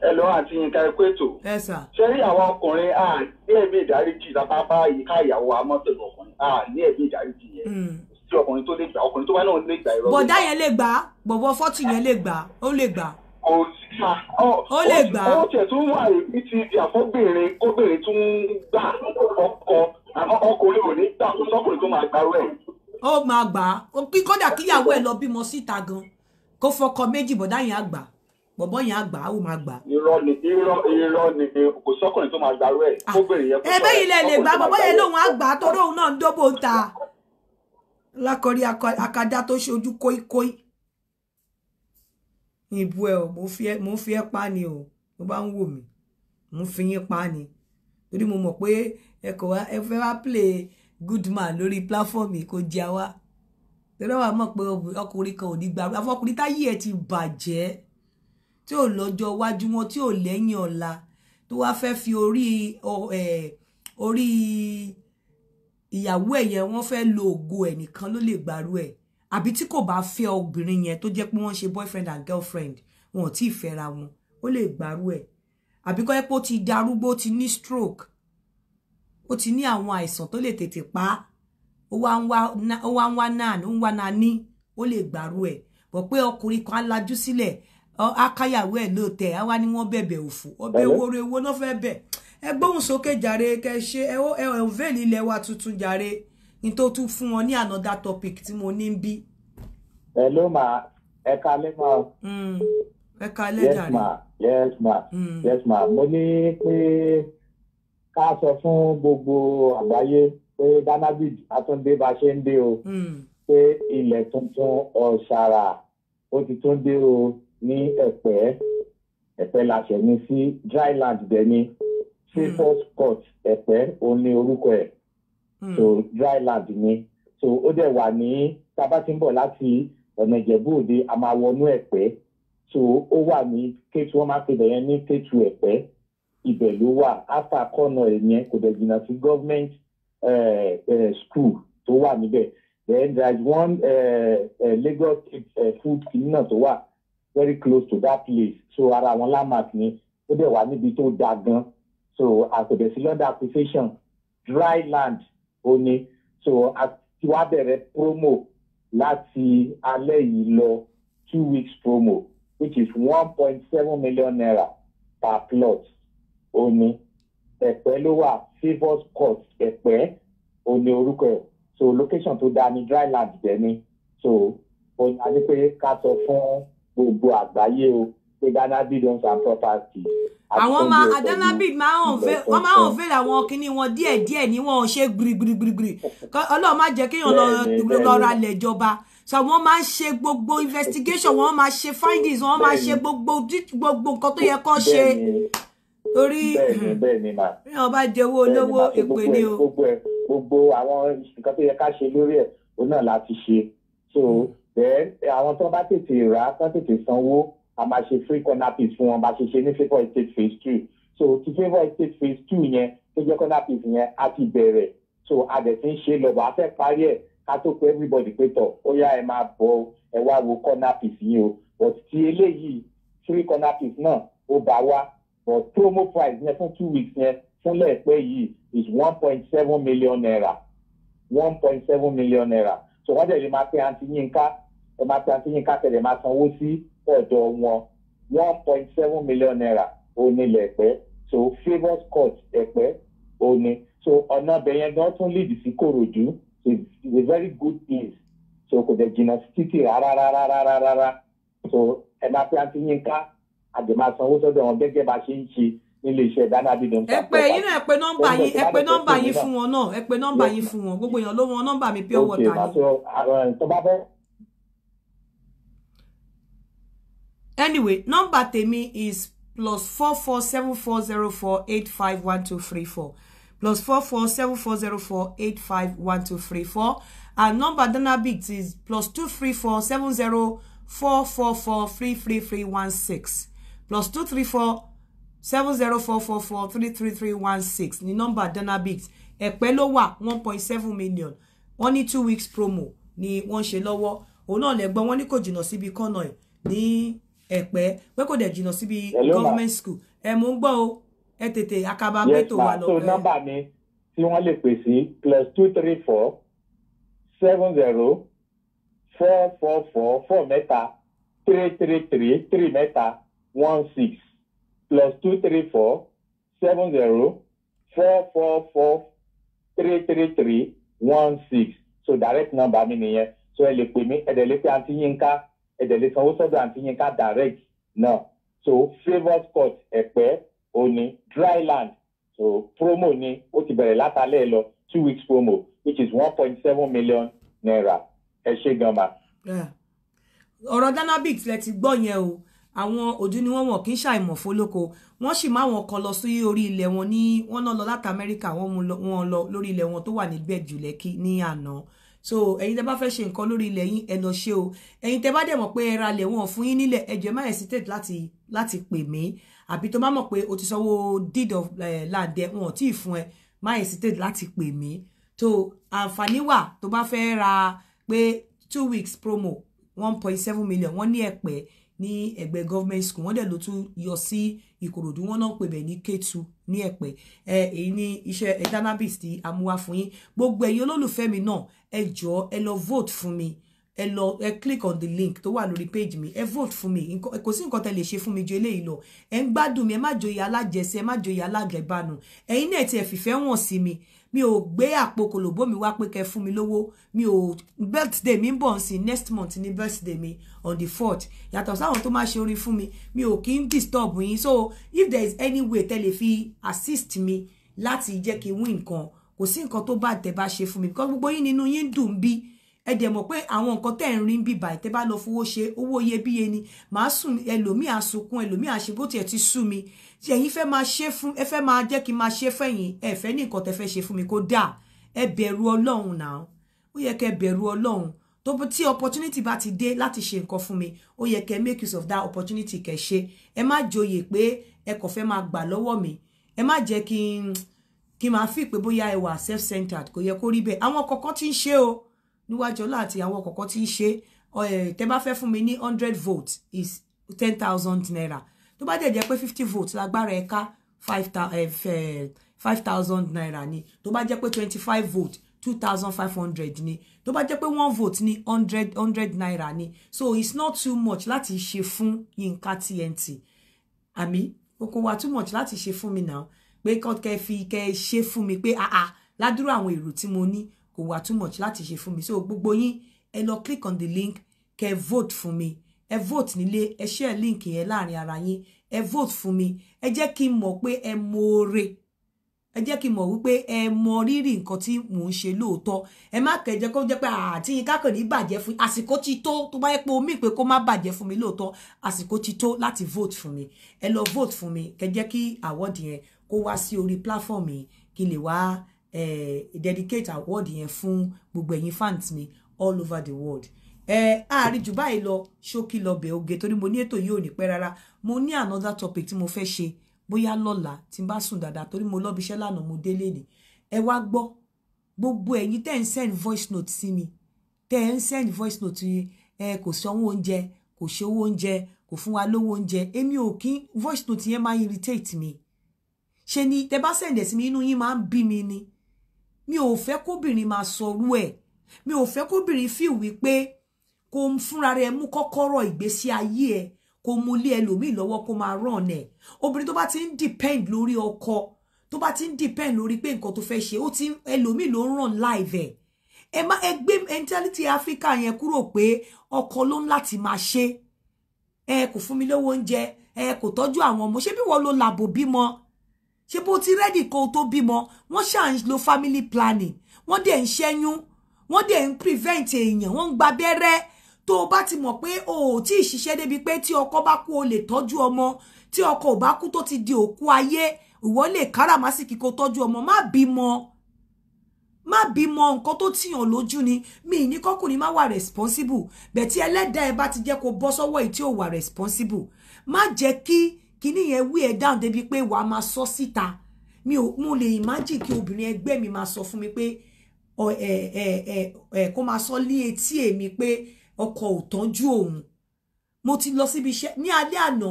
hello àti nǹkan ẹ̀kọ́ ètò. ẹ sà. ṣé rí àwọn ọkùnrin à ní ẹ̀mí ìdáríjì lápá bá ìka ìyàwó amọ́tò ọkùnrin à ní ẹ̀mí ìdáríjì yẹn tí hmm. ọkùnrin tó lè gbà ọkùnrin tó bá náà lè gbà ìrọ̀lẹ́. bọ̀dá yẹn lè gbà bọ̀bọ̀ fọ́tù yẹn lè kò sí. ó lè gbà. ó tẹ̀ tún wà ní ti ìdí àfọ́bìnrin kóbìnrin tún gbà ọkọ àmọ́ ọkùnrin ò ní gbà kó sọ́kùnrin tó máa gbàrú ẹ̀. ó máa gbà á kódà kíyàwó ẹ̀ lọ bímọ síta gan kó fọkọ méjì bọ̀dá yẹn á gbà bọ̀bọ̀ yẹn á gbà á ó máa gbà. irọ́ ni irọ́ irọ́ ni kò sọ́kùnrin tó máa gbàrú ẹ̀ ah, kóbìnrin yẹn kó sọ ẹ̀ lè gbà bọ̀bọ̀ yẹn lòun á gbà á torí òun náà ń dóbò ń ta lákọrí akadá tó ṣojú kóíkóí ìbú ẹ o mo fi ẹ mo fi ẹ pa ni o mo bá ń wò mí mo fi yín pa ni torí mo mọ̀ pé ẹ kò wá ẹ fẹ́ wá play good man lórí platform kò jẹ́ wa torí àwọn mọ̀ pé ọkùnrin kan ò ní gbàgbé afọkùnrin táyé ẹ ti bàjẹ́ tí ò lọ́jọ́ iwájú wọn tí ò lẹ́yìn ọ̀la tó wá fẹ́ fi orí orí ìyàwó ẹ̀ yẹn wọ́n fẹ́ lo ògo ẹ̀ nìkan ló lè gbàrú ẹ̀ àbí tí kò bá fẹ́ obìnrin yẹn tó jẹ́ pé wọ́n ṣe boyfriend and girlfriend wọn ò tí ì fẹ́ra wọn ó lè gbárù ẹ̀ àbí kọ́ pé ó ti darúgbó ó ti ní stroke ó ti ní àwọn àìsàn tó lè tètè pa á ó wá ń wá nan ó ń wá nani ó lè gbárù ẹ̀ bọ̀ pé ọkùnrin kan á lajú sílẹ̀ akáyàwó ẹ̀ ló tẹ̀ á wá ní wọ́n bẹ̀bẹ̀ òfò ọbẹ̀ ewúro ewúro náà fẹ́ bẹ̀ ẹ gbóhùn sókè jàre kẹ ṣe ẹ ò vẹ́ẹ̀lì ilẹ̀ wa tuntun jàre n tó tún fún wọn ní another topic tí mo ní ń bí. ẹ ló máa ẹ kalẹ́ máa. Mm. ẹ kalẹ́ jàre. yes ma yes ma mm. yes ma mo ní pé ká sọ fún gbogbo àgbáyé pé danabid atúndé bá ṣe ń dé o mm. pé ilẹ̀ tuntun ọ̀ṣàrà ó ti tún dé o ní ẹ̀pẹ́ epe la ṣẹ̀ ní sí dryland dẹ̀ ni mm. favour sport ẹ̀pẹ́ òun ni orúkọ ẹ̀. Hmm. so dry land ni so ó dẹ̀ wà ní tábà tí ń bọ̀ láti ọ̀nà ìjẹ̀bú òde a máa wọnú ẹ̀pẹ́ so ó wà ní kéétu wọn máa pèbẹ̀ yẹn ní kéétu ẹ̀pẹ́ ibẹ̀ ló wà áfà kọ́nà ẹ̀yẹn kò dẹ̀ jìnnà sí government uh, school tó wà níbẹ̀ then there is one uh, uh, Lagos uh, food clinic náà tó wà very close to that place so ara àwọn landmark ni ó dẹ̀ wà níbi tó da gan so àkọ́dẹ̀ sí lọ́dọ̀ dry land ó ní so a ti wá bẹ̀rẹ̀ promo láti alẹ́ yìí lọ two weeks promo which is one point seven million naira per plot ó ní ẹ̀pẹ́ ló wà favours court ẹ̀pẹ́ ó ní orúkọ ẹ̀ so location tó dáa ní dryland jẹ́ ní so ó ní a ní pé ká sọ fún gbogbo àgbáyé o pé danabid owns her property. àwọn máa danabid máa ń fẹ́ wọ́n máa ń fẹ́ àwọn kinní wọn díẹ̀ díẹ̀ ní wọn ṣe gbirigbirigbiri ọlọ́run má jẹ́ kéèyàn lọ ra lẹ̀ jọba so wọ́n máa ń ṣe gbogbo investigation wọ́n máa ṣe findings wọ́n máa ṣe gbogbo gbogbo nǹkan tó yẹ kó ṣe torí bí wọ́n bá jẹ owó olówó èpè ni o. gbogbo àwọn nǹkan tó yẹ ká ṣe lórí ẹ̀ òun náà la ti ṣe so hmm. then àwọn tó bá tètè rà á tó tètè sanwó a máa ṣe free corner piece fún wọn bá ṣe ṣe ní favour estate phase two so ti favour estate phase two yẹn tó jẹ́ corner piece yẹn á ti bẹ̀rẹ̀ so a dẹ̀ ti ń ṣe lọ́bọ̀ a fẹ́ parí ẹ̀ ká tó pé everybody pé tọ̀ ó yá ẹ máa bọ̀ ẹ wá wo corner piece yìí o but ti eléyìí free corner piece náà ó bá wá but promo price yẹn fún two weeks yẹn fúnlẹ̀ pé yìí is one point seven million naira one point seven million naira so wọ́n dẹ̀ lè máa pe àǹtí yínká ẹ máa pe àǹtí yínká tẹ̀lé máa sanwó sí ọ̀dọ̀ wọn one point seven million naira onílẹ̀ ẹ̀pẹ́ so favours court ẹ̀pẹ́ òní so ọ̀nà abẹ́yẹn gan tún lead sí Kòròdú it's a very good place so kò dẹ̀ jìnnà sí títì rárá rárá rárá rárá so ẹ máa fi àǹtí yín ká àdèmà sanwó sọ́dọ̀ wọn gẹ́gẹ́ bá ṣe ń ṣe nílé iṣẹ́ dáná bí dùn. ẹ pé yín náà ẹ pé nọ́mbà yín ẹ pé nọ́mbà yín fún wọn náà ẹ pé nọ́mbà yín fún wọn gbogbo èèyàn ló wọn nọ́mbà mi pure water ni. anyway number tèmi is plus four four seven four zero four eight five one two three four plus four four seven four zero four eight five one two three four and number danabit is plus two three four seven zero four four four three three three one six plus two three four seven zero four four four three three three one six The number danabit ẹ̀pẹ́ ló wà one point seven million wọ́n two weeks promo ni wọ́n ṣe lọ́wọ́ òun náà lẹ́gbọ́n wọ́n ní kò jìnnà síbi kọ́nà ẹ̀ ní ẹ̀pẹ́ pé kò dẹ̀ jìnnà síbi government school ẹ̀ mò ń gbọ́ o ẹ tètè akaba gbẹ́tò wà lọ. so nọ́mbà mi tí wọ́n lè pè sí plus two three four seven zero four four four four mẹ́ta three three three three mẹ́ta one six plus two three four seven zero four four four three three three one six so direct number mi nìyẹn so ẹ lè pè mí ẹ dẹ̀ lè pè àǹtí Yínká ẹ̀dẹ̀ lè sanwó sọ́dọ̀ àǹtí yín ká direct náà so favours court ẹ̀pẹ́ òní land. so promo ni ó ti bẹ̀rẹ̀ látàlẹ́ lọ two weeks promo which is one point seven million naira ẹ ṣe gan ma. ọ̀rọ̀ dynamics lẹ ti gbọ́ yẹn o àwọn òdú ni wọ́n wọ̀n kí ń ṣàìmọ̀ fólóko wọ́n sì máa wọn kan lọ sí orí ilẹ̀ wọn ní wọ́n náà lọ láti amẹ́ríkà wọ́n mú wọn lọ lórí ilẹ̀ wọn tó wà ní gbẹ̀jù lẹ́kì ní àná. No so ẹ̀yin tẹ́ bá fẹ́ ṣe nǹkan lórí ilẹ̀ yín ẹ lọ ṣe o ẹ̀yin tẹ́ bá dẹ̀ mọ̀ pé ẹ ra lẹ̀ wọn fún yín nílẹ̀ ẹ jẹ́ má hesitate láti láti pè mí àbí tó bá mọ̀ pé o ti sanwó deed of land ẹ wọn ò tí ì fún ẹ má hesitate láti pè mí tó àǹfààní wà tó bá fẹ́ ra pé two weeks promo one point seven million wọ́n ní ẹ̀pẹ́ ní ẹ̀gbẹ́ government school wọ́n dẹ̀ ló tún yọ sí ìkòròdú wọ́n náà pè bẹ̀ ní Kétu ní ẹ̀pẹ́ ẹ èyí ní iṣẹ́ eternabis tí amúwá fún yín gbogbo ẹ̀yin olólùfẹ́ mi náà ẹ jọ̀ọ́ ẹ lọ vote fún mi ẹ lọ ẹ click on the link tó wà lórí page mi ẹ vote fún mi kò sí nǹkan tẹ́ lè ṣe fún mi ju eléyìí lọ ẹ ń gbádùn mi ẹ má joyè alájẹsẹ ẹ má joyè alágẹbánu ẹ̀yin náà ti ẹ fìfẹ́ wọn sí mi mi ò gbé àpò kòlòbó mi wá pé kẹ́ fún mi lówó mi ò birthday mi ń bọ̀ sí next month ní birthday mi on the fourth yàtọ̀ sáwọn tó máa ṣe orin fún mi mi ò kí ń disturb yín so if there is any way tẹ́ lè fi assist mi láti jẹ́ kí n win nǹkan kò sí nǹkan tó bá tẹ́ bá ṣe fún mi because gbogbo yín nínú yín dùn bí ẹ dẹ̀ mọ̀ pé àwọn nǹkan tẹ́ ń rí ń bí báyìí tẹ́ bá lọ fowó ṣe owó iyebíye ni màá sùn ẹlòmíà sunkún ẹlòmíà ṣe bó tiẹ̀ ti sú mi ẹ̀yin fẹ́ máa ṣe fún ẹ fẹ́ máa jẹ́ kí n máa ṣe fẹ́yìn ẹ fẹ́ ní nǹkan tẹ́ fẹ́ ṣe fún mi kó dáa ẹ bẹ̀rù ọlọ́run náà ó yẹ kẹ́ bẹ̀rù ọlọ́run tó tí opportunity bá ti dé láti ṣe nǹkan fún mi ó yẹ kẹ́ make use of that opportunity kẹ́ ṣe ẹ má joyè pé ẹ kò fẹ́ máa gbà lọ́wọ́ mi ẹ má jẹ́ kí n kí n máa fi pé bóyá ẹ wà self centered kò yẹ kó rí bẹ́ẹ̀ àwọn kọ̀ọ̀kan tí ń ṣe o níwájú ọlá àti àwọn kọ̀ọ̀kan tí ń ṣe tẹ bá fẹ́ mi ní hundred votes is ten thousand naira tó bá dẹ̀ jẹ́ pé fifty votes lágbára ẹ̀ka five thousand naira ni tó bá jẹ́ pé twenty five votes two thousand five hundred ni tó bá jẹ́ pé one vote ni hundred hundred naira ni so it's not too much láti ṣe fún Yinka TNT ami kò kò too much láti ṣe fún mi náà pé kẹ́ fi kẹ́ ṣe fún mi pé àà ládùúrà àwọn èrò tí mo ní kò wà too much láti ṣe fún mi so gbogbo yín ẹ lọ click on the link kẹ́ vote fún mi ẹ vote nílé ẹ share link yẹn láàrin ara yín ẹ vote fún mi ẹ jẹ́ kí n mọ̀ pé ẹ mọ̀ọ́re ẹ jẹ́ kí n mọ̀ wípé ẹ mọ rírì nǹkan tí mò ń ṣe lóòótọ́ ẹ má kẹjẹ kó jẹ́ pé àti yín kákàn ní bàjẹ́ fún àsìkò ti tó tó bá yẹ pé omi pé kó má bàjẹ́ fún mi lóòótọ́ àsìkò ti tó láti vote fún mi ẹ lọ vote fún mi kẹjẹ́ kí àwọ́dì yẹn kó wá sí orí platform mi kí lè wá eh, dedicate award yẹn fún gbogbo ẹ̀yin fans mi all over the world àárín jù báyìí lọ ṣókí lọ bẹ̀ oge torí mo ní ètò yìí ò ní pẹ́ rárá mo ní another topic tí mo fẹ́ ṣe bóyá lọ́la tí n bá sùn dáadáa torí mo lọ́bi iṣẹ́ lánàá mo délé ni ẹ wá gbọ́ gbogbo ẹ̀yin tẹ́ ń send voice note sí mi tẹ́ ń send voice note yìí ẹ kò sanwó oúnjẹ kò ṣe owó oúnjẹ kò fún wa lówó oúnjẹ èmi ò kí voice note yẹn máa irritate mi ṣe ni tẹ bá sẹ̀ǹdẹ̀ sí mi inú yín máa ń bí mi ni mi ò fẹ́ kóbìnrin máa sọrú ẹ̀ mi ò fẹ́ kóbìnrin feel wípé kò ń fúnra rẹ̀ mú kọ́kọ́rọ́ ìgbésí ayé ẹ̀ kò mú lé ẹlòmíì lọ́wọ́ kó máa ràn ẹ̀ obìnrin tó bá ti ń depend lórí ọkọ tó bá ti ń depend lórí pé nǹkan tó fẹ́ ṣe ó ti ẹlòmíì ló ń ràn live ẹ má ẹ gbé mentality Africa yẹn kúrò pé ọkọ ló ń láti máa ṣe ẹ kò fún mi lówó oúnjẹ ẹ kò tọ́jú àwọn ọmọ ṣé bí wọ́n ló làbò bímọ ṣé bó ti rẹ́dì kó tó bímọ wọ́n ṣà ń lo family planning wọ́n dẹ̀ ń ṣẹ́yún wọ́n dẹ̀ ń prevent èèyàn wọ́n ń gba abẹ́rẹ́ tó o bá ti mọ̀ pé o ò tí ì ṣiṣẹ́ débi pé tí ọkọ bá kú o lè tọ́jú ọmọ tí ọkọ ò bá kú tó ti di òkú ayé ìwọ lè káràmásìkì kó tọ́jú ọmọ má bímọ má bímọ nǹkan tó tìyàn lójú ni mi ní kọkùnrin má wà responsible bẹ̀tí ẹlẹ́dàá ẹ bá ti jẹ́ kó bọ́ sọ́wọ́ yìí tí ò wà responsible má jẹ́ kí kíní yẹn wí ẹ down débi pé wàá máa sọ síta mi ò mo lè imagine kí obìnrin ẹgbẹ́ mi máa sọ fún mi pé kó máa sọ lé etí èmi pé ọkọ ò tọ́jú òun mo ti lọ síbi iṣẹ́ ní alẹ́ àná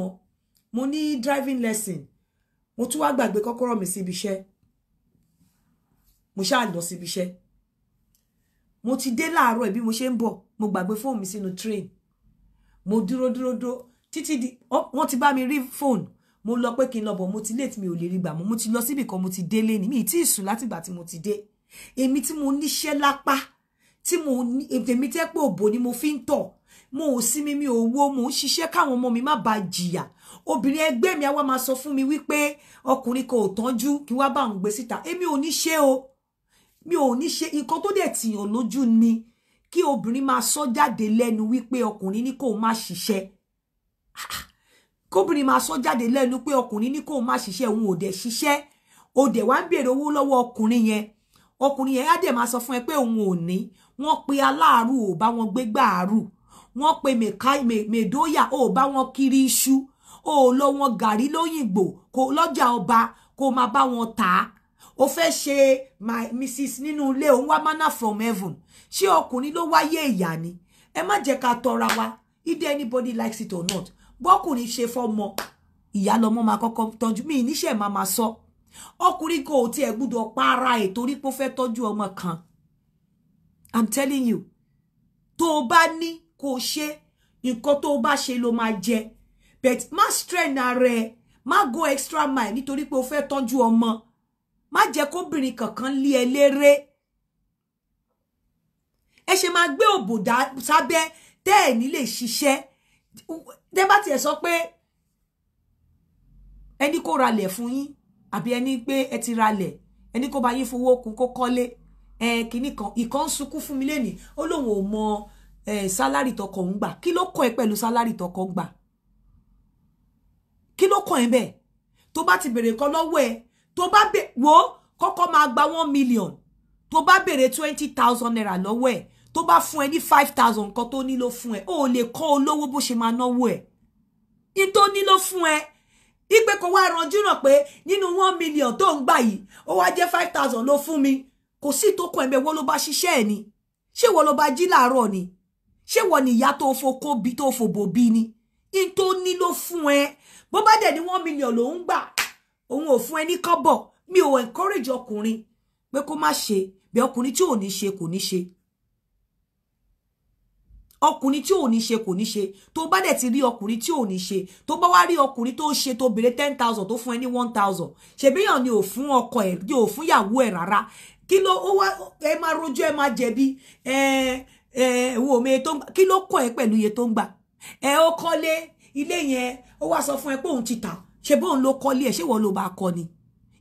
mo ní driving lesson mo tún wá gbàgbé kọ́kọ́rọ́ mi síbi iṣẹ́ mo ṣáà lọ síbi iṣẹ́ mo ti dé láàárọ̀ bí mo ṣe ń bọ̀ mo gbàgbé fóònù mi sínú train mo dúró dúró dúró títí di wọ́n ti bá mi rí fóònù mo lọ pé kí n lọ bọ̀ mo ti late mi ò lè rí gbà mo ti lọ síbì kan mo ti délé ni mi ì tí ì sùn látìgbà tí mo ti dé èmi tí mo níṣẹ́ lápá tí mo ní èmi tẹ́ pé òbò ni mo fi ń tọ̀ mo ò sinmi mi ò wo mo ń ṣiṣẹ́ káwọn ọmọ mi má ba jìyà obìnrin ẹgbẹ́ mi á wá máa sọ fún mi wípé ọkùnrin kan ò tọ́jú kí wá bá òun gbé síta èmi ò ní ṣe o mi ò ní ṣe nǹkan tó dẹ̀ tìyàn lójú ni kí obìnrin máa sọ jáde lẹ́nu wípé ọkùnrin ní kò má ṣiṣẹ́ kóbìnrin máa sọ jáde lẹ́nu pé ọkùnrin ní kó má ṣiṣẹ́ òun ò dẹ̀ ṣiṣẹ́ o dẹ̀ wá ń béèrè owó lọ́wọ́ ọkùnrin yẹn ọkùnrin yẹn á dẹ̀ máa sọ fún ẹ pé òun ò ní wọ́n pe aláàrù ò bá wọn gbé gbàárù wọ́n pe mèdóyà ò bá wọn kiri iṣu ò lọ wọn gàrí lóyìnbó kò lọ́jà ọba kò máa bá wọn tà o fẹ́ ṣe my mrs nínú ilé òun wá manna from heaven ṣé ọkùnrin ló wáyé ìyá ni ẹ má jẹ́ ká tọra wa either anybody likes it or not bọ́kùnrin ṣe fọ́mọ ìyá lọmọ máa kọ́kọ́ tọ́jú mí níṣẹ́ máa máa sọ ọkùnrin kò tiẹ̀ gbúdọ̀ para ẹ̀ torí pé ó fẹ́ tọ́jú ọmọ kan i'm telling you tó o bá ní kó o ṣe nǹkan tó o bá ṣe ló máa jẹ but má strain ara ẹ má go extra mile nítorí pé o fẹ́ tọ́jú ọmọ má jẹ́ kóbìnrin kankan lé ẹ léré ẹ ṣe máa gbé òbò sábẹ́ tẹ́ ẹ̀ ní lè ṣiṣẹ́ tẹ́ bá tiẹ̀ sọ pé ẹni kó ralẹ̀ fún yín àbí ẹni pé ẹ ti ralẹ̀ ẹni kó bá yín fowó kun kó kọ́lé ẹ kìíní kan ìkan ń sunkún fún mi lẹ́nìí ó lóun ò mọ sálárì tọkọ ń gbà kí ló kọ ẹ pẹ̀lú sálárì tọkọ gbà kí ló kọ ẹ bẹ́ẹ̀ tó bá ti bèrè kan lọ́wọ́ ẹ tó bá bè wò kọ́kọ́ máa gba one million tó bá bèrè twenty thousand naira lọ́wọ́ ẹ tó bá fún ẹ ní five thousand nǹkan tó ní ló fún ẹ o lè kọ́ olówó bó ṣe máa náwó ẹ̀ ní tó ní ló fún ẹ ipe kò wá ranjú náà pé nínú one million tó ń gbà yìí ó wá jẹ́ five thousand ló fún mi kò sí tó kàn ẹ̀mẹ́ wọ́n ló bá ṣiṣẹ́ ẹ̀ ni ṣé wọ́n ló bá jí làárọ̀ ni ṣé wọ́n ní ìyá tó fokó bí tó fòbò bí ni in tó ní ló fún ẹ bó bá dẹ̀ ní one million ló ń gbà òun ò fún ẹ ní kọ́bọ̀ mi ò encourage ọkùnrin pé kó má ṣe bí ọkùnrin tí ò ní ṣe kò ní ṣe ọkùnrin tí ò ní ṣe kò ní ṣe tó bá dẹ̀ ti rí ọkùnrin tí ò ní ṣe tó bá wá rí ọkùnrin tó ṣe tó béèrè ten thousand tó fún ẹ ní one thousand ṣèbíyàn ni ò fún ọkọ ẹ ni ò fún ìyàwó ẹ rárá kí ló ó wá ẹ máa rojọ́ ẹ máa jẹ̀bi ẹ ẹ wo omi tó ń gbà kí ló kọ́ ẹ pẹ̀lú iye tó ń gbà ẹ ó kọ́lé ilé yẹn ó wá sọ fún ẹ pé òun ti tà ṣe bóun ló kọ́lé ẹ ṣé ìwọ ló bá kọ ni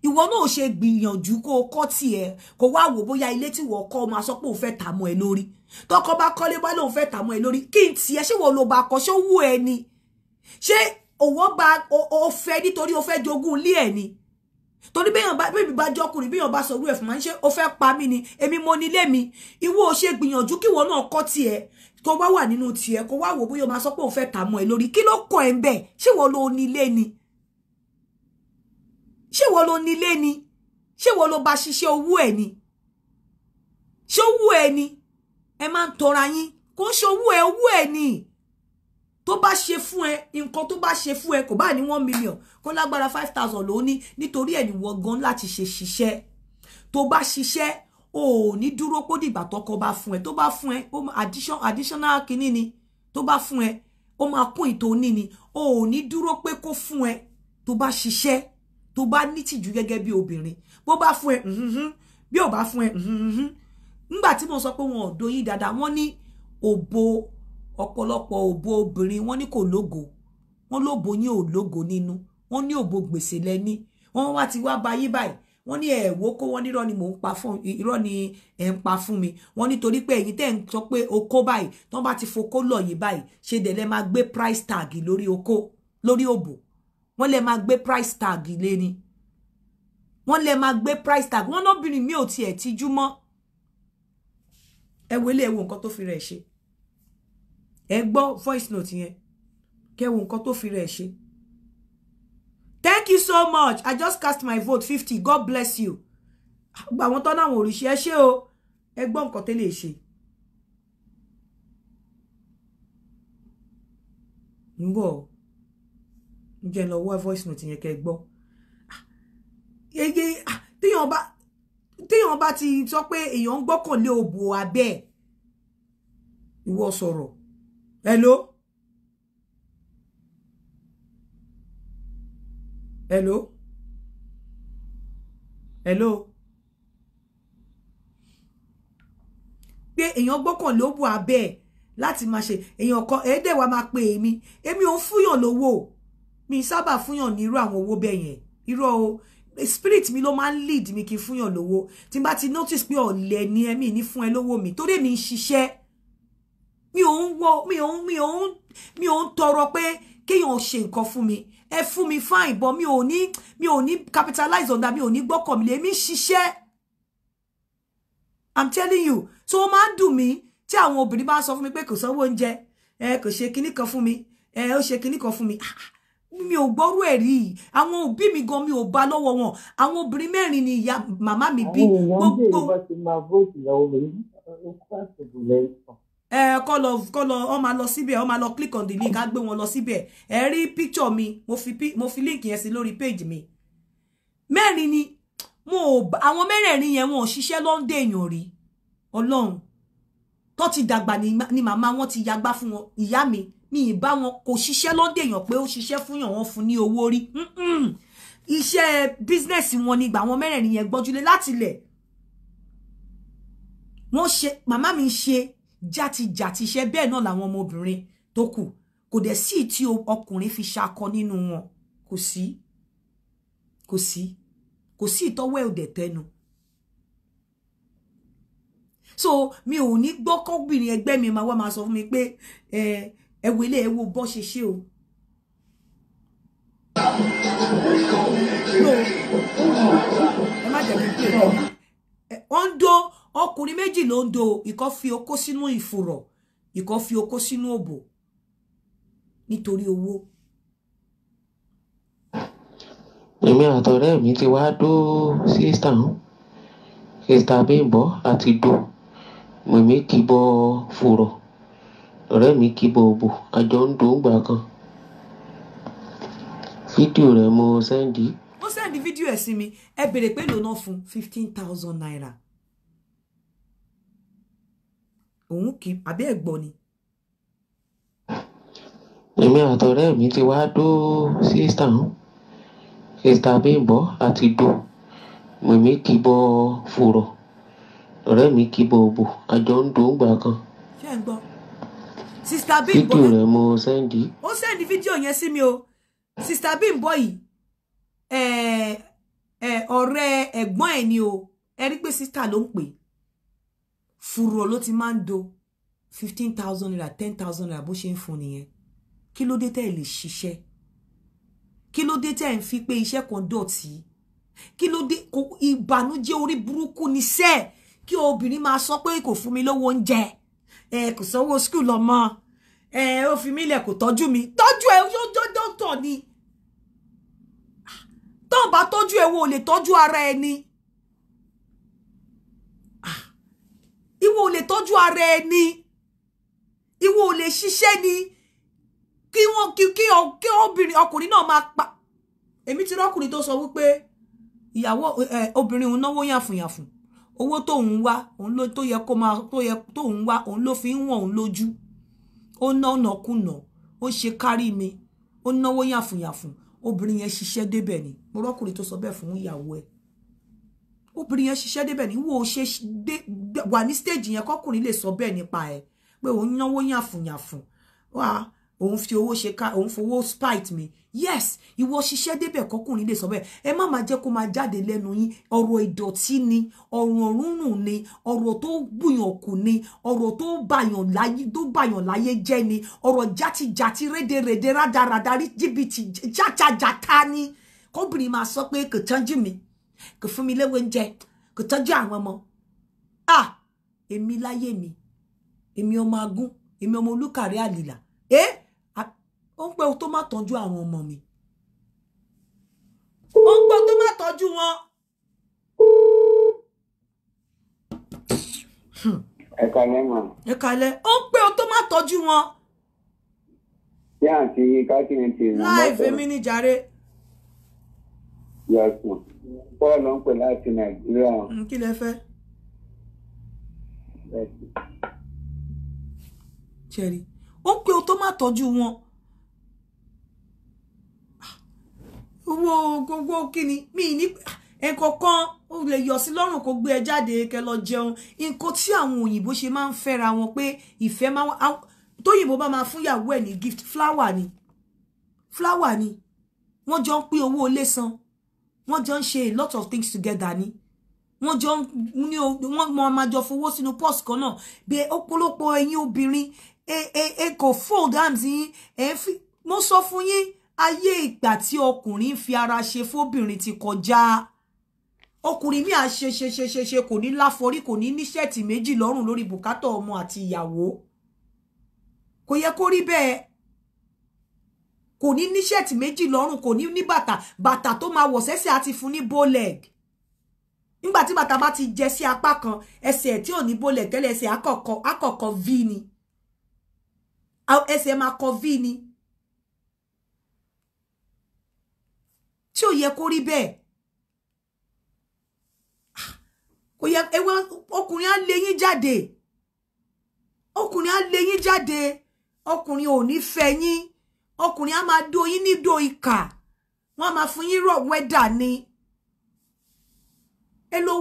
ìwọ náà ṣe gbìyànjú kó o kọ́ tiẹ̀ kó wá wò bóyá ilé tí wọ́n kọ́ máa sọ pé òun fẹ́ tà mọ́ ẹ lórí tọkọ bá kọ́lé bá lóun fẹ́ tà mọ́ ẹ lórí kí n tiẹ̀ ṣé wo ló bá kọ́ ṣé ó wù ẹ ni ṣé òwò bá o fẹ́ nítorí o fẹ́ jogún ilé ẹ ni torí béèyàn bá bébì bá jọkùnrin béèyàn bá sọrú ẹ fún máa ń ṣe ó fẹ́ pa mí ni èmi mo nílé mi ìwọ ò ṣe gbìyànjú kíwọ náà kọ́ tiẹ̀ tó bá wà nínú tiẹ̀ kó wá wò bóyá o máa sọ pé òun fẹ́ tà mọ́ ẹ lórí kí ló kọ ẹ bẹ ṣé wo ló nílé ni ṣé wo ló nílé ni ṣé wo ló bá ṣiṣẹ́ owó ẹ ni ṣé owó ẹ ni ẹ máa ń tọra yín kò ṣe owó ẹ owó ẹ ni tó bá ṣe fún ẹ nǹkan tó bá ṣe fún ẹ kò bá ní one million kó lágbára five thousand ló ní nítorí ẹ níwọ gan láti ṣe ṣiṣẹ́ tó bá ṣiṣẹ́ o ò ní dúró pó dìgbà tọkọ bá fún ẹ tó bá fún ẹ addition additional kínní ni tó bá fún ẹ ó máa kún ìtò ní ni o ò ní dúró pé kó fún ẹ tó bá ṣiṣẹ́ tó bá nítìjú gẹ́gẹ́ bí obìnrin bó bá fún ẹ bí ò bá fún ẹ ńgbà ti mo sọ pé wọn ò doyin dáadáa wọ́n ní òbo ọ̀pọ̀lọpọ̀ òbo obìnrin wọ́n ní kò lógo wọ́n lóbo yín ò lógo nínú wọ́n ní òbo gbèsè lẹ́ni wọ́n wá ti wá ba yí báyìí wọ́n ní ẹ̀wó kó wọ́n nírọ́ ni mò ń pa fún irọ́ ni ẹ̀ ń pa mi wọ́n nítorí pé ẹ̀yin tẹ́ ń sọ pé oko báyìí tọ́n bá ti foko lo yìí báyìí ṣe de le máa gbé price tag lori oko lori obo wọ́n lẹ́ máa gbé price tag le ni wọ́n lẹ́ máa gbé price tag wọ́n lóbìnrin mi ti tiẹ̀ tijú mọ́ ẹ wo ilé ẹ wo nǹkan tó fi rẹ̀ ṣe ẹ gbọ́ voice note yẹn kẹ wo nǹkan tó fi rẹ̀ ṣe thank you so much i just cast my vote fifty god bless you gba àwọn tọ́nà àwọn òrìṣẹ́ ẹ ṣé o ẹ gbọ́ nǹkan tẹ́lẹ̀ ṣe. nbọ njẹ lọ wọ voice note yẹn kẹ gbọ́ ah, yege ah, téèyàn bá téèyàn bá ti sọ pé èèyàn ń gbọ́kànlé òbò abẹ́ ẹ̀ ìwọ sọ̀rọ̀ hello hello hello pé èèyàn gbọ́kànlé òbò abẹ́ ẹ̀ láti máa ṣe èèyàn kan ẹ̀ẹ́dẹ̀ wa máa pe èmi èmi ò ń fúyàn lówó mi sábà fúyàn ní irú àwọn owó bẹ́ẹ̀ yẹn irọ́ o spirit mi ló máa lead mi kí n fúnyàn lówó tí n ti notice pé ọ̀lẹ ni ẹ̀mí ní fún ẹ lówó mi torí èmi ń mi ò ń mi ò mi ò mi ò ń tọrọ pé kéèyàn ṣe nǹkan fún mi ẹ fún mi fine but mi ò ní mi ò ní capitalize on that mi ò ní gbọ́kàn mi lé mi ń i'm telling you so ó máa ń dùn mí tí àwọn obìnrin bá sọ fún mi pé kò sanwó oúnjẹ ẹ kò ṣe kinní kan fún mi ẹ ó ṣe kinní kan fún mi ah mi ò gbọ́rú ẹ̀ rí i àwọn òbí mi gan mi ò bá lọ́wọ́ wọn àwọn obìnrin mẹ́rin ni ìyá màmá mi bí gbogbo. ẹ kọ́ lọ kọ́ lọ ọ máa lọ síbẹ̀ ọ máa lọ click on the link á gbé wọn lọ síbẹ̀ ẹ rí picture mi mo fi mo fi link yẹn sí lórí page mi mẹ́rin ni mo àwọn mẹ́rẹ̀ẹ̀rin yẹn wọn ò ṣiṣẹ́ lọ́ndẹ̀ èèyàn rí ọlọ́run tó ti dàgbà ni màmá wọn ti yagbá fún wọn ìyá mi mi ì bá wọn kò ṣiṣẹ́ lọ́dẹ̀ èèyàn pé ó ṣiṣẹ́ fún yàn wọ́n fún ní owó rí iṣẹ́ bísínẹ́sì wọn ni ìgbà wọn mẹ́rẹ̀ẹ̀rin yẹn gbọ́njúlé láti lẹ̀ wọ́n ṣe màmá mi ṣe játijàti iṣẹ́ bẹ́ẹ̀ náà làwọn ọmọbìnrin tó kù kò dẹ̀ sí tí ọkùnrin fi ṣakọ nínú wọn kò sí kò sí kò sí ìtọ́wẹ́ òdẹ tẹnu so mi ò ní gbọ́ kọ́bìnrin ẹgbẹ́ mi máa wá máa sọ fún mi pé ẹ ẹ wo ilé ẹ wo ṣe ṣe o. ẹ má jẹ́ kí n pè é wọ́n ń do ọkùnrin méjì ló ń do ìkọ́ fi okó sínú ìfùrọ̀ ìkọ́ fi okó sínú òbò nítorí owó. èmi àtọ̀rẹ́ mi ti wá dó sísà ń sísà Bímbọ́ àti do mèmí kì í bọ́ fùrọ̀ ọ̀rẹ́ mi kí bọ̀ọ̀bọ̀ àjọ ń dùn gbà kan fídíò rẹ̀ mo sẹ́ndì. mo sẹ́ndì fídíò ẹ̀ sí mi ẹ béèrè pé lónà fún fifteen thousand naira òun kì í àbí ẹ̀gbọ́n ni. èmi àtọ̀rẹ́ mi ti wá dó sísà sísà bímbọ́ àti dó mèmí kì í bọ fùrọ̀ ọ̀rẹ́ mi kì í bọ̀ọ̀bọ̀ àjọ ń dùn gbà kan. ṣé ẹ ń gbọ́. Sister, Bimbo fídíò rẹ mo sẹ́ndì. ó sẹ́ndì fídíò yẹn sí mi o sista Bimbo yìí ọ̀rẹ́ ẹ̀gbọ́n ẹ̀ ni o ẹ rí pé sista ló ń pè fùrọ̀ ló ti máa ń do fifteen thousand naira ten thousand naira bó ṣe ń fún nìyẹn kí ló dé tẹ́ ẹ lè ṣiṣẹ́ kí ló dé tẹ́ ẹ ń fi pé iṣẹ́ kan dọ̀tí kí ló dé ìbànújẹ́ orí burúkú ni sẹ́ẹ̀ kí obìnrin máa sọ pé kò fún mi lówó oúnjẹ ẹ kò sanwó skul ọmọ ẹ ó fi mí lẹ̀ kò tọ́jú mi tọ́jú ẹ yóò jọ dókítà ni tó ń bá tọ́jú ẹ wo ò lè tọ́jú ara ẹni ìwọ ò lè tọ́jú ara ẹni ìwọ ò lè ṣiṣẹ́ ni kí wọ́n kí kí kí obìnrin ọkùnrin náà máa pa èmi ti rọ́kùnrin tó sọ wípé ìyàwó obìnrin òun náwó yàfùnyàfùn owó tóun wá òun ló tó yẹ kó máa tó yẹ tóun wá òun ló fi ń wọ̀n òun lójú ó ná nàkúnà ó ṣe kárí mi ó náwó yàfùnyàfùn obìnrin yẹn ṣiṣẹ́ débẹ̀ ni mo rọ́kùnrin tó sọ bẹ́ẹ̀ fún ìyàwó ẹ̀ obìnrin yẹn ṣiṣẹ́ débẹ̀ ni wo ṣe wà ní stéèjì yẹn kọ́kùnrin lè sọ bẹ́ẹ̀ nípa ẹ̀ pé òun náwó yàfùnyàfùn wàá òun fi owó ṣe ká òun fowó spite mi yes ìwọ ṣiṣẹ́ débẹ̀ kọkùnrin lè sọ bẹ́ẹ̀ ẹ má máa jẹ́ kó máa jáde lẹ́nu yín ọ̀rọ̀ ìdọ̀tí ni ọ̀rọ̀ rúnrùn ni ọ̀rọ̀ tó gbùyàn kù ni ọ̀rọ̀ tó bàyàn láyé tó bàyàn láyé jẹ́ ni ọ̀rọ̀ játijàti rédèrèdè rádaràdà jìbìtì jàtàjàtà ni kóbìnrin máa sọ pé kò tọ́jú mi kò fún mi léwé oúnjẹ kò tọ́jú àwọn ọmọ ah èmi láyé mi èmi ọmọ agún èmi ọmọ olúkàrí àlìlà eh ó ń pẹ́ o tó má tọ́jú àwọn ọmọ mi ó ń pẹ́ o tó má tọ́jú wọn. ẹ kalẹ́ mọ̀. ẹ kalẹ́ ó ń pẹ́ o tó má tọ́jú wọn. bí àǹtí kákìrín ti rìn lọ́sọ̀rọ̀. láì fẹ́mi ní jàre. yọ̀sùn bọ́ọ̀lù ń pè láti nàìjíríà. Hmm, kí lẹ fẹ́. ó ń pẹ́ o tó má tọ́jú wọn. owó gbogbo kíni mi ní ah, ẹ̀kọ̀ọ̀kan ó lè yọ sí lọ́rùn kó gbé ẹ jáde kẹ lọ jẹun nǹkan tí àwọn òyìnbó ṣe máa ń fẹ́ra wọn pé ìfẹ́ máa tóyìnbó bá máa fún ìyàwó ẹ̀ ní gift fúláwà ni fúláwà ni wọ́n jọ ń pín owó ilé san wọ́n jọ ń ṣe a lot of things together ni wọ́n jọ ń ní wọ́n mọ ọmọ àjọ fowó sínú pọ́s kan náà bẹ́ẹ̀ ọ̀pọ̀lọpọ̀ ẹ̀yin obìnrin ẹ ẹ ẹ kò fold arms yín ẹ fi mo sọ fún yín ayé ìgbà tí ọkùnrin fi ara ṣe fóbìnrin ti kọjá ọkùnrin mi à ṣe ṣe ṣe ṣe ṣe kò ní láforí kò ní ní ṣẹ́ẹ̀tì méjì lọ́rùn lórí bùkátà ọmọ àti ìyàwó kò yẹ kó rí bẹ́ẹ̀ kò ní ní ṣẹ́ẹ̀tì méjì lọ́rùn kò ní ní bàtà bàtà tó máa wọ̀ sẹ́sẹ̀ àti fún ní bowleg nígbà tí bàtà bá ti jẹ sí apá kan ẹsẹ̀ tí ò ní bowleg tẹ́lẹ̀ ẹsẹ̀ akọ̀kọ̀ v ni ẹsẹ̀ máa kọ v ni ṣé ò yẹ kó rí bẹ́ẹ̀ kò yẹ ewé ọkùnrin á lé yín jáde ọkùnrin á lé yín jáde ọkùnrin ò ní fẹ́ yín ọkùnrin á máa dó yín nídó ìkà wọ́n á fún yín rọ̀ ni ẹ lọ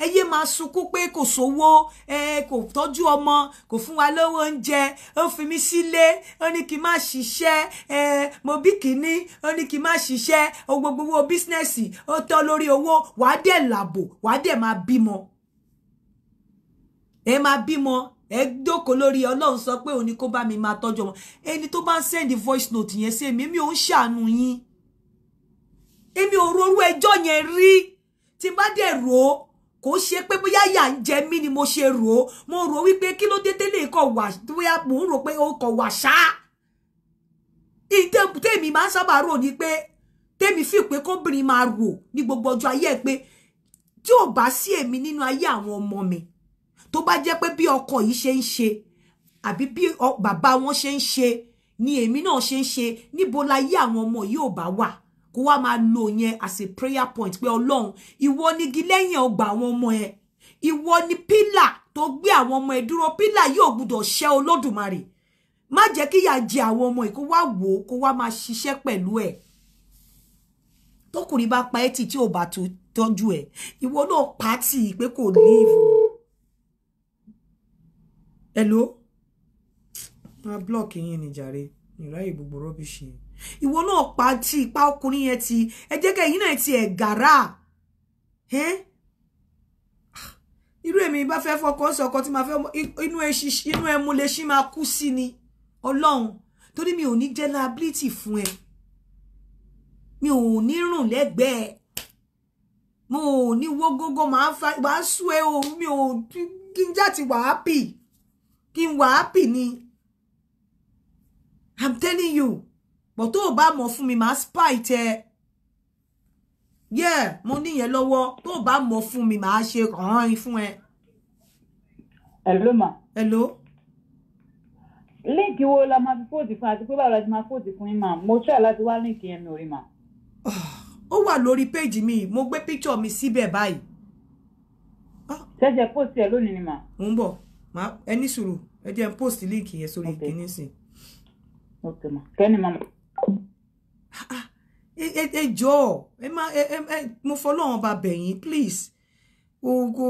ẹ ma máa sunkún pé kò sówó ẹ kò tọ́jú ọmọ kò fún wa lówó oúnjẹ ó fi mí sílé ó ní kí n má mo bí kínní ó ní kí n o gbogbo owó bísínẹ́sì ó tọ́ lórí owó wàá dẹ̀ làbò wàá dẹ̀ máa bímọ ẹ ma bímọ e dóko lórí Ọlọ́run sọ pé òun ni kó bá mi máa tọ́jú ọmọ ẹni tó bá send voice note yẹn sí èmi mi ò ń ṣàánú yín èmi ò rorú ri, yẹn rí tí n kò ṣe pé bóyá yà ń jẹ mí ni mo ṣe rò ó mo rò ó wípé kí ló dé tẹ́lẹ̀ kọ̀ wà bóyá mò ń rò pé ó kọ̀ wà ṣá tèmi máa ń sábà rò ní pé tèmi fi pé kóbìnrin máa rò ní gbogbo ọjọ́ ayé ẹ̀ pé tí ò bá sí èmi nínú ayé àwọn ọmọ mi tó bá jẹ́ pé bí ọkọ yìí ṣe ń ṣe àbí bí bàbá wọn ṣe ń ṣe ni èmi náà ṣe ń ṣe níbo láyé àwọn ọmọ yìí ò bá wà kó wá máa lo yẹn as a prayer point pé ọlọ́run ìwọ ni igi lẹ́yìn ọgbà àwọn ọmọ ẹ ìwọ ni pílà tó gbé àwọn ọmọ ẹ dúró pílà yóò gbúdọ̀ ṣẹ́ olódùmarè má jẹ́ kí ìyà jẹ àwọn ọmọ ẹ kó wá wò ó kó wá máa ṣiṣẹ́ pẹ̀lú ẹ̀ tọkùnrin bá pa ẹ́ tí ò bá tọ́jú ẹ̀ ìwọ náà pa tì pé kò leave hello máa block yín ni jàre ìráyè gbogbo rọ́bìṣì yìí ìwọ náà pa tí ipa ọkùnrin yẹn ti ẹ jẹ́ kẹ́ ẹ̀yin náà ti ẹ̀ gàrà irú èmi bá fẹ́ fọkàn sọkọ tí màá fẹ́ inú ẹmu lè ṣí máa kú sí ni ọlọ́run torí mi ò ní jẹ́ liability fún ẹ mi ò ní rùn lẹ́gbẹ̀ẹ́ mo ò ní wó gógó màá sú ẹ o mi ò kí n jáde wà happy kí n happy ni i'm telling you but tó o bá mọ̀ fún mi màá spy tẹ yeah mo níyẹn lọ́wọ́ tó o bá mọ̀ fún mi màá ṣe ràn fún ẹ. hello ma. hello. líǹkì wo la máa fi fóòdì fún àti pé báwo la ti máa fóòdì fún yín mà mo ṣáà láti wá líǹkì yẹn mi ò rí mà. ó wà lórí péjì mi mo gbé píkṣọ mi síbẹ̀ báyìí. Ah. ṣẹ́jẹ̀ post ẹ̀ lónìí ni Ma, mo ń bọ̀ ẹ ní sùúrù ẹ jẹ́ post líǹkì yẹn sórí kìíní sí. ok ma kẹ́ni ma ẹ ah, ah, eh, eh, eh, jọ̀ọ́ ẹ má ẹ mo fọlọ́run ba bẹ̀yìn please ogo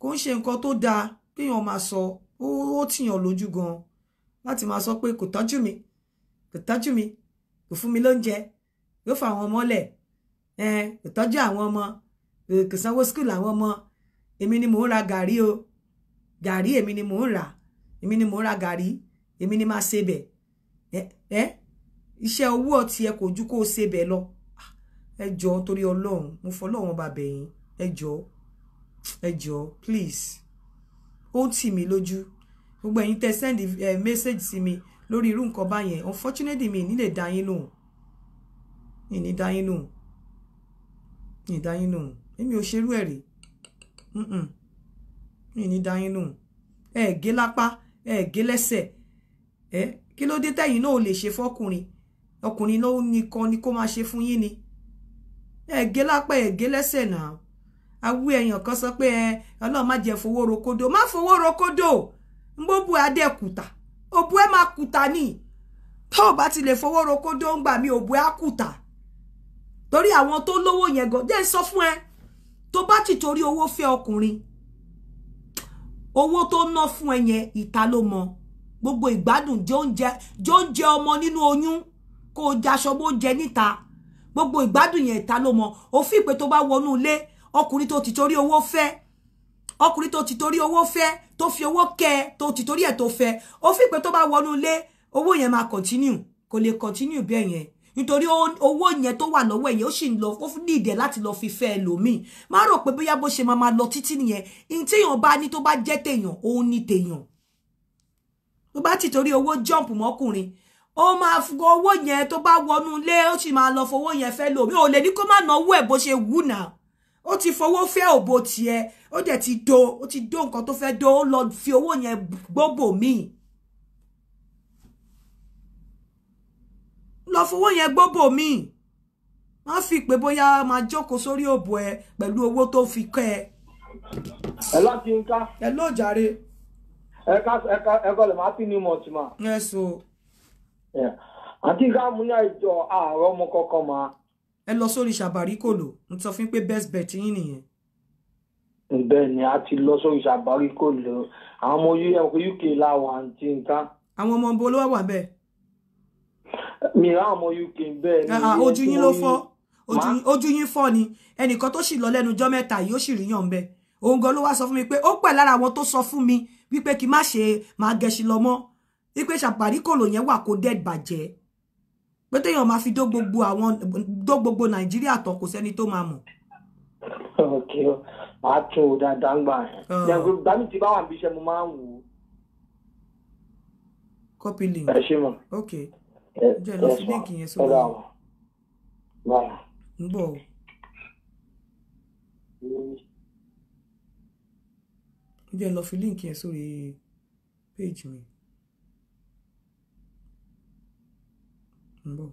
kò ń ṣe nǹkan tó dáa kéèyàn máa sọ ó tìyàn lójú gan láti máa sọ pé kò tọ́jú mi kò tọ́jú mi kò fún mi lóúnjẹ yóò fa àwọn ọmọ lẹ̀ kò tọ́jú àwọn ọmọ kò sanwó skul àwọn ọmọ èmi ni mò ń ra gàrí o gàrí èmi ni mò ń rà èmi ni mò ń ra gàrí èmi ni máa ṣe bẹ̀ ẹ́ iṣẹ́ owó ọ̀tí ẹ kò ju kó o ṣe bẹ̀ lọ ah, ẹ jọ̀ọ́ torí ọlọ́run mo fọlọ́run ọba bẹ̀yìn ẹ jọ̀ọ́ please ó tì mí lójú gbogbo ẹ̀yin tẹ́ send eh, message sí mi lórí irú nǹkan báyẹn unfortunately mi ní lè dá yín lóhùn mi ní dá yín lóhùn mi ní dá yín èmi ò ṣerú ẹ̀ rí mi ní dá yín lóhùn ẹ gé lápá ẹ gé lẹ́sẹ̀ ẹ kí ló dé tẹ̀yin náà ò lè ṣe fọ́kùnrin ọkùnrin náà nìkan ni kó máa ṣe fún yín ni ẹ̀gẹ́ lápá ẹ̀gẹ́ lẹ́sẹ̀ náà awú èèyàn kan sọ pé ẹ ọlọ́run má jẹ́ fowó rokodo má fowó rokodo ń bó bu adé kùtà òbu ẹ máa kùtà ni tó o bá ti lè fowó rokodo ń gbà mí òbu ẹ á kùtà torí àwọn tó lówó yẹn gan dé sọ fún ẹ tó bá ti torí owó fẹ́ ọkùnrin owó tó ná fún ẹ yẹn ìta ló mọ gbogbo ìgbádùn jọ ń jẹ ọmọ nínú oyún kó o jaṣọ bó jẹ níta gbogbo ìgbádùn yẹn ìta ló mọ òfin ìpè tó bá wọnú ilé ọkùnrin tó ti torí owó fẹ́ ọkùnrin tó ti torí owó fẹ́ tó fi owó kẹ́ tó ti torí ẹ̀ tó fẹ́ òfin ìpè tó bá wọnú ilé owó yẹn máa continue kò lè continue bẹ́ẹ̀ yẹn nítorí owó yẹn tó wà lọ́wọ́ ẹ̀yẹ ó sì ń lọ ó ní ìdẹ̀ láti lọ fi fẹ́ ẹlòmíì má rò pé bóyá bó ṣe máa máa lọ títí nìyẹn ní téèyàn bá ní tó bá jẹ́ téèyàn òun ní téèyàn tó bá ti torí owó jump mọ́kùnrin o máa owó yẹn tó bá wọnú ilé ó sì máa lọ fowó yẹn fẹ́ lómi ò lè ní kó má náwó ẹ̀ bó ṣe wù náà ó ti fowó fẹ́ òbò tiẹ̀ ó dẹ̀ ti do ó ti do nǹkan tó fẹ́ do ó lọ fi owó yẹn gbóbò míì lọ fowó yẹn gbóbò míì wọ́n fi pé bóyá máa jókòó sórí òbò ẹ pẹ̀lú owó tó fi kẹ́ ẹ. ẹ láti ń ká. ẹ lóò jàre. ẹ ká ẹ ká ẹ kọ́ lè máa pín ní mọ̀ọ́tì mà. ẹ sọ àti gáàmúyà ìjọ àárọ̀ ọmọ kọ̀ọ̀kan máa. ẹ lọ sórí ṣàbáríkòlò mo sọ fún pé best bet yín nìyẹn. bẹ́ẹ̀ ni a ti lọ sórí ṣàbáríkòlò àwọn ọmọ uk láwọn àǹtí nǹkan. àwọn ọmọ ibo ló wà wà bẹ́ẹ̀. mìíràn ọmọ uk bẹ́ẹ̀ ni. Ah, ah, ojú yín ló fọ́ ojú yín fọ́ ni ẹnìkan tó sì lọ lẹ́nu ọjọ́ mẹ́ta yìí ó sì ríyàn bẹ́ẹ̀ òun gan ló wá sọ fún mi pé ó pẹ̀ lára àwọn tó sọ fún mi wípé kí má ṣe máa gẹṣin lọ mọ́ wípé ṣàparíkòlò yẹn wà kó dead bàjẹ́ pé téèyàn máa fi dó gbogbo àwọn dó gbogbo nàìjíríà tán kò sẹ́ni tó máa mọ̀. ok màá tún o dáadáa ń gbà yẹn yàgò dání ti bá wà níbi iṣẹ́ mo máa ń wò ó. copy link ẹ ṣe mọ ok jẹ lọ sí link yẹn sórí ẹ ń bọ̀ o. jẹ lọ fi link yẹn sórí péjì mi. mbụ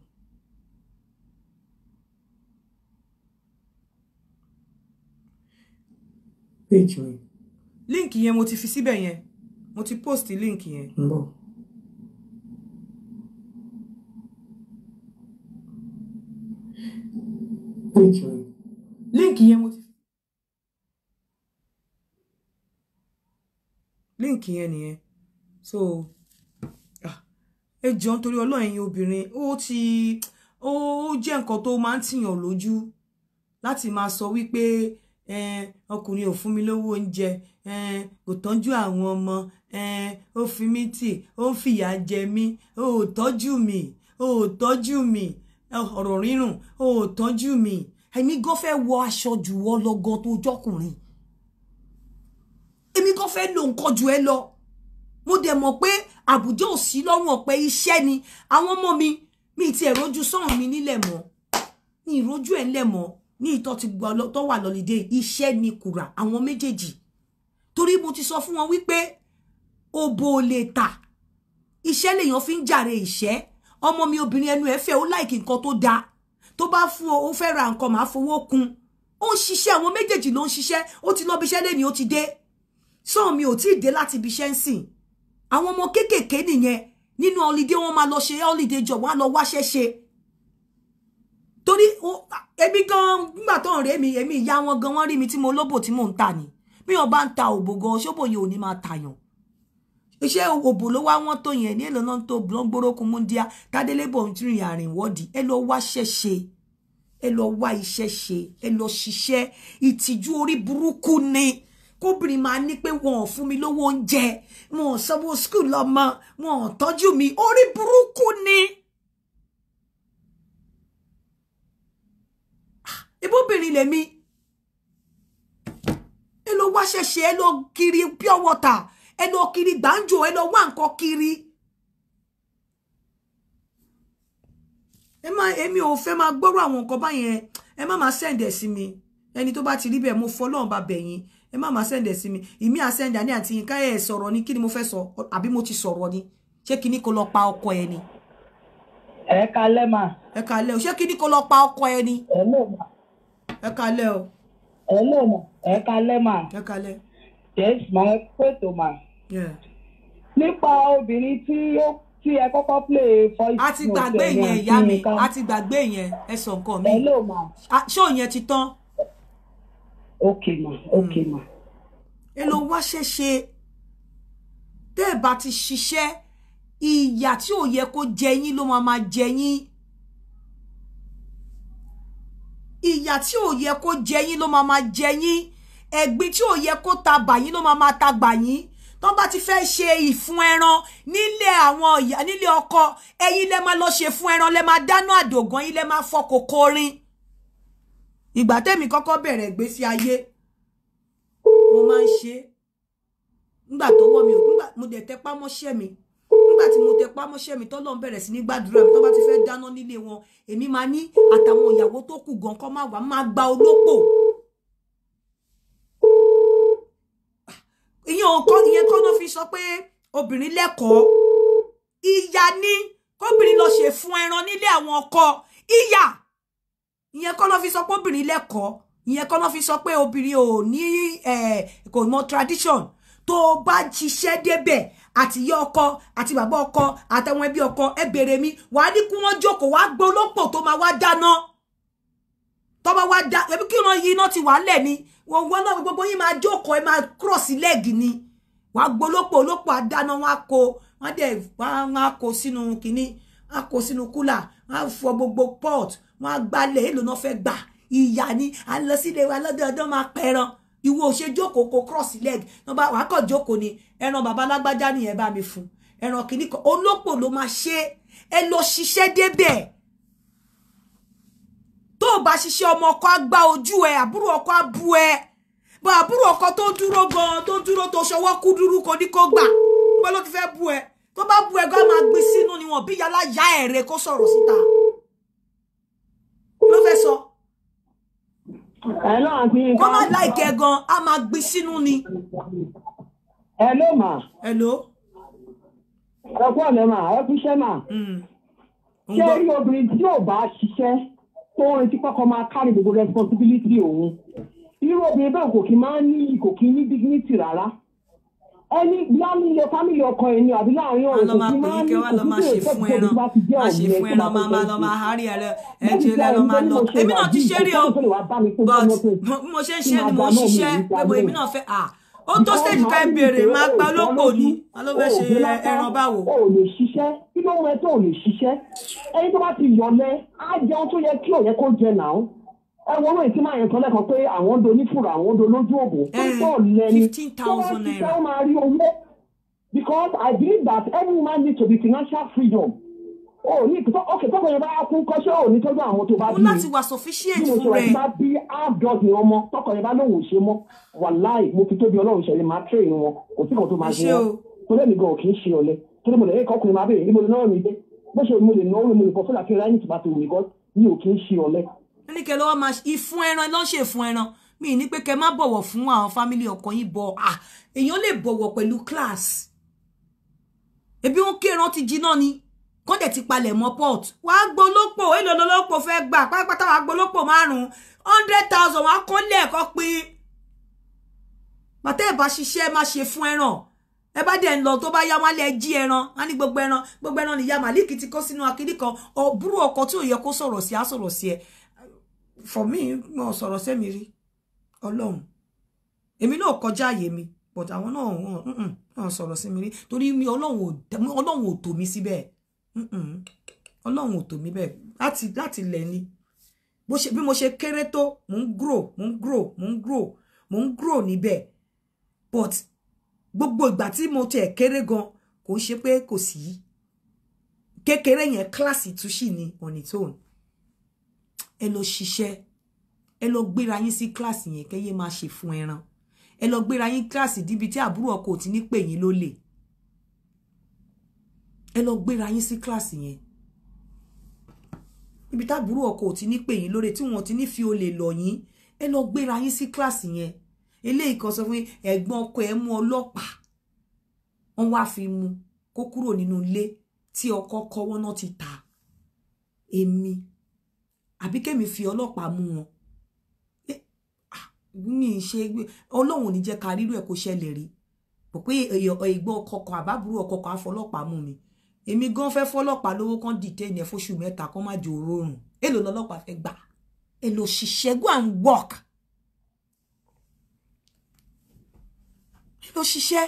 page mi. link yẹn mo ti fi síbẹ̀ yẹn mo ti post link yẹn. mbọ. page mi. link yẹn mo ti. link yẹn nìyẹn so ẹ jọ nítorí ọlọ́run ẹ̀yin obìnrin ó ti ó jẹ́ nǹkan tó máa ń tìyàn lójú láti máa sọ wípé ọkùnrin ò fún mi lówó oúnjẹ kò tọ́jú àwọn ọmọ ó fi mí tì ó ń fìyà jẹ mí ó tọ́jú mi ó tọ́jú mi ọ̀rọ̀ rírùn ó tọ́jú mi èmi gan fẹ́ wọ aṣọ jù wọ́ lọ gan tó jọkùnrin èmi gan fẹ́ lo nǹkan jù ẹ lọ mo dẹ̀ mọ̀ pé àbùjá ò sí lọ́rùn ọ̀pẹ iṣẹ́ ni àwọn ọmọ mi mi ti ẹ̀rọjú sọ́run mi nílẹ̀ mọ́ ní ìrójú ẹ̀ ńlẹ̀ mọ́ ní ìtọ́ ti gbọ́ tó wà lọ́lídé iṣẹ́ ni kùrà àwọn méjèèjì torí mo ti sọ fún wọn wípé òbò ò lè tà iṣẹ́ lèèyàn fi ń jàre ìṣẹ́ ọmọ mi obìnrin ẹnu ẹ̀ fẹ́ ó láìkì nǹkan tó dáa tó bá fún o ó fẹ́ ra nǹkan màá fowó kun ó ń ṣiṣẹ́ àwọn méjèèjì ló ń ṣiṣẹ́ ó ti lọ bí iṣẹ́ lẹ́ni ó ti dé sọ́ọ̀ mi ò tí ì dé láti ibi ń sìn àwọn ọmọ kéékèèké nìyẹn nínú holiday wọn máa lọ ṣe holiday job wọn á lọ wáṣẹ́ ṣe torí èmi gan nígbà tó ń rè mí èmi ìyá wọn gan wọn rí mi tí mo lóbò tí mò ń tà ní bí wọn bá ń ta òbò gan ṣóbò yìí ò ní máa tàyàn iṣẹ́ òbò ló wá wọ́n tó yẹn ní èlò náà tó gbórókun múndíá tádélébò ń tún ìrìn ìwọ́dìí ẹ lọ wá ṣẹ́ṣe ẹ lọ wá iṣẹ́ ṣe ẹ lọ ṣiṣẹ́ ìtìjú orí burúkú ni kóbìnrin máa ní pé wọn ò fún mi lówó oúnjẹ wọn ò sanwó skul lọ́mọ wọn ò tọ́jú mi orí burúkú ni. Ah, ibóbìnrin lèmi ẹ lọ wá ṣẹṣẹ ẹ lọ kiri pure water ẹ lọ kiri gbàǹjo ẹ lọ wá nǹkan kiri. ẹ má èmi ò fẹ́ máa gbọ́rọ̀ àwọn nǹkan báyẹn ẹ má máa sẹ́ǹdẹ̀ sí mi ẹni tó bá ti rí bẹ́ẹ̀ mo fọlọ́run bá bẹ̀yìn ẹ má máa sẹ́ndẹ̀ sí mi ìmí àsẹ́ndà ní àti yín ká ẹ̀ sọ̀rọ̀ ni kí ni mo fẹ́ sọ àbí mo ti sọ̀rọ̀ ni ṣé kí ni kò lọ pa ọkọ ẹ ni. ẹ kalẹ́ mà. ẹ kalẹ́ o ṣé kí ni kò lọ pa ọkọ ẹ ni. ẹ lè mà. ẹ kalẹ́ o. ẹ lè mà ẹ kalẹ́ mà. ẹ kalẹ́. yes mà ẹ pètò mà. nípa obìnrin tí ó tí ẹ kọ́kọ́ play voice note ẹ yẹn a ti gbàgbé yẹn ìyá mi a ti gbàgbé yẹn ẹ sọ nǹkan mi. ẹ lè mà. ṣé òun ti tán ok ma ok ma. ẹ lọ wá ṣẹṣe tẹ́ ẹ bá ti ṣiṣẹ́ ìyà tí ò yẹ kó jẹ yín ló máa máa jẹ yín ìyà tí ò yẹ kó jẹ yín ló máa máa jẹ yín ẹ̀gbin tí ò yẹ kó ta bà yín ló máa máa ta gbà yín tó bá ti fẹ́ ṣe ìfun ẹran nílé àwọn ìyá nílé ọkọ ẹ̀yin lẹ máa lọ ṣe fún ẹran lẹ máa dáná àdògán yín lẹ máa fọ kòkó rin ìgbà tẹ́mi kọ́kọ́ bẹ̀rẹ̀ ìgbésí ayé mo máa ń ṣe nígbà tó wọ́ mi ò nígbà mo dẹ̀ tẹpá mọ́ṣẹ́ mi nígbà tí mo tẹpá mọ́ṣẹ́ mi tọ́lọ́ ń bẹ̀rẹ̀ sí ní gbàdúrà mi tó bá ti fẹ́ dáná nílé wọn èmi máa ní àtàwọn ìyàwó tó kù gan kọ́ máa wà máa gba olópò ìyẹn kọ́ ìyẹn kọ́ ló fi sọ pé obìnrin lẹ́kọ̀ọ́ ìyà ni kóbìnrin lọ ṣe fún ẹran nílé àwọn ọkọ ìyà ìyẹn kọ́ ló fi sọ pé obìnrin lẹ́kọ̀ọ́ ìyẹn kọ́ ló fi sọ pé obìnrin ò ní kò mọ tradition tó bá ṣiṣẹ́ débẹ̀ àti ìyá ọkọ àti bàbá ọkọ àtàwọn ẹbí ọkọ ẹ bèrè mi wàá ní kí wọ́n jókòó wàá gbọ́ olópò tó máa wá dáná tọ́ba wá dá ẹbí kí wọ́n yí iná ti wà lẹ̀ ni wọ́n wọ́n náà gbogbo yín máa jókòó ẹ máa cross leg ni wàá gbọ́ olópò olópò àdáná wọn á kó wọn dẹ̀ wọn á kó sínú kínní wọn á kó sínú kúlà wọn á fọ gbogbo pot wọ́n á gbalẹ̀ èlò náà fẹ́ gbà ìyá ni à ń lọ sílé wa lọ́dọọdún máa pẹran ìwọ ò ṣe jókòó kó cross leg wọ́n bá wàá kọ̀ jókòó ni ẹran bàbá alágbájá nìyẹn bá mi fún ẹran kìíní kan olópò ló máa ṣe ẹ lọ ṣiṣẹ́ débẹ̀ tó o bá ṣiṣẹ́ ọmọ ọkọ á gbá ojú ẹ àbúrò ọkọ á bu ẹ bọ àbúrò ọkọ tó dúró gan tó dúró tó ṣọwọ́ kú dúró kò ní kó gbà níbo ló ti fẹ́ bu ẹ tó bá bu ẹ gan máa gbin sínú ni wọn bí yálà yá ẹ̀rẹ́ kó sọ̀rọ̀ síta ló fẹ́ sọ. hello àǹtí kó má láìkẹ́ gan a máa gbin sínú ni. hello mà. hello. ẹ kú mà ẹ kú mà. Hmm. ṣé rí obìnrin tí ò bá ṣiṣẹ́ tó ń retí pọ́kọ́ máa kárí gbogbo responsibility òun irú obìnrin bẹ́ẹ̀ kò kí máa ní kò kí ní dignity rárá ẹni láàmì ilẹ̀ fámìlì ọkọ ẹni àbí láàrin ọ̀rẹ́ tó ti máa ń ní kò sí èrè fún ẹran máa ṣe fún ẹran máa máa lọ máa hárí ẹrẹ ẹjẹ rẹ lọ máa lọ èmi náà ti ṣe rí ọ but mo ṣe ń ṣe ni mo ṣiṣẹ́ pẹ̀lú èmi náà fẹ́ à ó tó stage ká béèrè máa pa olóko ni wọn ló fẹ́ ṣe ẹran báwo. o ò lè ṣiṣẹ́ kí ló ń rẹ tó ò lè ṣiṣẹ́ ẹni tó bá ti yọ̀lẹ́ á jẹun tó yẹ kí òye kó jẹ náà ẹwọn lóye tí máa yẹn tán lẹ́kọ̀ọ́ pé àwọn do onífura àwọn do lójú òbò pípọ̀ eh, lẹ́ni tó bá ti tẹ́ máa rí owó because I believe that every man needs to be financial freedom Oh, ní ìpìtọ́ ọkẹ́ tọ́kọ yẹn bá kú kọ́ṣẹ́ ò ní tọ́jú àwọn tó bá bí láti wà sufficient fún rẹ̀ bí mo bí àádọ́sìn ọmọ tọ́kọ yẹn bá lóhùn ṣe mọ́ wàláì mo fi tóbi ọlọ́run ṣẹlẹ̀ máa train wọn kò sí kan tó máa ṣe wọn tó lẹ́mìí gan kì í ṣe ọ̀lẹ tó lè mo lè yẹ kọ́kùnrin máa bèèrè níbo náà mi dé bó ṣe mo lè náwó mo lè kọ́ fúlà kí n ráyìn tìbátò mi gan mi ò kì í ṣe ọ̀lẹ ní kẹ lọ́wọ́ máa ìfún ẹran lọ́ṣẹ̀ fún ẹran mi ní pé kẹ má bọ̀wọ̀ fún àwọn fámílì ọkọ yín bọ̀ à ah, èèyàn lè bọ̀wọ̀ pẹ̀lú class ebi wọn kéran ti jiná ni kọ́ dẹ̀ ti palẹ̀ mọ́ port wàá gbolópò èlò lọ́lọ́pọ̀ fẹ́ gbà pátápátá wàá gbolópò márùn hundred thousand wàá kọ́ lẹ́ẹ̀kọ́ pín bàtẹ́ ẹ̀ bá ṣiṣẹ́ má ṣe fún ẹran ẹ bá dẹ̀ ń lọ tó bá yá wọn lẹ jí ẹran wọn ní gbogbo ẹran gbogbo ẹran nìyá màlíkì ti kó sínú akíní kan ọ̀búrú ọkọ tí ò yẹ kó sọ̀rọ̀ sí á sọ̀rọ̀ sí ẹ for me wọn sọ̀rọ̀ sẹ́mi rí ọlọ́run èmi náà kọjá àyè mi but àwọn náà wọn sọ̀rọ̀ sí mi rí torí mi ọlọ́run ò tò mí síbẹ̀ ọlọ́run ò tò mí bẹ́ẹ̀ láti láti lẹ̀ ni bí mo ṣe kéré tó mò ń grow mò ń grow mò ń grow mò ń grow níbẹ̀ but gbogbo ìgbà tí mo tiẹ̀ kéré gan kò ń ṣe pé kò sí kékeré yẹn kíláàsì tún ṣì ni on its own ẹ lọ ṣiṣẹ́ ẹ lọ gbéra yín sí kíláàsì yẹn kẹ́yẹ máa ṣe fún ẹran ẹ lọ gbéra yín kíláàsì díbi tí àbúrò ọkọ ò ti ní pè yín lólè ẹ lọ gbéra yín sí kíláàsì yẹn níbi táàbúrò ọkọ ò ti ní pè yín lóore tí wọn ti ní fi olè lọ yín ẹ lọ gbéra yín sí kíláàsì yẹn eléyìí kan sọ fún yín ọkọ ẹ mú ọlọ́pàá wọn wá fi mú kó kúrò nínú ilé tí ọkọ kọ wọn náà ti ta èmi àbí kẹ́mi fi ọlọ́pàá mú wọn mi ṣe ọlọ́run ní jẹ́ ká rírú ẹ̀ kó ṣẹlẹ̀ rí pọ̀ pé ìgbọ́ ọkọ̀ọ̀kan àbábúrò ọkọ̀ọ̀kan àfọlọ́pàá mú mi èmi gan fẹ́ fọlọ́pàá lówó kan detain ẹ̀ fóṣù mẹ́ta kan má jẹ́ òórùn èlò lọ́lọ́pàá fẹ́ gbà èlò ṣiṣẹ́ go and work èlò ṣiṣẹ́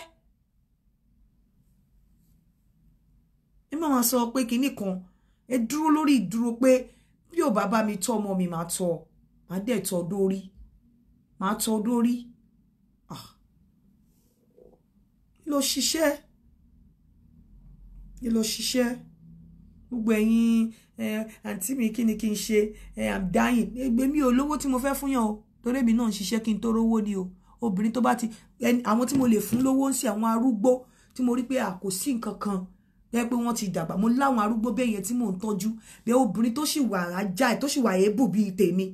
ẹ má máa sọ pé kinní kan ẹ dúró lórí ìdúró pé bí ò bá bá mi tọ́ ọmọ mi máa tọ́ máa dẹ̀ tọ́ dórí máa tọ́ dórí ah. ló ṣiṣẹ́ ni ló ṣiṣẹ́ gbogbo ẹ̀yin àǹtí mi kí ni kí n ṣe i'm dying ègbè mi ò lówó tí mo fẹ́ fún yàn o torí èmi náà ń ṣiṣẹ́ kí n tó rówó ni o obìnrin tó bá ti àwọn tí mo lè fún lówó ń ṣe àwọn arúgbó tí mo rí pé à nǹkan kan yẹ pé wọ́n ti dàgbà mo láwọn arúgbó bẹ́ẹ̀ yẹn tí mò ń tọ́jú bẹ́ẹ̀ obìnrin tó sì wà ajá tó sì wà èébù bíi tèmi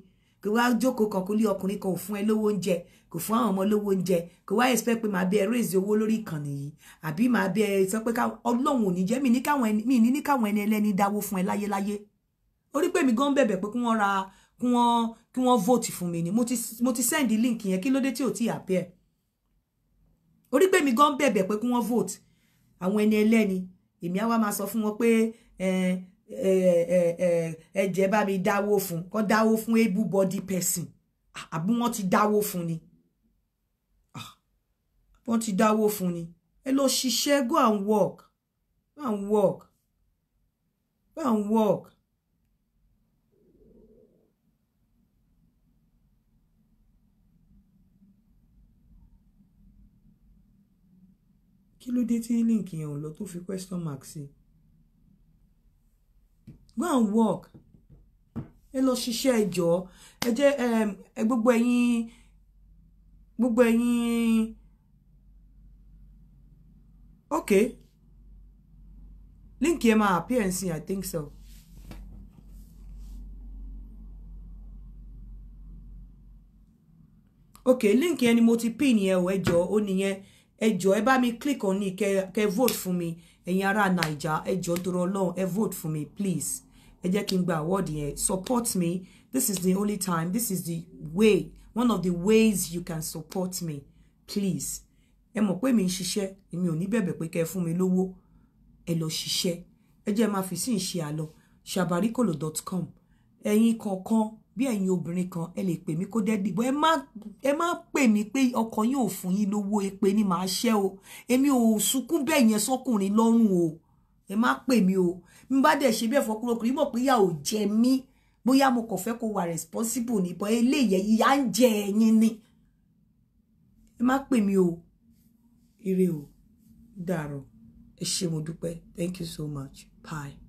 kò wá jókòó kan kó lé ọkùnrin kan ò fún ẹ lówó oúnjẹ kò fún àwọn ọmọ lówó oúnjẹ kò wá expect pé màá bẹ ẹ raise owó lórí ìkànnì yìí àbí màá bẹ ẹ sọ pé ọlọ́run ò ní jẹ́ mi ní káwọn ẹni ẹlẹ́ni dáwó fún ẹ láyéláyé orí pé mi gan bẹ̀bẹ̀ pé kí wọ́n ra kí wọ́n kí wọ́n vote fún mi ni mo ti send link yẹn kí ló dé tí ò tí appear orí pé mi gan bẹ̀bẹ̀ pé kí wọ́n vote àwọn ẹni ẹlẹ́ni èmi á wá máa sọ fún wọn pé ẹjẹ bá mi dáwó fún kó dáwó fún able body person àbí wọ́n ti dáwó fún ni ah, wọ́n ti dáwó fún ni ẹ lọ ṣiṣẹ́ go and work go and work go and work kí ló dé tí link yẹn ò lọ tó fi question mark sí go and work ẹ lọ ṣiṣẹ́ ẹjọ́ ẹ jẹ́ ẹ gbogbo ẹ̀yin gbogbo ẹ̀yin ok link yẹn máa appear sí i think so. ok link yẹn ni mo ti pin yẹn o ẹjọ́ ó nìyẹn ẹ jọ̀ọ́ ẹ bá mi click on ní kẹ́ vote fún mi ẹ̀yin ará naija ẹ jọ̀ọ́ torí Ọlọ́run ẹ vote fún mi please ẹ jẹ́ kí n gba award yẹn support me this is the only time this is the way one of the ways you can support me please ẹ mọ̀ pé mi ń ṣiṣẹ́ èmi ò ní bẹ̀bẹ̀ pé kẹ́ fún mi lówó ẹ lọ ṣiṣẹ́ ẹ jẹ́ máa fi sí ìṣe àlọ shabarikolo dot com ẹ̀yin kọ̀ọ̀kan bí ẹ̀yin obìnrin kan ẹ lè pè mí kó dẹ́ dìbò ẹ má ẹ má pè mí pé ọkọ yín fún yín lówó èpè ni màá ṣẹ́ o èmi ò sunkún bẹ́ẹ̀ yẹn sọ́kùnrin lọ́rùn o ẹ má pè mí o mi bá dẹ̀ ṣe bí ẹ̀fọ́ kúròkùnrin mọ̀ pé ìyà ò jẹ mí bóyá mo kàn fẹ́ kó wà responsible ní bọ́ eléyẹ ìyà ń jẹ ẹ̀yin ni ẹ má pè mí o ire o dàrọ̀ ẹ ṣé mo dúpẹ́ thank you so much bye.